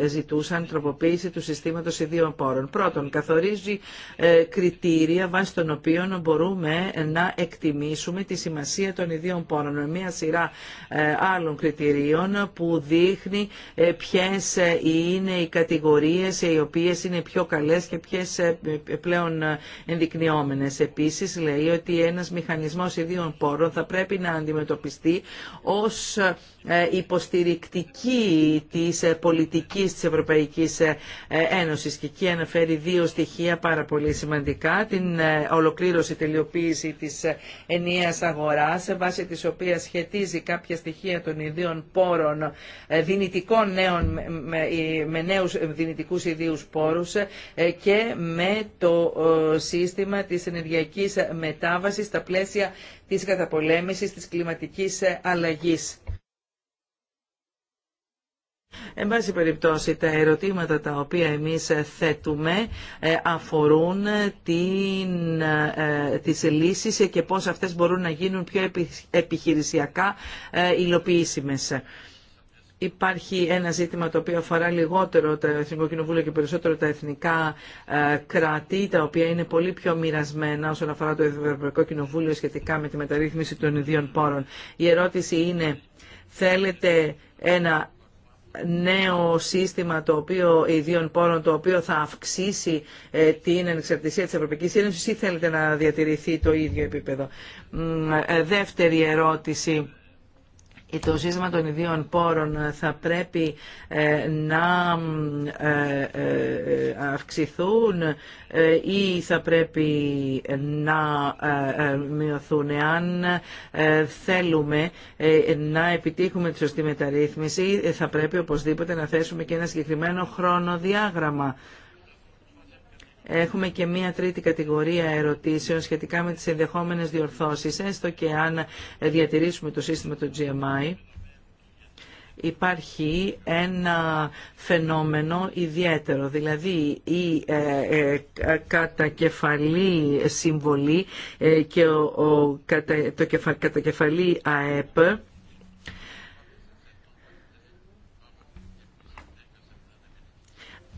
ε, ζητούσαν τροποποίηση του συστήματος ιδίων πόρων. Πρώτον, καθορίζει ε, κριτήρια βάσει των οποίων μπορούμε να εκτιμήσουμε τη σημασία των ιδίων πόρων με μια σειρά άλλων κριτηρίων που δείχνει ποιες είναι οι κατηγορίες οι οποίες είναι πιο καλές και ποιες πλέον ενδεικνυόμενες. Επίσης λέει ότι ένας μηχανισμός ιδίων πόρων θα πρέπει να αντιμετωπιστεί ως ε, υποστηρικτική της ε, πολιτικής της Ευρωπαϊκής ε, Ένωσης και εκεί αναφέρει δύο στοιχεία πάρα πολύ σημαντικά την ολοκλήρωση τελειοποίηση της ενιαίας αγοράς σε βάση της οποίας σχετίζει κάποια στοιχεία των ιδίων πόρων δυνητικών νέων με νέους δυνητικούς ιδίους πόρους και με το σύστημα της ενεργειακής μετάβασης στα πλαίσια της καταπολέμησης της κλιματικής ε, αλλαγής. Εν πάση περιπτώσει, τα ερωτήματα τα οποία εμείς ε, θέτουμε ε, αφορούν την, τις λύσεις και πώς αυτές μπορούν να γίνουν πιο επιχειρησιακά υλοποιήσιμες. Υπάρχει ένα ζήτημα το οποίο αφορά λιγότερο το Εθνικό Κοινοβούλιο και περισσότερο τα εθνικά ε, κράτη, τα οποία είναι πολύ πιο μοιρασμένα όσον αφορά το Ευρωπαϊκό Κοινοβούλιο σχετικά με τη μεταρρύθμιση των ιδίων πόρων. Η ερώτηση είναι, θέλετε ένα νέο σύστημα το οποίο, ιδίων πόρων το οποίο θα αυξήσει ε, την ανεξαρτησία της Ευρωπαϊκής Ένωσης ή θέλετε να διατηρηθεί το ίδιο επίπεδο. Ε, δεύτερη ερώτηση το ζήσμα των ιδίων πόρων θα πρέπει ε, να ε, ε, αυξηθούν ή θα πρέπει να μειωθούν. Εάν θέλουμε να επιτύχουμε τη σωστή μεταρρύθμιση θα πρέπει οπωσδήποτε να θέσουμε και ένα συγκεκριμένο χρονοδιάγραμμα Έχουμε και μία τρίτη κατηγορία ερωτήσεων σχετικά με τις ενδεχόμενες διορθώσεις, έστω και αν διατηρήσουμε το σύστημα του GMI υπάρχει ένα φαινόμενο ιδιαίτερο, δηλαδή η ε, ε, κατακεφαλή συμβολή ε, και το κατακεφαλή ΑΕΠ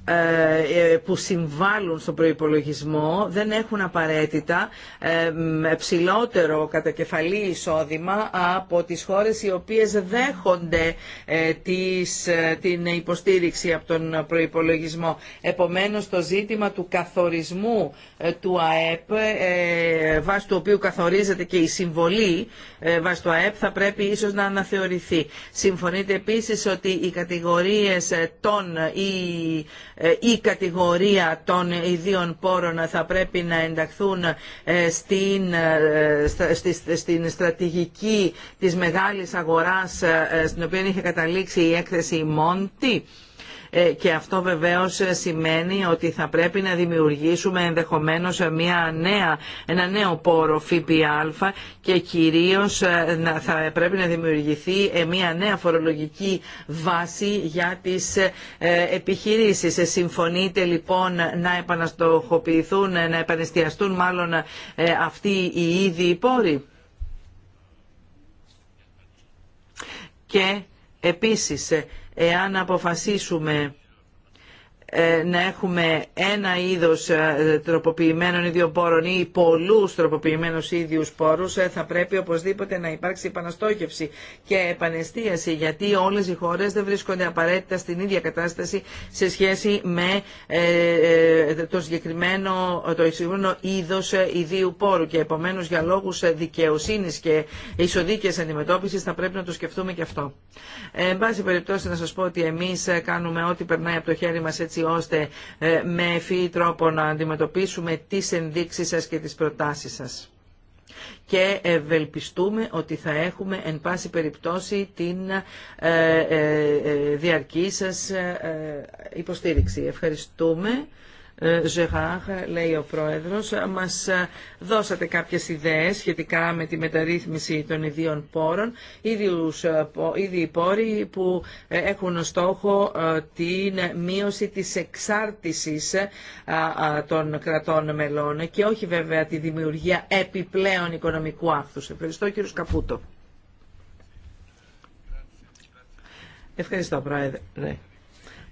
Ε, που συμβάλλουν στον προϋπολογισμό δεν έχουν απαραίτητα ε, ψηλότερο κατακεφαλή εισόδημα από τις χώρες οι οποίες δέχονται ε, τις, την υποστήριξη από τον προϋπολογισμό. Επομένως το ζήτημα του καθορισμού ε, του ΑΕΠ, ε, βάσει του οποίου καθορίζεται και η συμβολή ε, βάσει του ΑΕΠ, θα πρέπει ίσως να αναθεωρηθεί. Συμφωνείτε επίσης ότι οι κατηγορίες των ή η κατηγορία των ιδίων πόρων θα πρέπει να ενταχθούν στην, στην στρατηγική της μεγάλης αγοράς στην οποία είχε καταλήξει η έκθεση Μόντι. Ε, και αυτό βεβαίως σημαίνει ότι θα πρέπει να δημιουργήσουμε ενδεχομένως μια νέα, ένα νέο πόρο ΦΠΑ και κυρίως ε, θα πρέπει να δημιουργηθεί ε, μια νέα φορολογική βάση για τις επιχειρήσεις. Συμφωνείτε λοιπόν να επαναστοχοποιηθούν, να επανεστιαστούν μάλλον αυτοί οι ίδιοι πόροι. Και επίσης εάν αποφασίσουμε ε, να έχουμε ένα είδος ε, τροποποιημένων ιδιοπόρων ή πολλούς τροποποιημένους ίδιους πόρους ε, θα πρέπει οπωσδήποτε να υπάρξει επαναστόχευση και επανεστίαση γιατί όλες οι χώρες δεν βρίσκονται απαραίτητα στην ίδια κατάσταση σε σχέση με το συγκεκριμένο, το συγκεκριμένο είδος ιδίου πόρου και επομένως για λόγους δικαιοσύνης και ισοδίκαιας αντιμετώπισης θα πρέπει να το σκεφτούμε και αυτό. Ε, εν πάση περιπτώσει να σας πω ότι εμείς κάνουμε ό,τι περνάει από το χέρι μας έτσι ώστε ε, με ευφύ τρόπο να αντιμετωπίσουμε τις ενδείξεις σας και τις προτάσεις σας και ευελπιστούμε ότι θα έχουμε εν πάση περιπτώσει την ε, ε, διαρκή σας υποστήριξη. Ευχαριστούμε. Ζεγάρ, λέει ο Πρόεδρος, μας δώσατε κάποιες ιδέες σχετικά με τη μεταρρύθμιση των ιδίων πόρων, ήδη ε, οι πόροι που ε, έχουν στόχο ε, την μείωση της εξάρτησης των κρατών μελών και όχι βέβαια τη δημιουργία επιπλέον οικονομικού άκθους. Ευχαριστώ κύριο Καπούτο. Ευχαριστώ Πρόεδρε.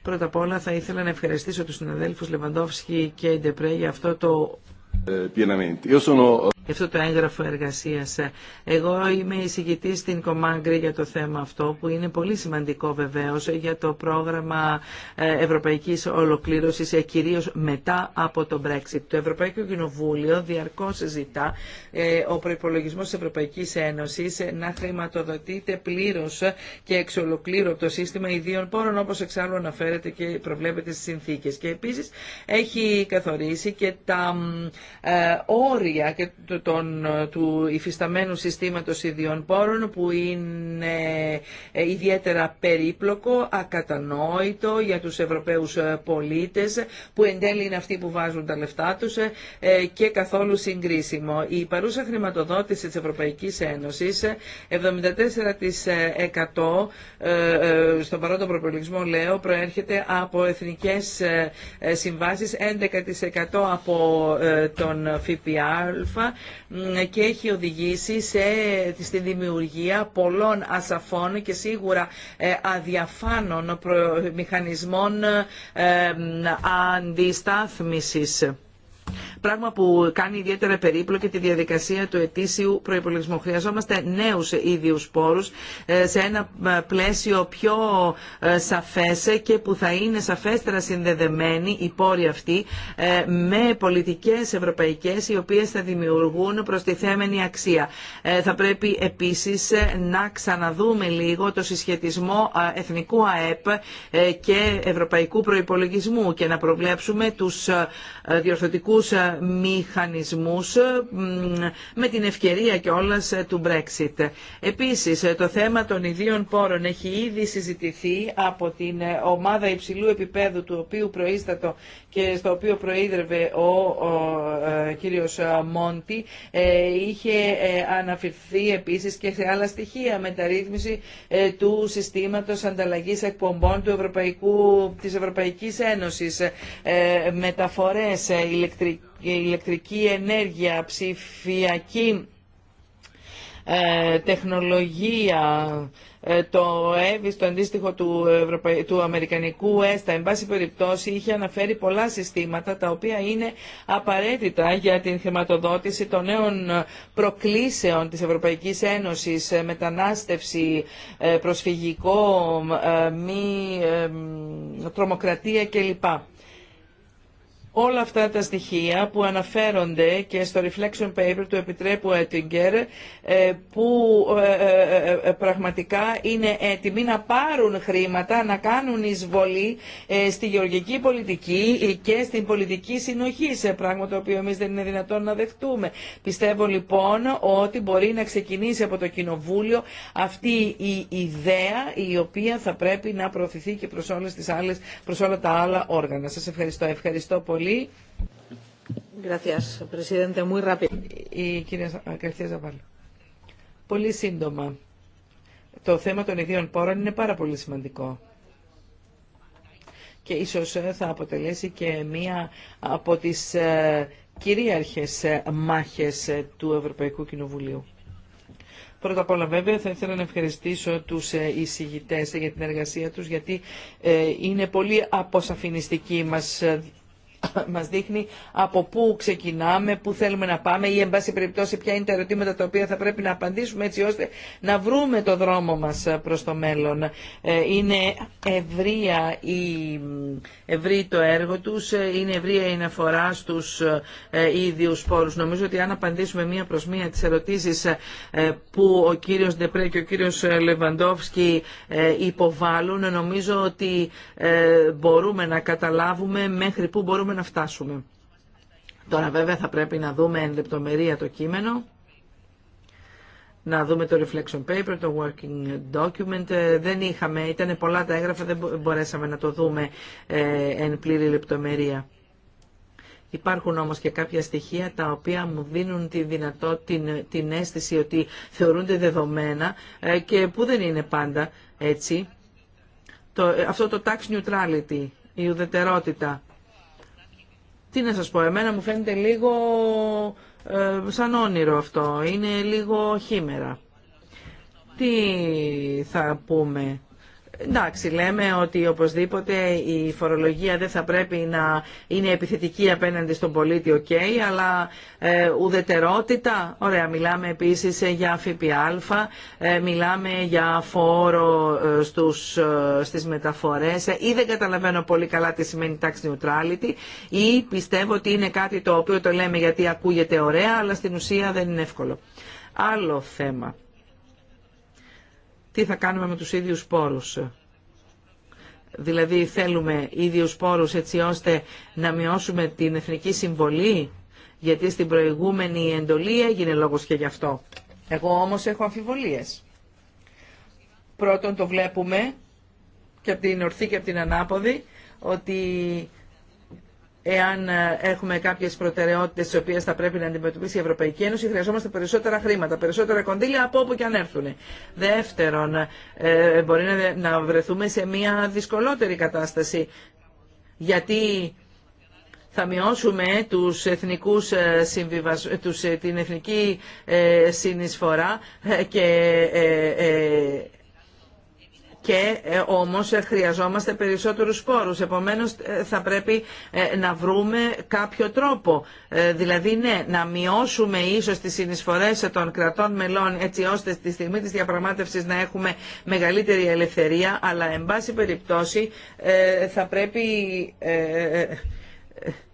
Πρώτα απ' όλα θα ήθελα να ευχαριστήσω τους συναδέλφους Λεβαντόφσκι και Ντεπρέ για αυτό το... Ε, για αυτό το έγγραφο εργασία. Εγώ είμαι εισηγητή στην Κομάγκρη για το θέμα αυτό που είναι πολύ σημαντικό βεβαίω για το πρόγραμμα ε, Ευρωπαϊκή Ολοκλήρωση ε, κυρίω μετά από το Brexit. Το Ευρωπαϊκό Κοινοβούλιο διαρκώ ζητά ε, ο προπολογισμό τη Ευρωπαϊκή Ένωση να χρηματοδοτείται πλήρω και εξ ολοκλήρου από το σύστημα ιδίων πόρων όπω εξάλλου αναφέρεται και προβλέπεται στι συνθήκε. Και επίση έχει καθορίσει και τα όρια και το, των, του υφισταμένου συστήματος ιδιών πόρων που είναι ε, ιδιαίτερα περίπλοκο, ακατανόητο για τους Ευρωπαίους ε, πολίτες που εν τέλει είναι αυτοί που βάζουν τα λεφτά τους ε, και καθόλου συγκρίσιμο. Η παρούσα χρηματοδότηση της Ευρωπαϊκής Ένωσης 74% στον παρόντο προπολογισμό λέω προέρχεται από εθνικές συμβάσεις 11% από τον ΦΠΑ και έχει οδηγήσει σε, στη δημιουργία πολλών ασαφών και σίγουρα ε, αδιαφάνων μηχανισμών ε, αντιστάθμισης. Πράγμα που κάνει ιδιαίτερα περίπλοκη τη διαδικασία του ετήσιου προπολογισμού. Χρειαζόμαστε νέου ίδιου πόρου ε, σε ένα ε, πλαίσιο πιο ε, σαφέ και που θα είναι σαφέστερα συνδεδεμένοι οι πόροι αυτοί με πολιτικέ ευρωπαϊκέ οι οποίε θα δημιουργούν προστιθέμενη αξία. Θα πρέπει επίση να ξαναδούμε λίγο το συσχετισμό εθνικού ΑΕΠ και ευρωπαϊκού προπολογισμού και να προβλέψουμε του διορθωτικού ευρωπαϊκούς ε, μηχανισμούς ε, με την ευκαιρία και κιόλας ε, του Brexit. Επίσης, το θέμα των ιδίων πόρων έχει ήδη συζητηθεί από την ομάδα υψηλού επίπεδου του οποίου προείστατο και στο οποίο προείδρευε ο, κύριος Μόντι είχε αναφερθεί επίσης και σε άλλα στοιχεία μεταρρύθμιση του συστήματος ανταλλαγής εκπομπών του Ευρωπαϊκού, της Ευρωπαϊκής Ένωσης μεταφορές ηλεκτρική ενέργεια, ψηφιακή ε, τεχνολογία, ε, το ΕΒΙΣ, το αντίστοιχο του, του Αμερικανικού ΕΣΤΑ, εν πάση περιπτώσει, είχε αναφέρει πολλά συστήματα τα οποία είναι απαραίτητα για την χρηματοδότηση των νέων προκλήσεων της Ευρωπαϊκής Ένωσης, ε, μετανάστευση, προσφυγικό, μη τρομοκρατία κλπ. Όλα αυτά τα στοιχεία που αναφέρονται και στο reflection paper του Επιτρέπου Έτιγκερ που ε, ε, ε, πραγματικά είναι έτοιμοι να πάρουν χρήματα, να κάνουν εισβολή στη γεωργική πολιτική και στην πολιτική συνοχή σε πράγμα το οποίο εμείς δεν είναι δυνατόν να δεχτούμε. Πιστεύω λοιπόν ότι μπορεί να ξεκινήσει από το Κοινοβούλιο αυτή η ιδέα η οποία θα πρέπει να προωθηθεί και προς, όλες τις προς όλα τα άλλα όργανα. Σας ευχαριστώ. Ευχαριστώ πολύ πολύ. Πολύ σύντομα. Το θέμα των ιδίων πόρων είναι πάρα πολύ σημαντικό και ίσως ε, θα αποτελέσει και μία από τις ε, κυρίαρχες ε, μάχες του Ευρωπαϊκού Κοινοβουλίου. Πρώτα απ' όλα βέβαια θα ήθελα να ευχαριστήσω τους εισηγητές για την εργασία τους γιατί είναι πολύ αποσαφινιστική μας μας δείχνει από πού ξεκινάμε, πού θέλουμε να πάμε ή εν πάση περιπτώσει ποια είναι τα ερωτήματα τα οποία θα πρέπει να απαντήσουμε έτσι ώστε να βρούμε το δρόμο μας προς το μέλλον. Ε, είναι ευρία η, ευρύ το έργο τους, είναι ευρία η αναφορά στους ε, ίδιους πόρους. Νομίζω ότι αν απαντήσουμε μία προς μία τις ερωτήσεις ε, που ο κύριος Ντεπρέ και ο κύριος Λεβαντόφσκι υποβάλλουν, νομίζω ότι μπορούμε να καταλάβουμε μέχρι πού μπορούμε να φτάσουμε. Τώρα βέβαια θα πρέπει να δούμε εν λεπτομερία το κείμενο, να δούμε το reflection paper, το working document. Ε, δεν είχαμε, ήταν πολλά τα έγγραφα, δεν μπορέσαμε να το δούμε ε, εν πλήρη λεπτομερία. Υπάρχουν όμως και κάποια στοιχεία τα οποία μου δίνουν τη δυνατότητα, την, την αίσθηση ότι θεωρούνται δεδομένα ε, και που δεν είναι πάντα έτσι. Το, αυτό το tax neutrality, η ουδετερότητα τι να σας πω, εμένα μου φαίνεται λίγο ε, σαν όνειρο αυτό, είναι λίγο χήμερα. Τι θα πούμε Εντάξει, λέμε ότι οπωσδήποτε η φορολογία δεν θα πρέπει να είναι επιθετική απέναντι στον πολίτη, οκ, αλλά ε, ουδετερότητα, ωραία, μιλάμε επίσης για ΦΠΑ, ε, μιλάμε για φόρο ε, στους, ε, στις μεταφορές ε, ή δεν καταλαβαίνω πολύ καλά τι σημαίνει tax neutrality ή πιστεύω ότι είναι κάτι το οποίο το λέμε γιατί ακούγεται ωραία, αλλά στην ουσία δεν είναι εύκολο. Άλλο θέμα τι θα κάνουμε με τους ίδιους πόρους. Δηλαδή θέλουμε ίδιους πόρους έτσι ώστε να μειώσουμε την εθνική συμβολή, γιατί στην προηγούμενη εντολή έγινε λόγος και γι' αυτό. Εγώ όμως έχω αμφιβολίες. Πρώτον το βλέπουμε και από την ορθή και από την ανάποδη ότι εάν ε, έχουμε κάποιες προτεραιότητες τι οποίες θα πρέπει να αντιμετωπίσει η Ευρωπαϊκή Ένωση, χρειαζόμαστε περισσότερα χρήματα, περισσότερα κονδύλια από όπου και αν έρθουν. Δεύτερον, ε, μπορεί να βρεθούμε σε μια δυσκολότερη κατάσταση, γιατί θα μειώσουμε τους εθνικούς ε, συμβιβασ... τους... την εθνική συνεισφορά και και ε, όμως ε, χρειαζόμαστε περισσότερους σπόρους. Επομένως ε, θα πρέπει να βρούμε κάποιο τρόπο. Δηλαδή ναι, να μειώσουμε ίσως τις συνεισφορές των κρατών μελών έτσι ώστε στη στιγμή της διαπραγμάτευσης να έχουμε μεγαλύτερη ελευθερία αλλά εν πάση περιπτώσει θα πρέπει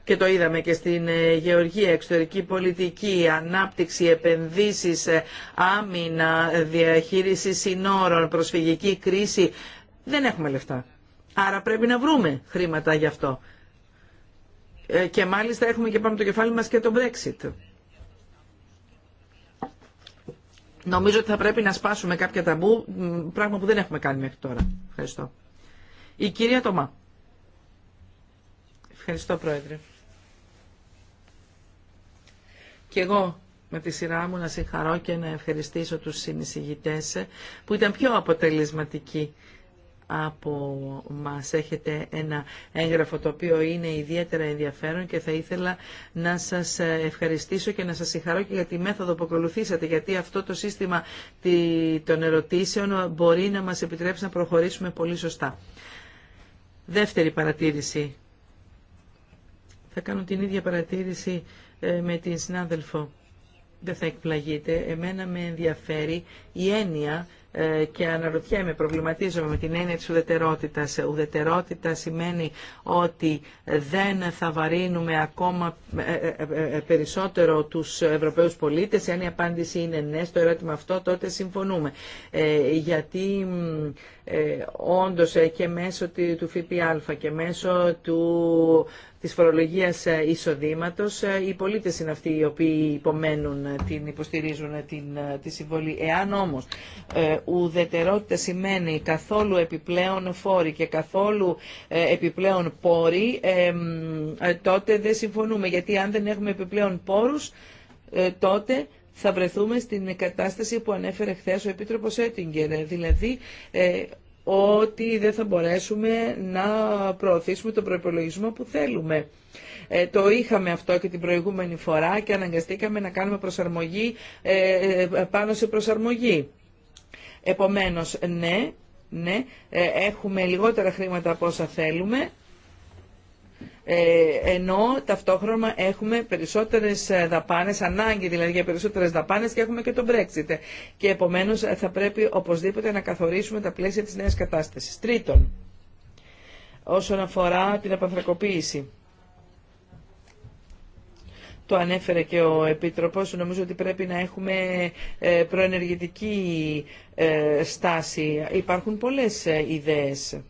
και το είδαμε και στην ε, γεωργία, εξωτερική πολιτική, ανάπτυξη, επενδύσεις, ε, άμυνα, διαχείριση συνόρων, προσφυγική κρίση. Δεν έχουμε λεφτά. Άρα πρέπει να βρούμε χρήματα γι' αυτό. Ε, και μάλιστα έχουμε και πάμε το κεφάλι μας και το Brexit. Νομίζω ότι θα πρέπει να σπάσουμε κάποια ταμπού, πράγμα που δεν έχουμε κάνει μέχρι τώρα. Ευχαριστώ. Η κυρία Τωμά. Ευχαριστώ, Πρόεδρε και εγώ με τη σειρά μου να συγχαρώ και να ευχαριστήσω τους συνεισηγητές που ήταν πιο αποτελεσματικοί από μας. Έχετε ένα έγγραφο το οποίο είναι ιδιαίτερα ενδιαφέρον και θα ήθελα να σας ευχαριστήσω και να σας συγχαρώ και για τη μέθοδο που ακολουθήσατε γιατί αυτό το σύστημα των ερωτήσεων μπορεί να μας επιτρέψει να προχωρήσουμε πολύ σωστά. Δεύτερη παρατήρηση. Θα κάνω την ίδια παρατήρηση ε, με την συνάδελφο. Δεν θα εκπλαγείτε. Εμένα με ενδιαφέρει η έννοια ε, και αναρωτιέμαι, προβληματίζομαι με την έννοια της ουδετερότητας. Ε, ουδετερότητα σημαίνει ότι δεν θα βαρύνουμε ακόμα περισσότερο τους Ευρωπαίους πολίτες. Αν η απάντηση είναι ναι στο ερώτημα αυτό, τότε συμφωνούμε. Γιατί όντως και μέσω του ΦΠΑ και μέσω του της φορολογίας ε, εισοδήματος. Ε, οι πολίτες είναι αυτοί οι οποίοι υπομένουν, ε, την υποστηρίζουν την, τη συμβολή. Εάν όμως ε, ουδετερότητα σημαίνει καθόλου επιπλέον φόροι και καθόλου επιπλέον πόροι, τότε δεν συμφωνούμε. Γιατί αν δεν έχουμε επιπλέον πόρους, τότε θα βρεθούμε στην κατάσταση που ανέφερε χθε ο Επίτροπος Έτιγκερ. Δηλαδή, ότι δεν θα μπορέσουμε να προωθήσουμε τον προπολογισμό που θέλουμε. Ε, το είχαμε αυτό και την προηγούμενη φορά και αναγκαστήκαμε να κάνουμε προσαρμογή ε, ε, πάνω σε προσαρμογή. Επομένως, ναι, ναι, έχουμε λιγότερα χρήματα από όσα θέλουμε, ε, ενώ ταυτόχρονα έχουμε περισσότερες ε, δαπάνες, ανάγκη δηλαδή για περισσότερες δαπάνες και έχουμε και τον Brexit. Και επομένως ε, θα πρέπει οπωσδήποτε να καθορίσουμε τα πλαίσια της νέας κατάστασης. Τρίτον, όσον αφορά την απανθρακοποίηση Το ανέφερε και ο Επίτροπος. Νομίζω ότι πρέπει να έχουμε προενεργητική στάση. Υπάρχουν πολλές ιδέες.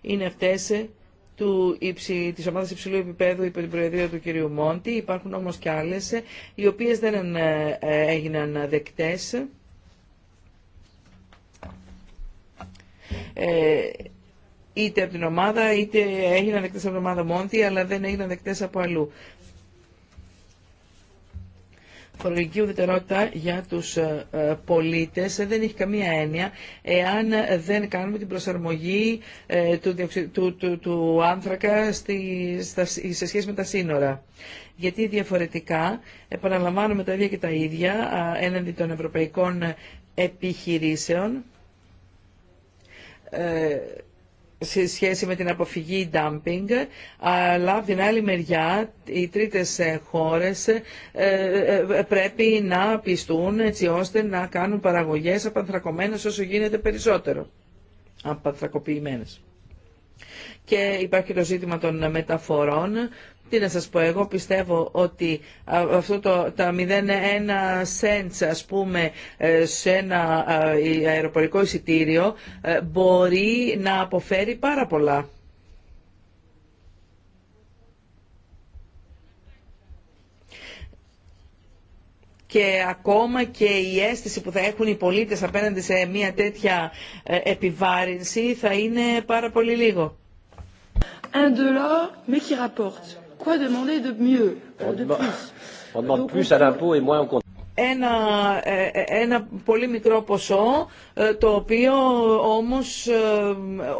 Είναι αυτές του υψη, της ομάδας υψηλού επίπεδου υπό την προεδρία του κυρίου Μόντι. Υπάρχουν όμως και άλλες, ε, οι οποίες δεν ε, έγιναν δεκτές. Ε, είτε από την ομάδα, είτε έγιναν δεκτές από την ομάδα Μόντι, αλλά δεν έγιναν δεκτές από αλλού φορολογική ουδετερότητα για τους ε, ε, πολίτες δεν έχει καμία έννοια εάν δεν κάνουμε την προσαρμογή ε, του, του, άνθρακα στη, στα, σε σχέση με τα σύνορα. Γιατί διαφορετικά επαναλαμβάνουμε τα ίδια και τα ίδια έναντι των ευρωπαϊκών επιχειρήσεων σε σχέση με την αποφυγή dumping, αλλά από την άλλη μεριά οι τρίτες χώρες ε, ε, πρέπει να πιστούν έτσι ώστε να κάνουν παραγωγές απανθρακωμένες όσο γίνεται περισσότερο, απανθρακοποιημένες. Και υπάρχει το ζήτημα των μεταφορών τι να σας πω, εγώ πιστεύω ότι αυτό το τα 0,1 cents ας πούμε ε, σε ένα αεροπορικό εισιτήριο ε, μπορεί να αποφέρει πάρα πολλά. και ακόμα και η αίσθηση που θα έχουν οι πολίτες απέναντι σε μια τέτοια ε, επιβάρυνση θα είναι πάρα πολύ λίγο. Un dollar, mais qui Quoi demander de mieux, on, de plus On demande plus à l'impôt et moins au compte. ένα, ε, ε, ένα πολύ μικρό ποσό ε, το οποίο όμως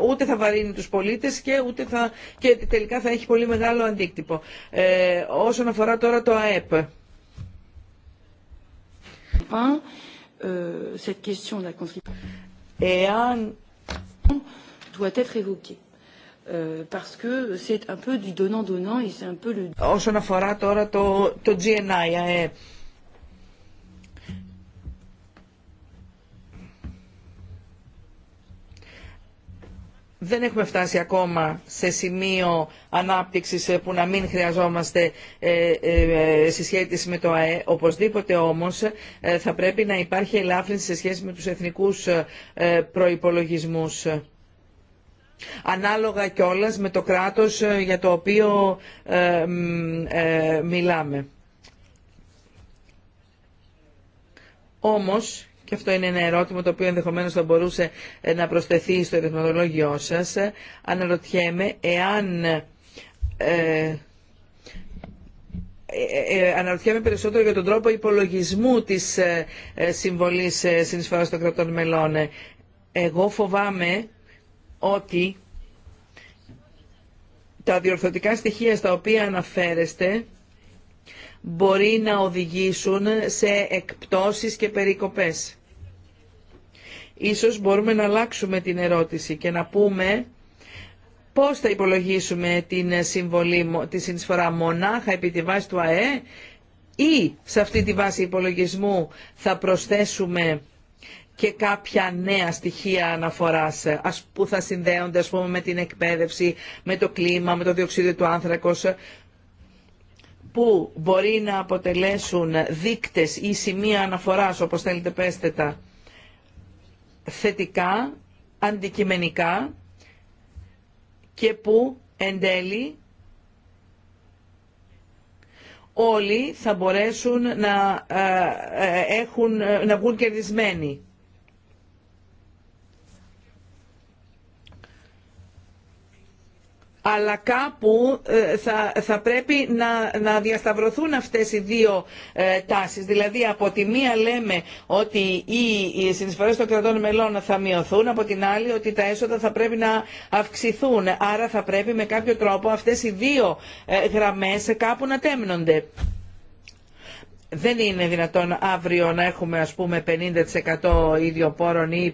ούτε θα βαρύνει τους πολίτες και, ούτε θα, και τελικά θα έχει πολύ μεγάλο αντίκτυπο. Ε, όσον αφορά τώρα το ΑΕΠ. Euh, Εάν doit être évoquée. Όσον αφορά τώρα το, GNI, ΑΕ. Ε. δεν έχουμε φτάσει ακόμα σε σημείο ανάπτυξης ε, που να μην χρειαζόμαστε ε, συσχέτιση με το ΑΕ. Οπωσδήποτε όμως θα πρέπει να υπάρχει ελάφρυνση σε σχέση με τους εθνικούς προϋπολογισμούς ανάλογα κιόλας με το κράτος ε, για το οποίο ε, ε, μιλάμε. Όμως, και αυτό είναι ένα ερώτημα το οποίο ενδεχομένως θα μπορούσε να προσθεθεί στο ερευνολογιό σας, αναρωτιέμαι εάν... αναρωτιέμαι περισσότερο για τον τρόπο υπολογισμού της συμβολής συνεισφοράς των κρατών μελών. Εγώ φοβάμαι ότι τα διορθωτικά στοιχεία στα οποία αναφέρεστε μπορεί να οδηγήσουν σε εκπτώσεις και περικοπές. Ίσως μπορούμε να αλλάξουμε την ερώτηση και να πούμε πώς θα υπολογίσουμε την συμβολή, τη συνεισφορά μονάχα επί τη βάση του ΑΕ ή σε αυτή τη βάση υπολογισμού θα προσθέσουμε και κάποια νέα στοιχεία αναφοράς ε, που θα συνδέονται ας με την εκπαίδευση, με το κλίμα, με το διοξείδιο του άνθρακος ε, που μπορεί να αποτελέσουν δείκτες ή σημεία αναφοράς, όπως θέλετε πέστε τα, θετικά, αντικειμενικά και που εν τέλει όλοι θα μπορέσουν να, ε, έχουν, να βγουν κερδισμένοι. αλλά κάπου ε, θα, πρέπει να, διασταυρωθούν αυτές οι δύο ε, τάσεις. Δηλαδή από τη μία λέμε ότι οι, οι των κρατών μελών θα μειωθούν, από την άλλη ότι τα έσοδα θα πρέπει να αυξηθούν. Άρα θα πρέπει με κάποιο τρόπο αυτές οι δύο ε, γραμμές κάπου να τέμνονται δεν είναι δυνατόν αύριο να έχουμε ας πούμε 50% ίδιο πόρων ή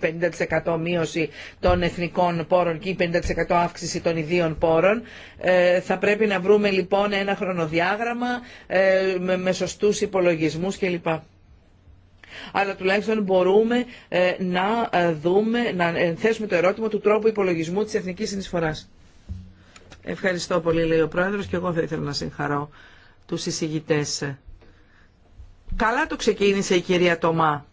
50% μείωση των εθνικών πόρων και 50% αύξηση των ιδίων πόρων. Ε, θα πρέπει να βρούμε λοιπόν ένα χρονοδιάγραμμα ε, με, με σωστούς υπολογισμούς κλπ. Αλλά τουλάχιστον μπορούμε ε, να δούμε, να θέσουμε το ερώτημα του τρόπου υπολογισμού της εθνικής συνεισφοράς. Ευχαριστώ πολύ λέει ο Πρόεδρος και εγώ θα ήθελα να συγχαρώ τους εισηγητές. Καλά το ξεκίνησε η κυρία Τομά.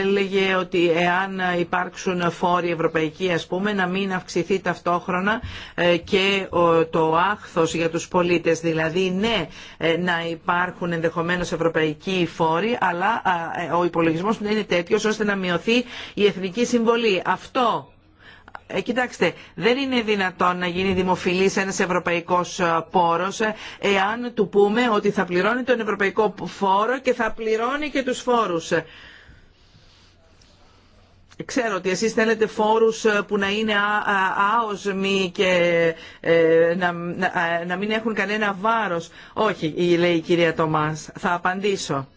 Έλεγε ότι εάν υπάρξουν φόροι ευρωπαϊκοί ας πούμε να μην αυξηθεί ταυτόχρονα ε, και το άχθος για τους πολίτες. Δηλαδή ναι ε, να υπάρχουν ενδεχομένως ευρωπαϊκοί φόροι αλλά ε, ο υπολογισμός να είναι τέτοιος ώστε να μειωθεί η εθνική συμβολή. Αυτό ε, κοιτάξτε, δεν είναι δυνατόν να γίνει δημοφιλής ένας ευρωπαϊκός ε, πόρος ε, εάν του πούμε ότι θα πληρώνει τον ευρωπαϊκό φόρο και θα πληρώνει και τους φόρους. Ξέρω ότι εσείς θέλετε φόρους που να είναι άοσμοι και να, μην έχουν κανένα βάρος. Όχι, λέει η κυρία Τομάς. Θα απαντήσω.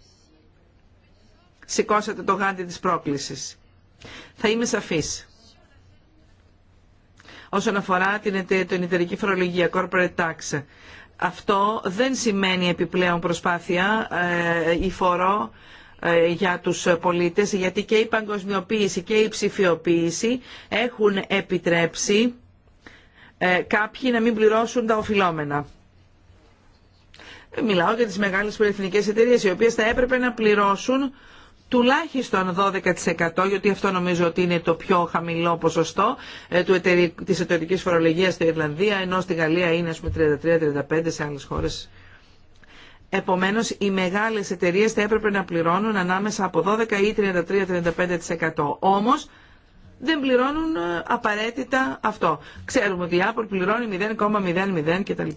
Σηκώσατε το γάντι της πρόκλησης. Θα είμαι σαφής όσον αφορά την, εταιρική φορολογία, corporate tax. Αυτό δεν σημαίνει επιπλέον προσπάθεια ε, ή φορό ε, για τους πολίτες, γιατί και η παγκοσμιοποίηση και η ψηφιοποίηση έχουν επιτρέψει ε, κάποιοι να μην πληρώσουν τα οφειλόμενα. Μιλάω για τις μεγάλες πολυεθνικές εταιρείες, οι οποίες θα έπρεπε να πληρώσουν τουλάχιστον 12% γιατί αυτό νομίζω ότι είναι το πιο χαμηλό ποσοστό ε, του της εταιρικής φορολογίας στην Ιρλανδία ενώ στη Γαλλία είναι ας πούμε 33-35 σε άλλες χώρες. Επομένως οι μεγάλες εταιρείες θα έπρεπε να πληρώνουν ανάμεσα από 12 ή 33-35%. Όμως δεν πληρώνουν ε, απαραίτητα αυτό. Ξέρουμε ότι η Apple πληρώνει 0,00 κτλ.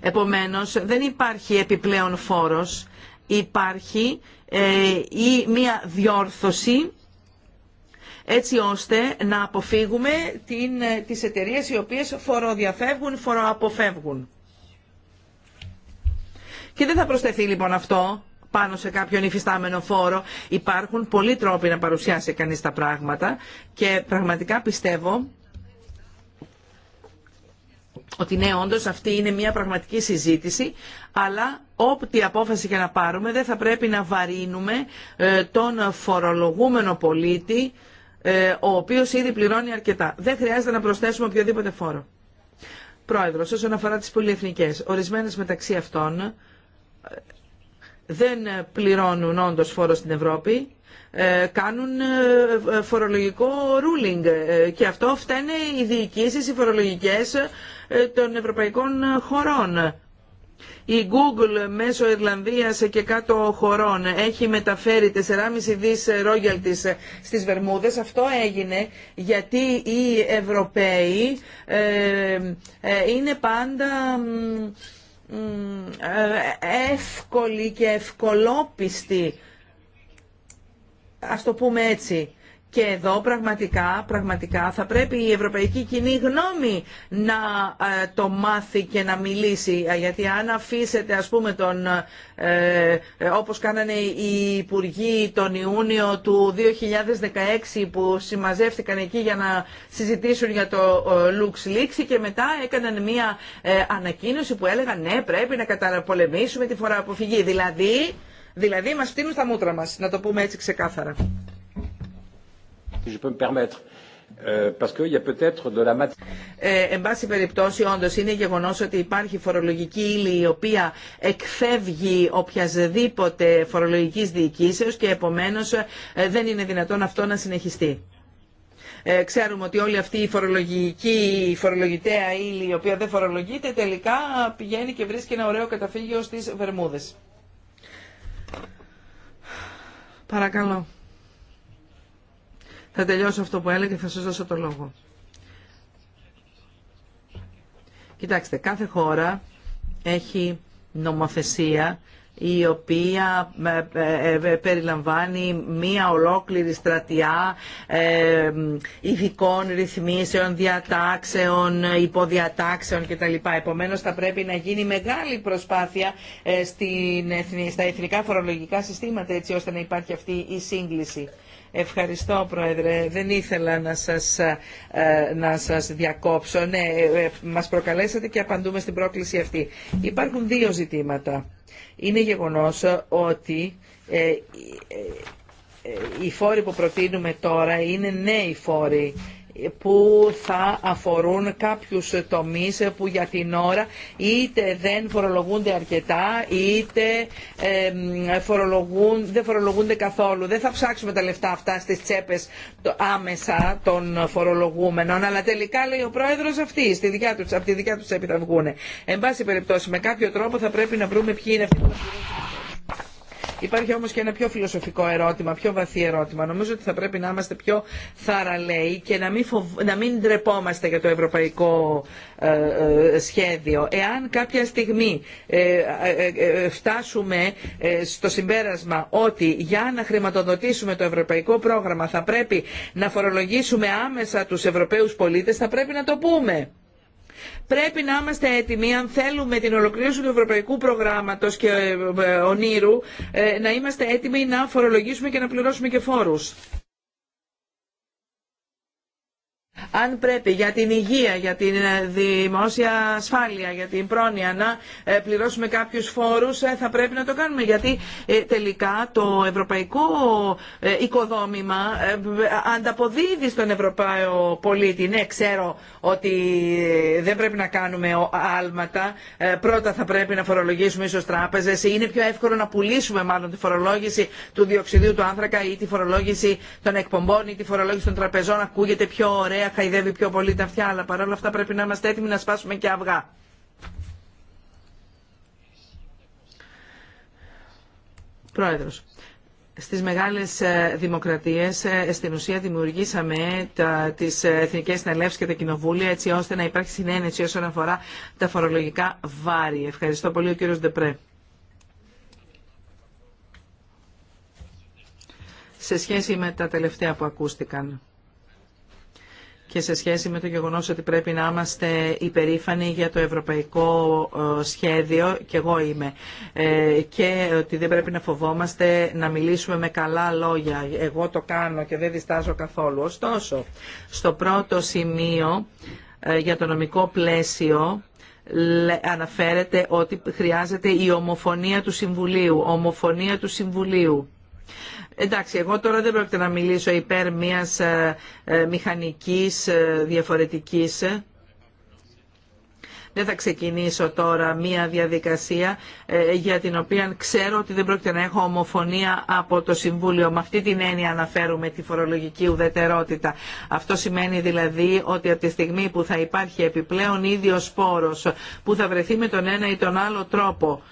Επομένως δεν υπάρχει επιπλέον φόρος υπάρχει ή ε, μία διόρθωση έτσι ώστε να αποφύγουμε την, ε, τις εταιρείες οι οποίες φοροδιαφεύγουν, φοροαποφεύγουν. Και δεν θα προσθεθεί λοιπόν αυτό πάνω σε κάποιον υφιστάμενο φόρο. Υπάρχουν πολλοί τρόποι να παρουσιάσει κανείς τα πράγματα και πραγματικά πιστεύω ότι ναι, όντως αυτή είναι μια πραγματική συζήτηση, αλλά Ό,τι απόφαση και να πάρουμε δεν θα πρέπει να βαρύνουμε ε, τον φορολογούμενο πολίτη ε, ο οποίος ήδη πληρώνει αρκετά. Δεν χρειάζεται να προσθέσουμε οποιοδήποτε φόρο. Πρόεδρος, όσον αφορά τις πολυεθνικές, ορισμένες μεταξύ αυτών ε, δεν πληρώνουν όντως φόρο στην Ευρώπη, κάνουν φορολογικό ruling και αυτό φταίνε οι διοικήσεις, οι φορολογικές των ευρωπαϊκών χωρών. Η Google μέσω Ιρλανδίας και κάτω χωρών έχει μεταφέρει 4,5 δις της στις Βερμούδες. Αυτό έγινε γιατί οι Ευρωπαίοι ε, ε, είναι πάντα ε, εύκολοι και ευκολόπιστοι. Ας το πούμε έτσι. Και εδώ πραγματικά, πραγματικά θα πρέπει η ευρωπαϊκή κοινή γνώμη να ε, το μάθει και να μιλήσει. Ε, γιατί αν αφήσετε ας πούμε τον, ε, όπως κάνανε οι υπουργοί τον Ιούνιο του 2016 που συμμαζεύτηκαν εκεί για να συζητήσουν για το Λίξη και μετά έκαναν μια ανακοίνωση που έλεγαν ναι πρέπει να καταπολεμήσουμε τη φορά αποφυγή. Δηλαδή, δηλαδή μας φτύνουν στα μούτρα μας, να το πούμε έτσι ξεκάθαρα εν πάση περιπτώσει, όντω είναι γεγονό ότι υπάρχει φορολογική ύλη η οποία εκφεύγει οποιασδήποτε φορολογική διοικήσεω και επομένω ε, δεν είναι δυνατόν αυτό να συνεχιστεί. Ε, ξέρουμε ότι όλη αυτή η φορολογική, η φορολογητέα ύλη η οποία δεν φορολογείται τελικά πηγαίνει και βρίσκει ένα ωραίο καταφύγιο στι βερμούδε. Παρακαλώ θα τελειώσω αυτό που έλεγε και θα σας δώσω το λόγο. Κοιτάξτε, κάθε χώρα έχει νομοθεσία η οποία ε, ε, ε, περιλαμβάνει μία ολόκληρη στρατιά ειδικών ρυθμίσεων, διατάξεων, υποδιατάξεων κτλ. Επομένως θα πρέπει να γίνει μεγάλη προσπάθεια στην, στα εθνικά φορολογικά συστήματα έτσι ώστε να υπάρχει αυτή η σύγκληση. Ευχαριστώ Πρόεδρε. Δεν ήθελα να σας, να σας διακόψω. Ναι, μας προκαλέσατε και απαντούμε στην πρόκληση αυτή. Υπάρχουν δύο ζητήματα είναι γεγονός ότι ε, ε, ε, οι φόροι που προτείνουμε τώρα είναι νέοι φόροι που θα αφορούν κάποιους τομείς που για την ώρα είτε δεν φορολογούνται αρκετά είτε φορολογούν, δεν φορολογούνται καθόλου. Δεν θα ψάξουμε τα λεφτά αυτά στις τσέπες άμεσα των φορολογούμενων αλλά τελικά λέει ο πρόεδρος αυτή στη δικιά τους, από τη δικιά του τσέπη θα βγούνε. Εν πάση περιπτώσει με κάποιο τρόπο θα πρέπει να βρούμε ποιοι είναι αυτοί που Υπάρχει όμως και ένα πιο φιλοσοφικό ερώτημα, πιο βαθύ ερώτημα. Νομίζω ότι θα πρέπει να είμαστε πιο θαραλέοι και να μην, φοβ... να μην ντρεπόμαστε για το ευρωπαϊκό ε, ε, σχέδιο. Εάν κάποια στιγμή ε, φτάσουμε στο συμπέρασμα ότι για να χρηματοδοτήσουμε το ευρωπαϊκό πρόγραμμα θα πρέπει να φορολογήσουμε άμεσα τους Ευρωπαίους πολίτες, θα πρέπει να το πούμε. Πρέπει να είμαστε έτοιμοι, αν θέλουμε την ολοκλήρωση του ευρωπαϊκού προγράμματος και ε, ε, ονείρου, ε, να είμαστε έτοιμοι να φορολογήσουμε και να πληρώσουμε και φόρους αν πρέπει για την υγεία, για την ε, δημόσια ασφάλεια, για την πρόνοια να ε, πληρώσουμε κάποιους φόρους, ε, θα πρέπει να το κάνουμε. Γιατί τελικά το ευρωπαϊκό οικοδόμημα ανταποδίδει στον Ευρωπαίο πολίτη. Ναι, ξέρω ότι δεν πρέπει να κάνουμε άλματα. Πρώτα θα πρέπει να φορολογήσουμε ίσως τράπεζες. Είναι πιο εύκολο να πουλήσουμε μάλλον τη φορολόγηση του διοξιδίου του άνθρακα ή τη φορολόγηση των εκπομπών ή τη φορολόγηση των τραπεζών. Ακούγεται πιο ωραία χαϊδεύει πιο πολύ τα αυτιά, αλλά παρόλα αυτά πρέπει να είμαστε έτοιμοι να σπάσουμε και αυγά. Πρόεδρος. Στις μεγάλες ε, δημοκρατίες ε, στην ουσία δημιουργήσαμε τα, τις εθνικές συνελεύσεις και τα κοινοβούλια έτσι ώστε να υπάρχει συνένεση όσον αφορά τα φορολογικά βάρη. Ευχαριστώ πολύ ο κύριος Ντεπρέ. Σε σχέση με τα τελευταία που ακούστηκαν και σε σχέση με το γεγονός ότι πρέπει να είμαστε υπερήφανοι για το ευρωπαϊκό ε, σχέδιο, και εγώ είμαι, ε, και ότι δεν πρέπει να φοβόμαστε να μιλήσουμε με καλά λόγια. Εγώ το κάνω και δεν διστάζω καθόλου. Ωστόσο, στο πρώτο σημείο ε, για το νομικό πλαίσιο, αναφέρεται ότι χρειάζεται η ομοφωνία του Συμβουλίου. Ομοφωνία του Συμβουλίου. Εντάξει, εγώ τώρα δεν πρόκειται να μιλήσω υπέρ μιας ε, ε, μηχανικής ε, διαφορετικής. Δεν θα ξεκινήσω τώρα μία διαδικασία για την οποία ξέρω ότι δεν πρόκειται να έχω ομοφωνία από το Συμβούλιο. Με αυτή την έννοια αναφέρουμε τη φορολογική ουδετερότητα. Αυτό σημαίνει δηλαδή ότι από τη στιγμή που θα υπάρχει επιπλέον ίδιος πόρος που θα βρεθεί με τον ένα ή τον άλλο τρόπο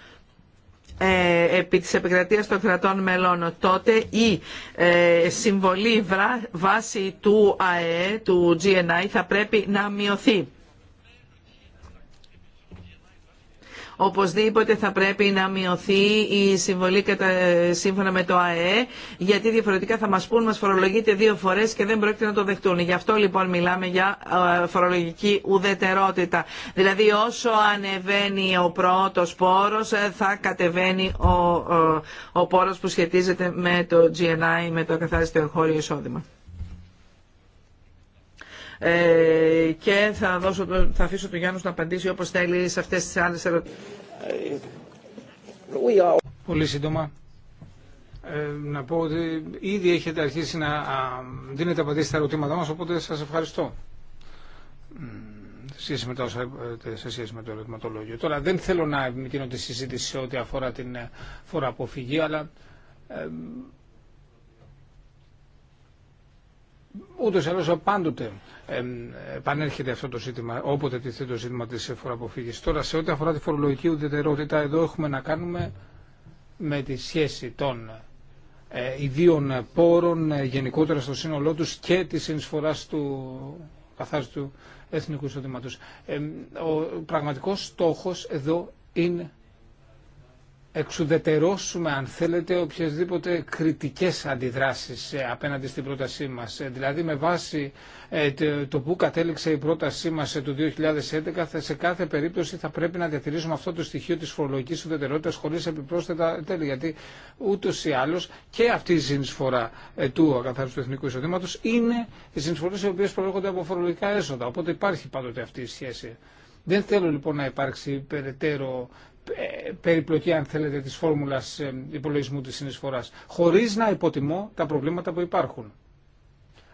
ε, επί της επικρατείας των κρατών μελών τότε η ε, συμβολή βάση του ΑΕΕ, του GNI θα πρέπει να μειωθεί. Οπωσδήποτε θα πρέπει να μειωθεί η συμβολή κατα... σύμφωνα με το ΑΕ, γιατί διαφορετικά θα μας πούν, μας φορολογείται δύο φορές και δεν πρόκειται να το δεχτούν. Γι' αυτό λοιπόν μιλάμε για ε, φορολογική ουδετερότητα. Δηλαδή όσο ανεβαίνει ο πρώτος πόρος, ε, θα κατεβαίνει ο, ε, ο, πόρος που σχετίζεται με το GNI, με το καθάριστο εγχώριο εισόδημα. Ε, και θα, δώσω, θα αφήσω τον Γιάννου να απαντήσει όπως θέλει σε αυτές τις άλλες ερωτήσεις. Πολύ σύντομα. Ε, να πω ότι ήδη έχετε αρχίσει να δίνετε απαντήσεις στα ερωτήματά μας, οπότε σας ευχαριστώ. σχέση, με το, σε σχέση με το ερωτηματολόγιο. Τώρα δεν θέλω να επιμείνω τη συζήτηση σε ό,τι αφορά την ε, φορά αποφυγή, αλλά ε, ούτως ή άλλως πάντοτε επανέρχεται αυτό το ζήτημα, όποτε τηθεί το ζήτημα της φοροαποφύγησης. Τώρα, σε ό,τι αφορά τη φορολογική ουδετερότητα, εδώ έχουμε να κάνουμε με τη σχέση των ε, ιδίων πόρων ε, γενικότερα στο σύνολό τους και τη συνεισφοράς του καθάριστου εθνικού εισοδήματος. Ο πραγματικός στόχος εδώ είναι εξουδετερώσουμε αν θέλετε οποιασδήποτε κριτικές αντιδράσεις ε, απέναντι στην πρότασή μας. Ε, δηλαδή με βάση ε, το που κατέληξε η πρότασή μας το 2011 σε κάθε περίπτωση θα πρέπει να διατηρήσουμε αυτό το στοιχείο της φορολογικής ουδετερότητας χωρίς επιπρόσθετα τέλη γιατί ούτως ή άλλως και αυτή η συνεισφορά του ακαθάριστου εθνικού εισοδήματος είναι οι συνεισφορές οι οποίες προέρχονται από φορολογικά έσοδα οπότε υπάρχει πάντοτε αυτή η σχέση. Δεν θέλω λοιπόν να υπάρξει περαιτέρω ε, περιπλοκή αν θέλετε της φόρμουλας ε, υπολογισμού της συνεισφοράς χωρίς να υποτιμώ τα προβλήματα που υπάρχουν.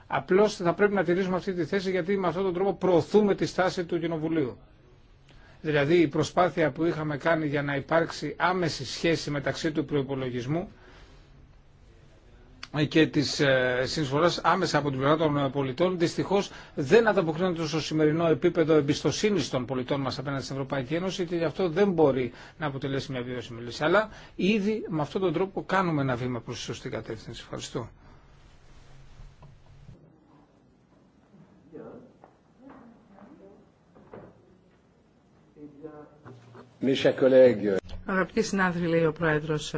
Απλώς θα πρέπει να τηρήσουμε αυτή τη θέση γιατί με αυτόν τον τρόπο προωθούμε τη στάση του Κοινοβουλίου. Δηλαδή η προσπάθεια που είχαμε κάνει για να υπάρξει άμεση σχέση μεταξύ του προϋπολογισμού και τη ε, συνεισφορά άμεσα από την πλευρά των ε, πολιτών, δυστυχώ δεν ανταποκρίνεται στο σημερινό επίπεδο εμπιστοσύνη των πολιτών μα απέναντι στην Ευρωπαϊκή Ένωση και γι' αυτό δεν μπορεί να αποτελέσει μια βιώσιμη λύση. Αλλά ήδη με αυτόν τον τρόπο κάνουμε ένα βήμα προ τη σωστή κατεύθυνση. Ευχαριστώ. Αγαπητοί συνάδελφοι, λέει ο Πρόεδρος,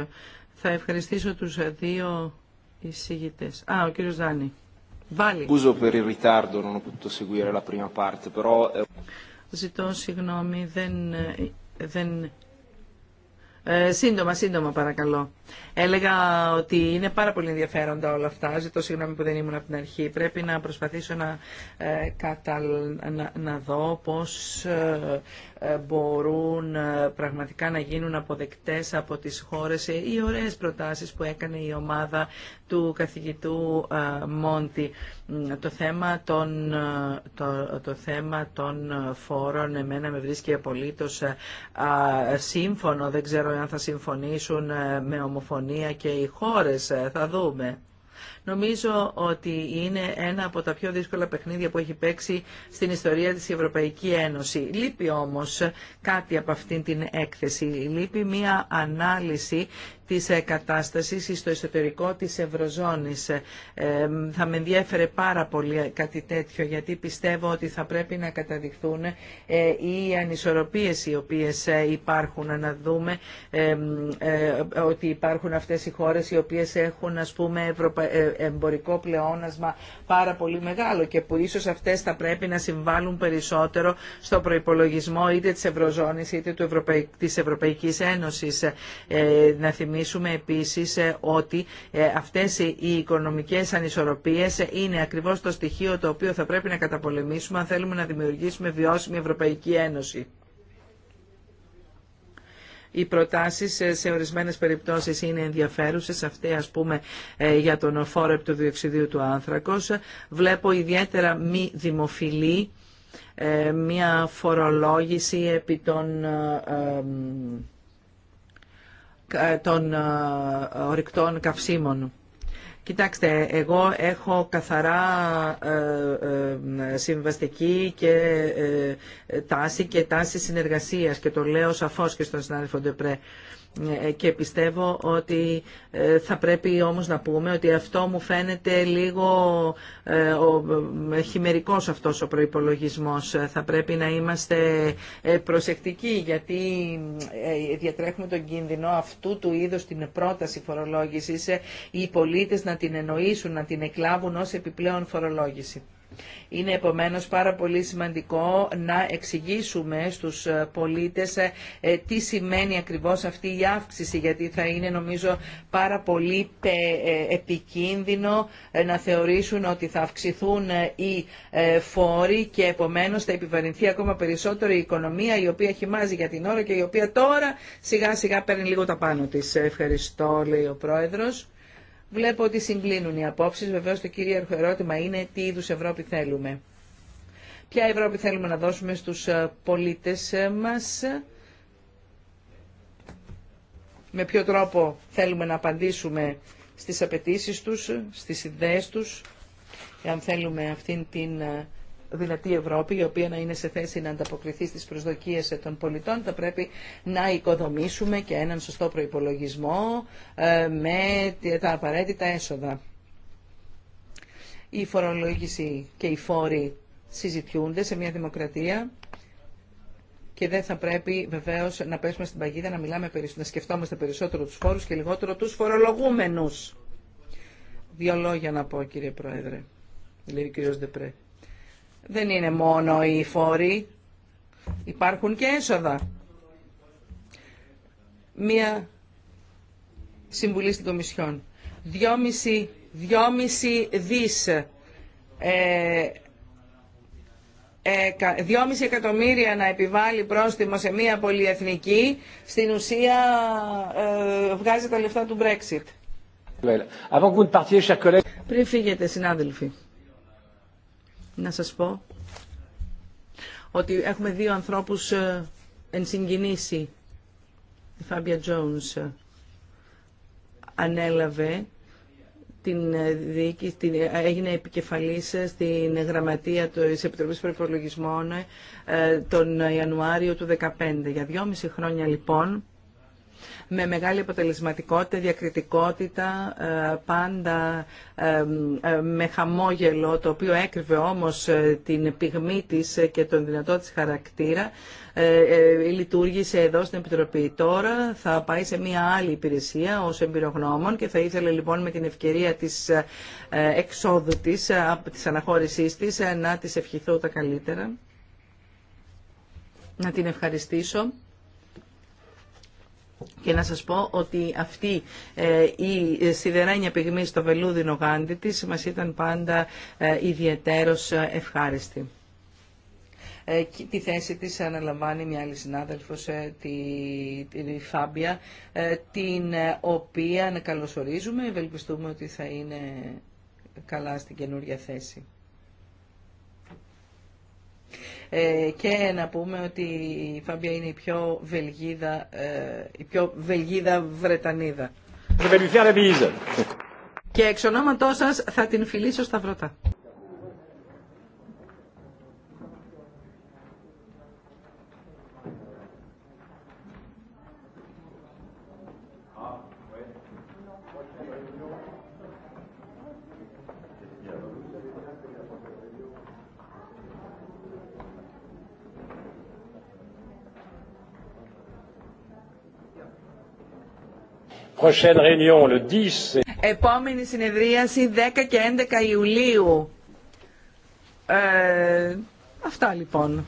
θα ευχαριστήσω τους δύο Α, ο κύριο Ζάνη. Βάλει. Eh, Ζητώ συγγνώμη, δεν, ε, δεν ε, σύντομα, σύντομα παρακαλώ. Έλεγα ότι είναι πάρα πολύ ενδιαφέροντα όλα αυτά. Ζητώ συγγνώμη που δεν ήμουν από την αρχή. Πρέπει να προσπαθήσω να, ε, κατα... να, να δω πώς ε, ε, μπορούν ε, πραγματικά να γίνουν αποδεκτές από τις χώρες ε, οι ωραίες προτάσεις που έκανε η ομάδα του καθηγητού Μόντι. Το θέμα των, το, το θέμα των φόρων εμένα με βρίσκει απολύτως σύμφωνο. Δεν ξέρω αν θα συμφωνήσουν με ομοφωνία και οι χώρες. Θα δούμε. Νομίζω ότι είναι ένα από τα πιο δύσκολα παιχνίδια που έχει παίξει στην ιστορία της Ευρωπαϊκή Ένωση. Λείπει όμως κάτι από αυτήν την έκθεση. Λείπει μία ανάλυση της ε, κατάστασης στο εσωτερικό της Ευρωζώνης. Ε, θα με ενδιέφερε πάρα πολύ ε, κάτι τέτοιο γιατί πιστεύω ότι θα πρέπει να καταδειχθούν οι ανισορροπίες οι οποίες υπάρχουν. Να δούμε ότι υπάρχουν αυτές οι χώρες οι οποίες έχουν ας πούμε εμπορικό πλεόνασμα πάρα πολύ μεγάλο και που ίσως αυτές θα πρέπει να συμβάλλουν περισσότερο στο προϋπολογισμό είτε της Ευρωζώνης είτε του Ευρωπαϊ... της Ευρωπαϊκής Ένωσης. να υπενθυμίσουμε επίσης ε, ότι ε, αυτές οι οικονομικές ανισορροπίες είναι ακριβώς το στοιχείο το οποίο θα πρέπει να καταπολεμήσουμε αν θέλουμε να δημιουργήσουμε βιώσιμη Ευρωπαϊκή Ένωση. Οι προτάσεις ε, σε ορισμένες περιπτώσεις είναι ενδιαφέρουσες, Αυτές, ας πούμε για τον φόρο του διοξιδίου του άνθρακος. Βλέπω ιδιαίτερα μη δημοφιλή μια φορολόγηση επί των ε, των ε, ορυκτών καυσίμων. Κοιτάξτε, εγώ έχω καθαρά ε, συμβαστική και τάση και τάση συνεργασίας και το λέω σαφώς και στον συνάδελφο Ντεπρέ. Ε, και πιστεύω ότι ε, θα πρέπει όμως να πούμε ότι αυτό μου φαίνεται λίγο ε, χειμερικός αυτός ο προϋπολογισμός. Θα πρέπει να είμαστε προσεκτικοί γιατί διατρέχουμε τον κίνδυνο αυτού του είδους την πρόταση φορολόγησης οι πολίτες να την εννοήσουν, να την εκλάβουν ως επιπλέον φορολόγηση. Είναι επομένως πάρα πολύ σημαντικό να εξηγήσουμε στους ε, πολίτες ε, ε, τι σημαίνει ακριβώς αυτή η αύξηση, γιατί θα είναι νομίζω πάρα πολύ επικίνδυνο να θεωρήσουν ότι θα αυξηθούν οι φόροι και επομένως θα επιβαρυνθεί ακόμα περισσότερο η οικονομία η οποία χυμάζει για την ώρα και η οποία τώρα σιγά σιγά παίρνει λίγο τα πάνω της. Ευχαριστώ λέει ο Πρόεδρος. Βλέπω ότι συγκλίνουν οι απόψει, βεβαίω το κυρίαρχο ερώτημα είναι τι είδους Ευρώπη θέλουμε. Ποια Ευρώπη θέλουμε να δώσουμε στους ε, πολίτες ε, μας. Με ποιο τρόπο θέλουμε να απαντήσουμε στις απαιτήσεις τους, στις ιδέες τους. Αν θέλουμε αυτήν την ε, δυνατή Ευρώπη, η οποία να είναι σε θέση να ανταποκριθεί στις προσδοκίες των πολιτών, θα πρέπει να οικοδομήσουμε και έναν σωστό προϋπολογισμό ε, με τα απαραίτητα έσοδα. Η φορολόγηση και οι φόροι συζητιούνται σε μια δημοκρατία και δεν θα πρέπει βεβαίως να πέσουμε στην παγίδα να, μιλάμε, να σκεφτόμαστε περισσότερο τους φόρους και λιγότερο τους φορολογούμενους. Δύο λόγια να πω, κύριε Πρόεδρε, λέει ο κύριο Δεπρέ δεν είναι μόνο οι φόροι, υπάρχουν και έσοδα. Μία συμβουλή στην Κομισιόν. δυόμιση δις, ε, εκατομμύρια να επιβάλλει πρόστιμο σε μία πολυεθνική, στην ουσία ε, βγάζει τα λεφτά του Brexit. Πριν φύγετε συνάδελφοι να σας πω ότι έχουμε δύο ανθρώπους ε, εν συγκινήσει. Η Φάμπια Τζόνς ε, ανέλαβε την ε, δίκη, την, έγινε επικεφαλής στην γραμματεία της Επιτροπής Προϋπολογισμών τον Ιανουάριο του 2015. Για δυόμιση χρόνια λοιπόν με μεγάλη αποτελεσματικότητα, διακριτικότητα, ε, πάντα ε, ε, με χαμόγελο, το οποίο έκρυβε όμως την πυγμή της και τον δυνατό της χαρακτήρα, λειτουργήσε εδώ στην Επιτροπή. Τώρα θα πάει σε μια άλλη υπηρεσία ως εμπειρογνώμων και θα ήθελε λοιπόν με την ευκαιρία της εξόδου της, της αναχώρησής της, να της ευχηθώ τα καλύτερα. Να την ευχαριστήσω και να σας πω ότι αυτή ε, η σιδερένια πυγμή στο βελούδινο γάντι της μας ήταν πάντα ε, ιδιαίτερος ε, ευχάριστη. Τη θέση της αναλαμβάνει μια άλλη συνάδελφος, τη, τη Φάμπια, την οποία να καλωσορίζουμε. Ευελπιστούμε ότι θα είναι καλά στην καινούργια θέση. Ε, και να πούμε ότι η Φάμπια είναι η πιο Βελγίδα, ε, η πιο Βελγίδα Βρετανίδα. Και εξ ονόματός σας θα την φιλήσω στα βρωτά. Επόμενη συνεδρίαση 10 και 11 Ιουλίου. Ε, αυτά λοιπόν.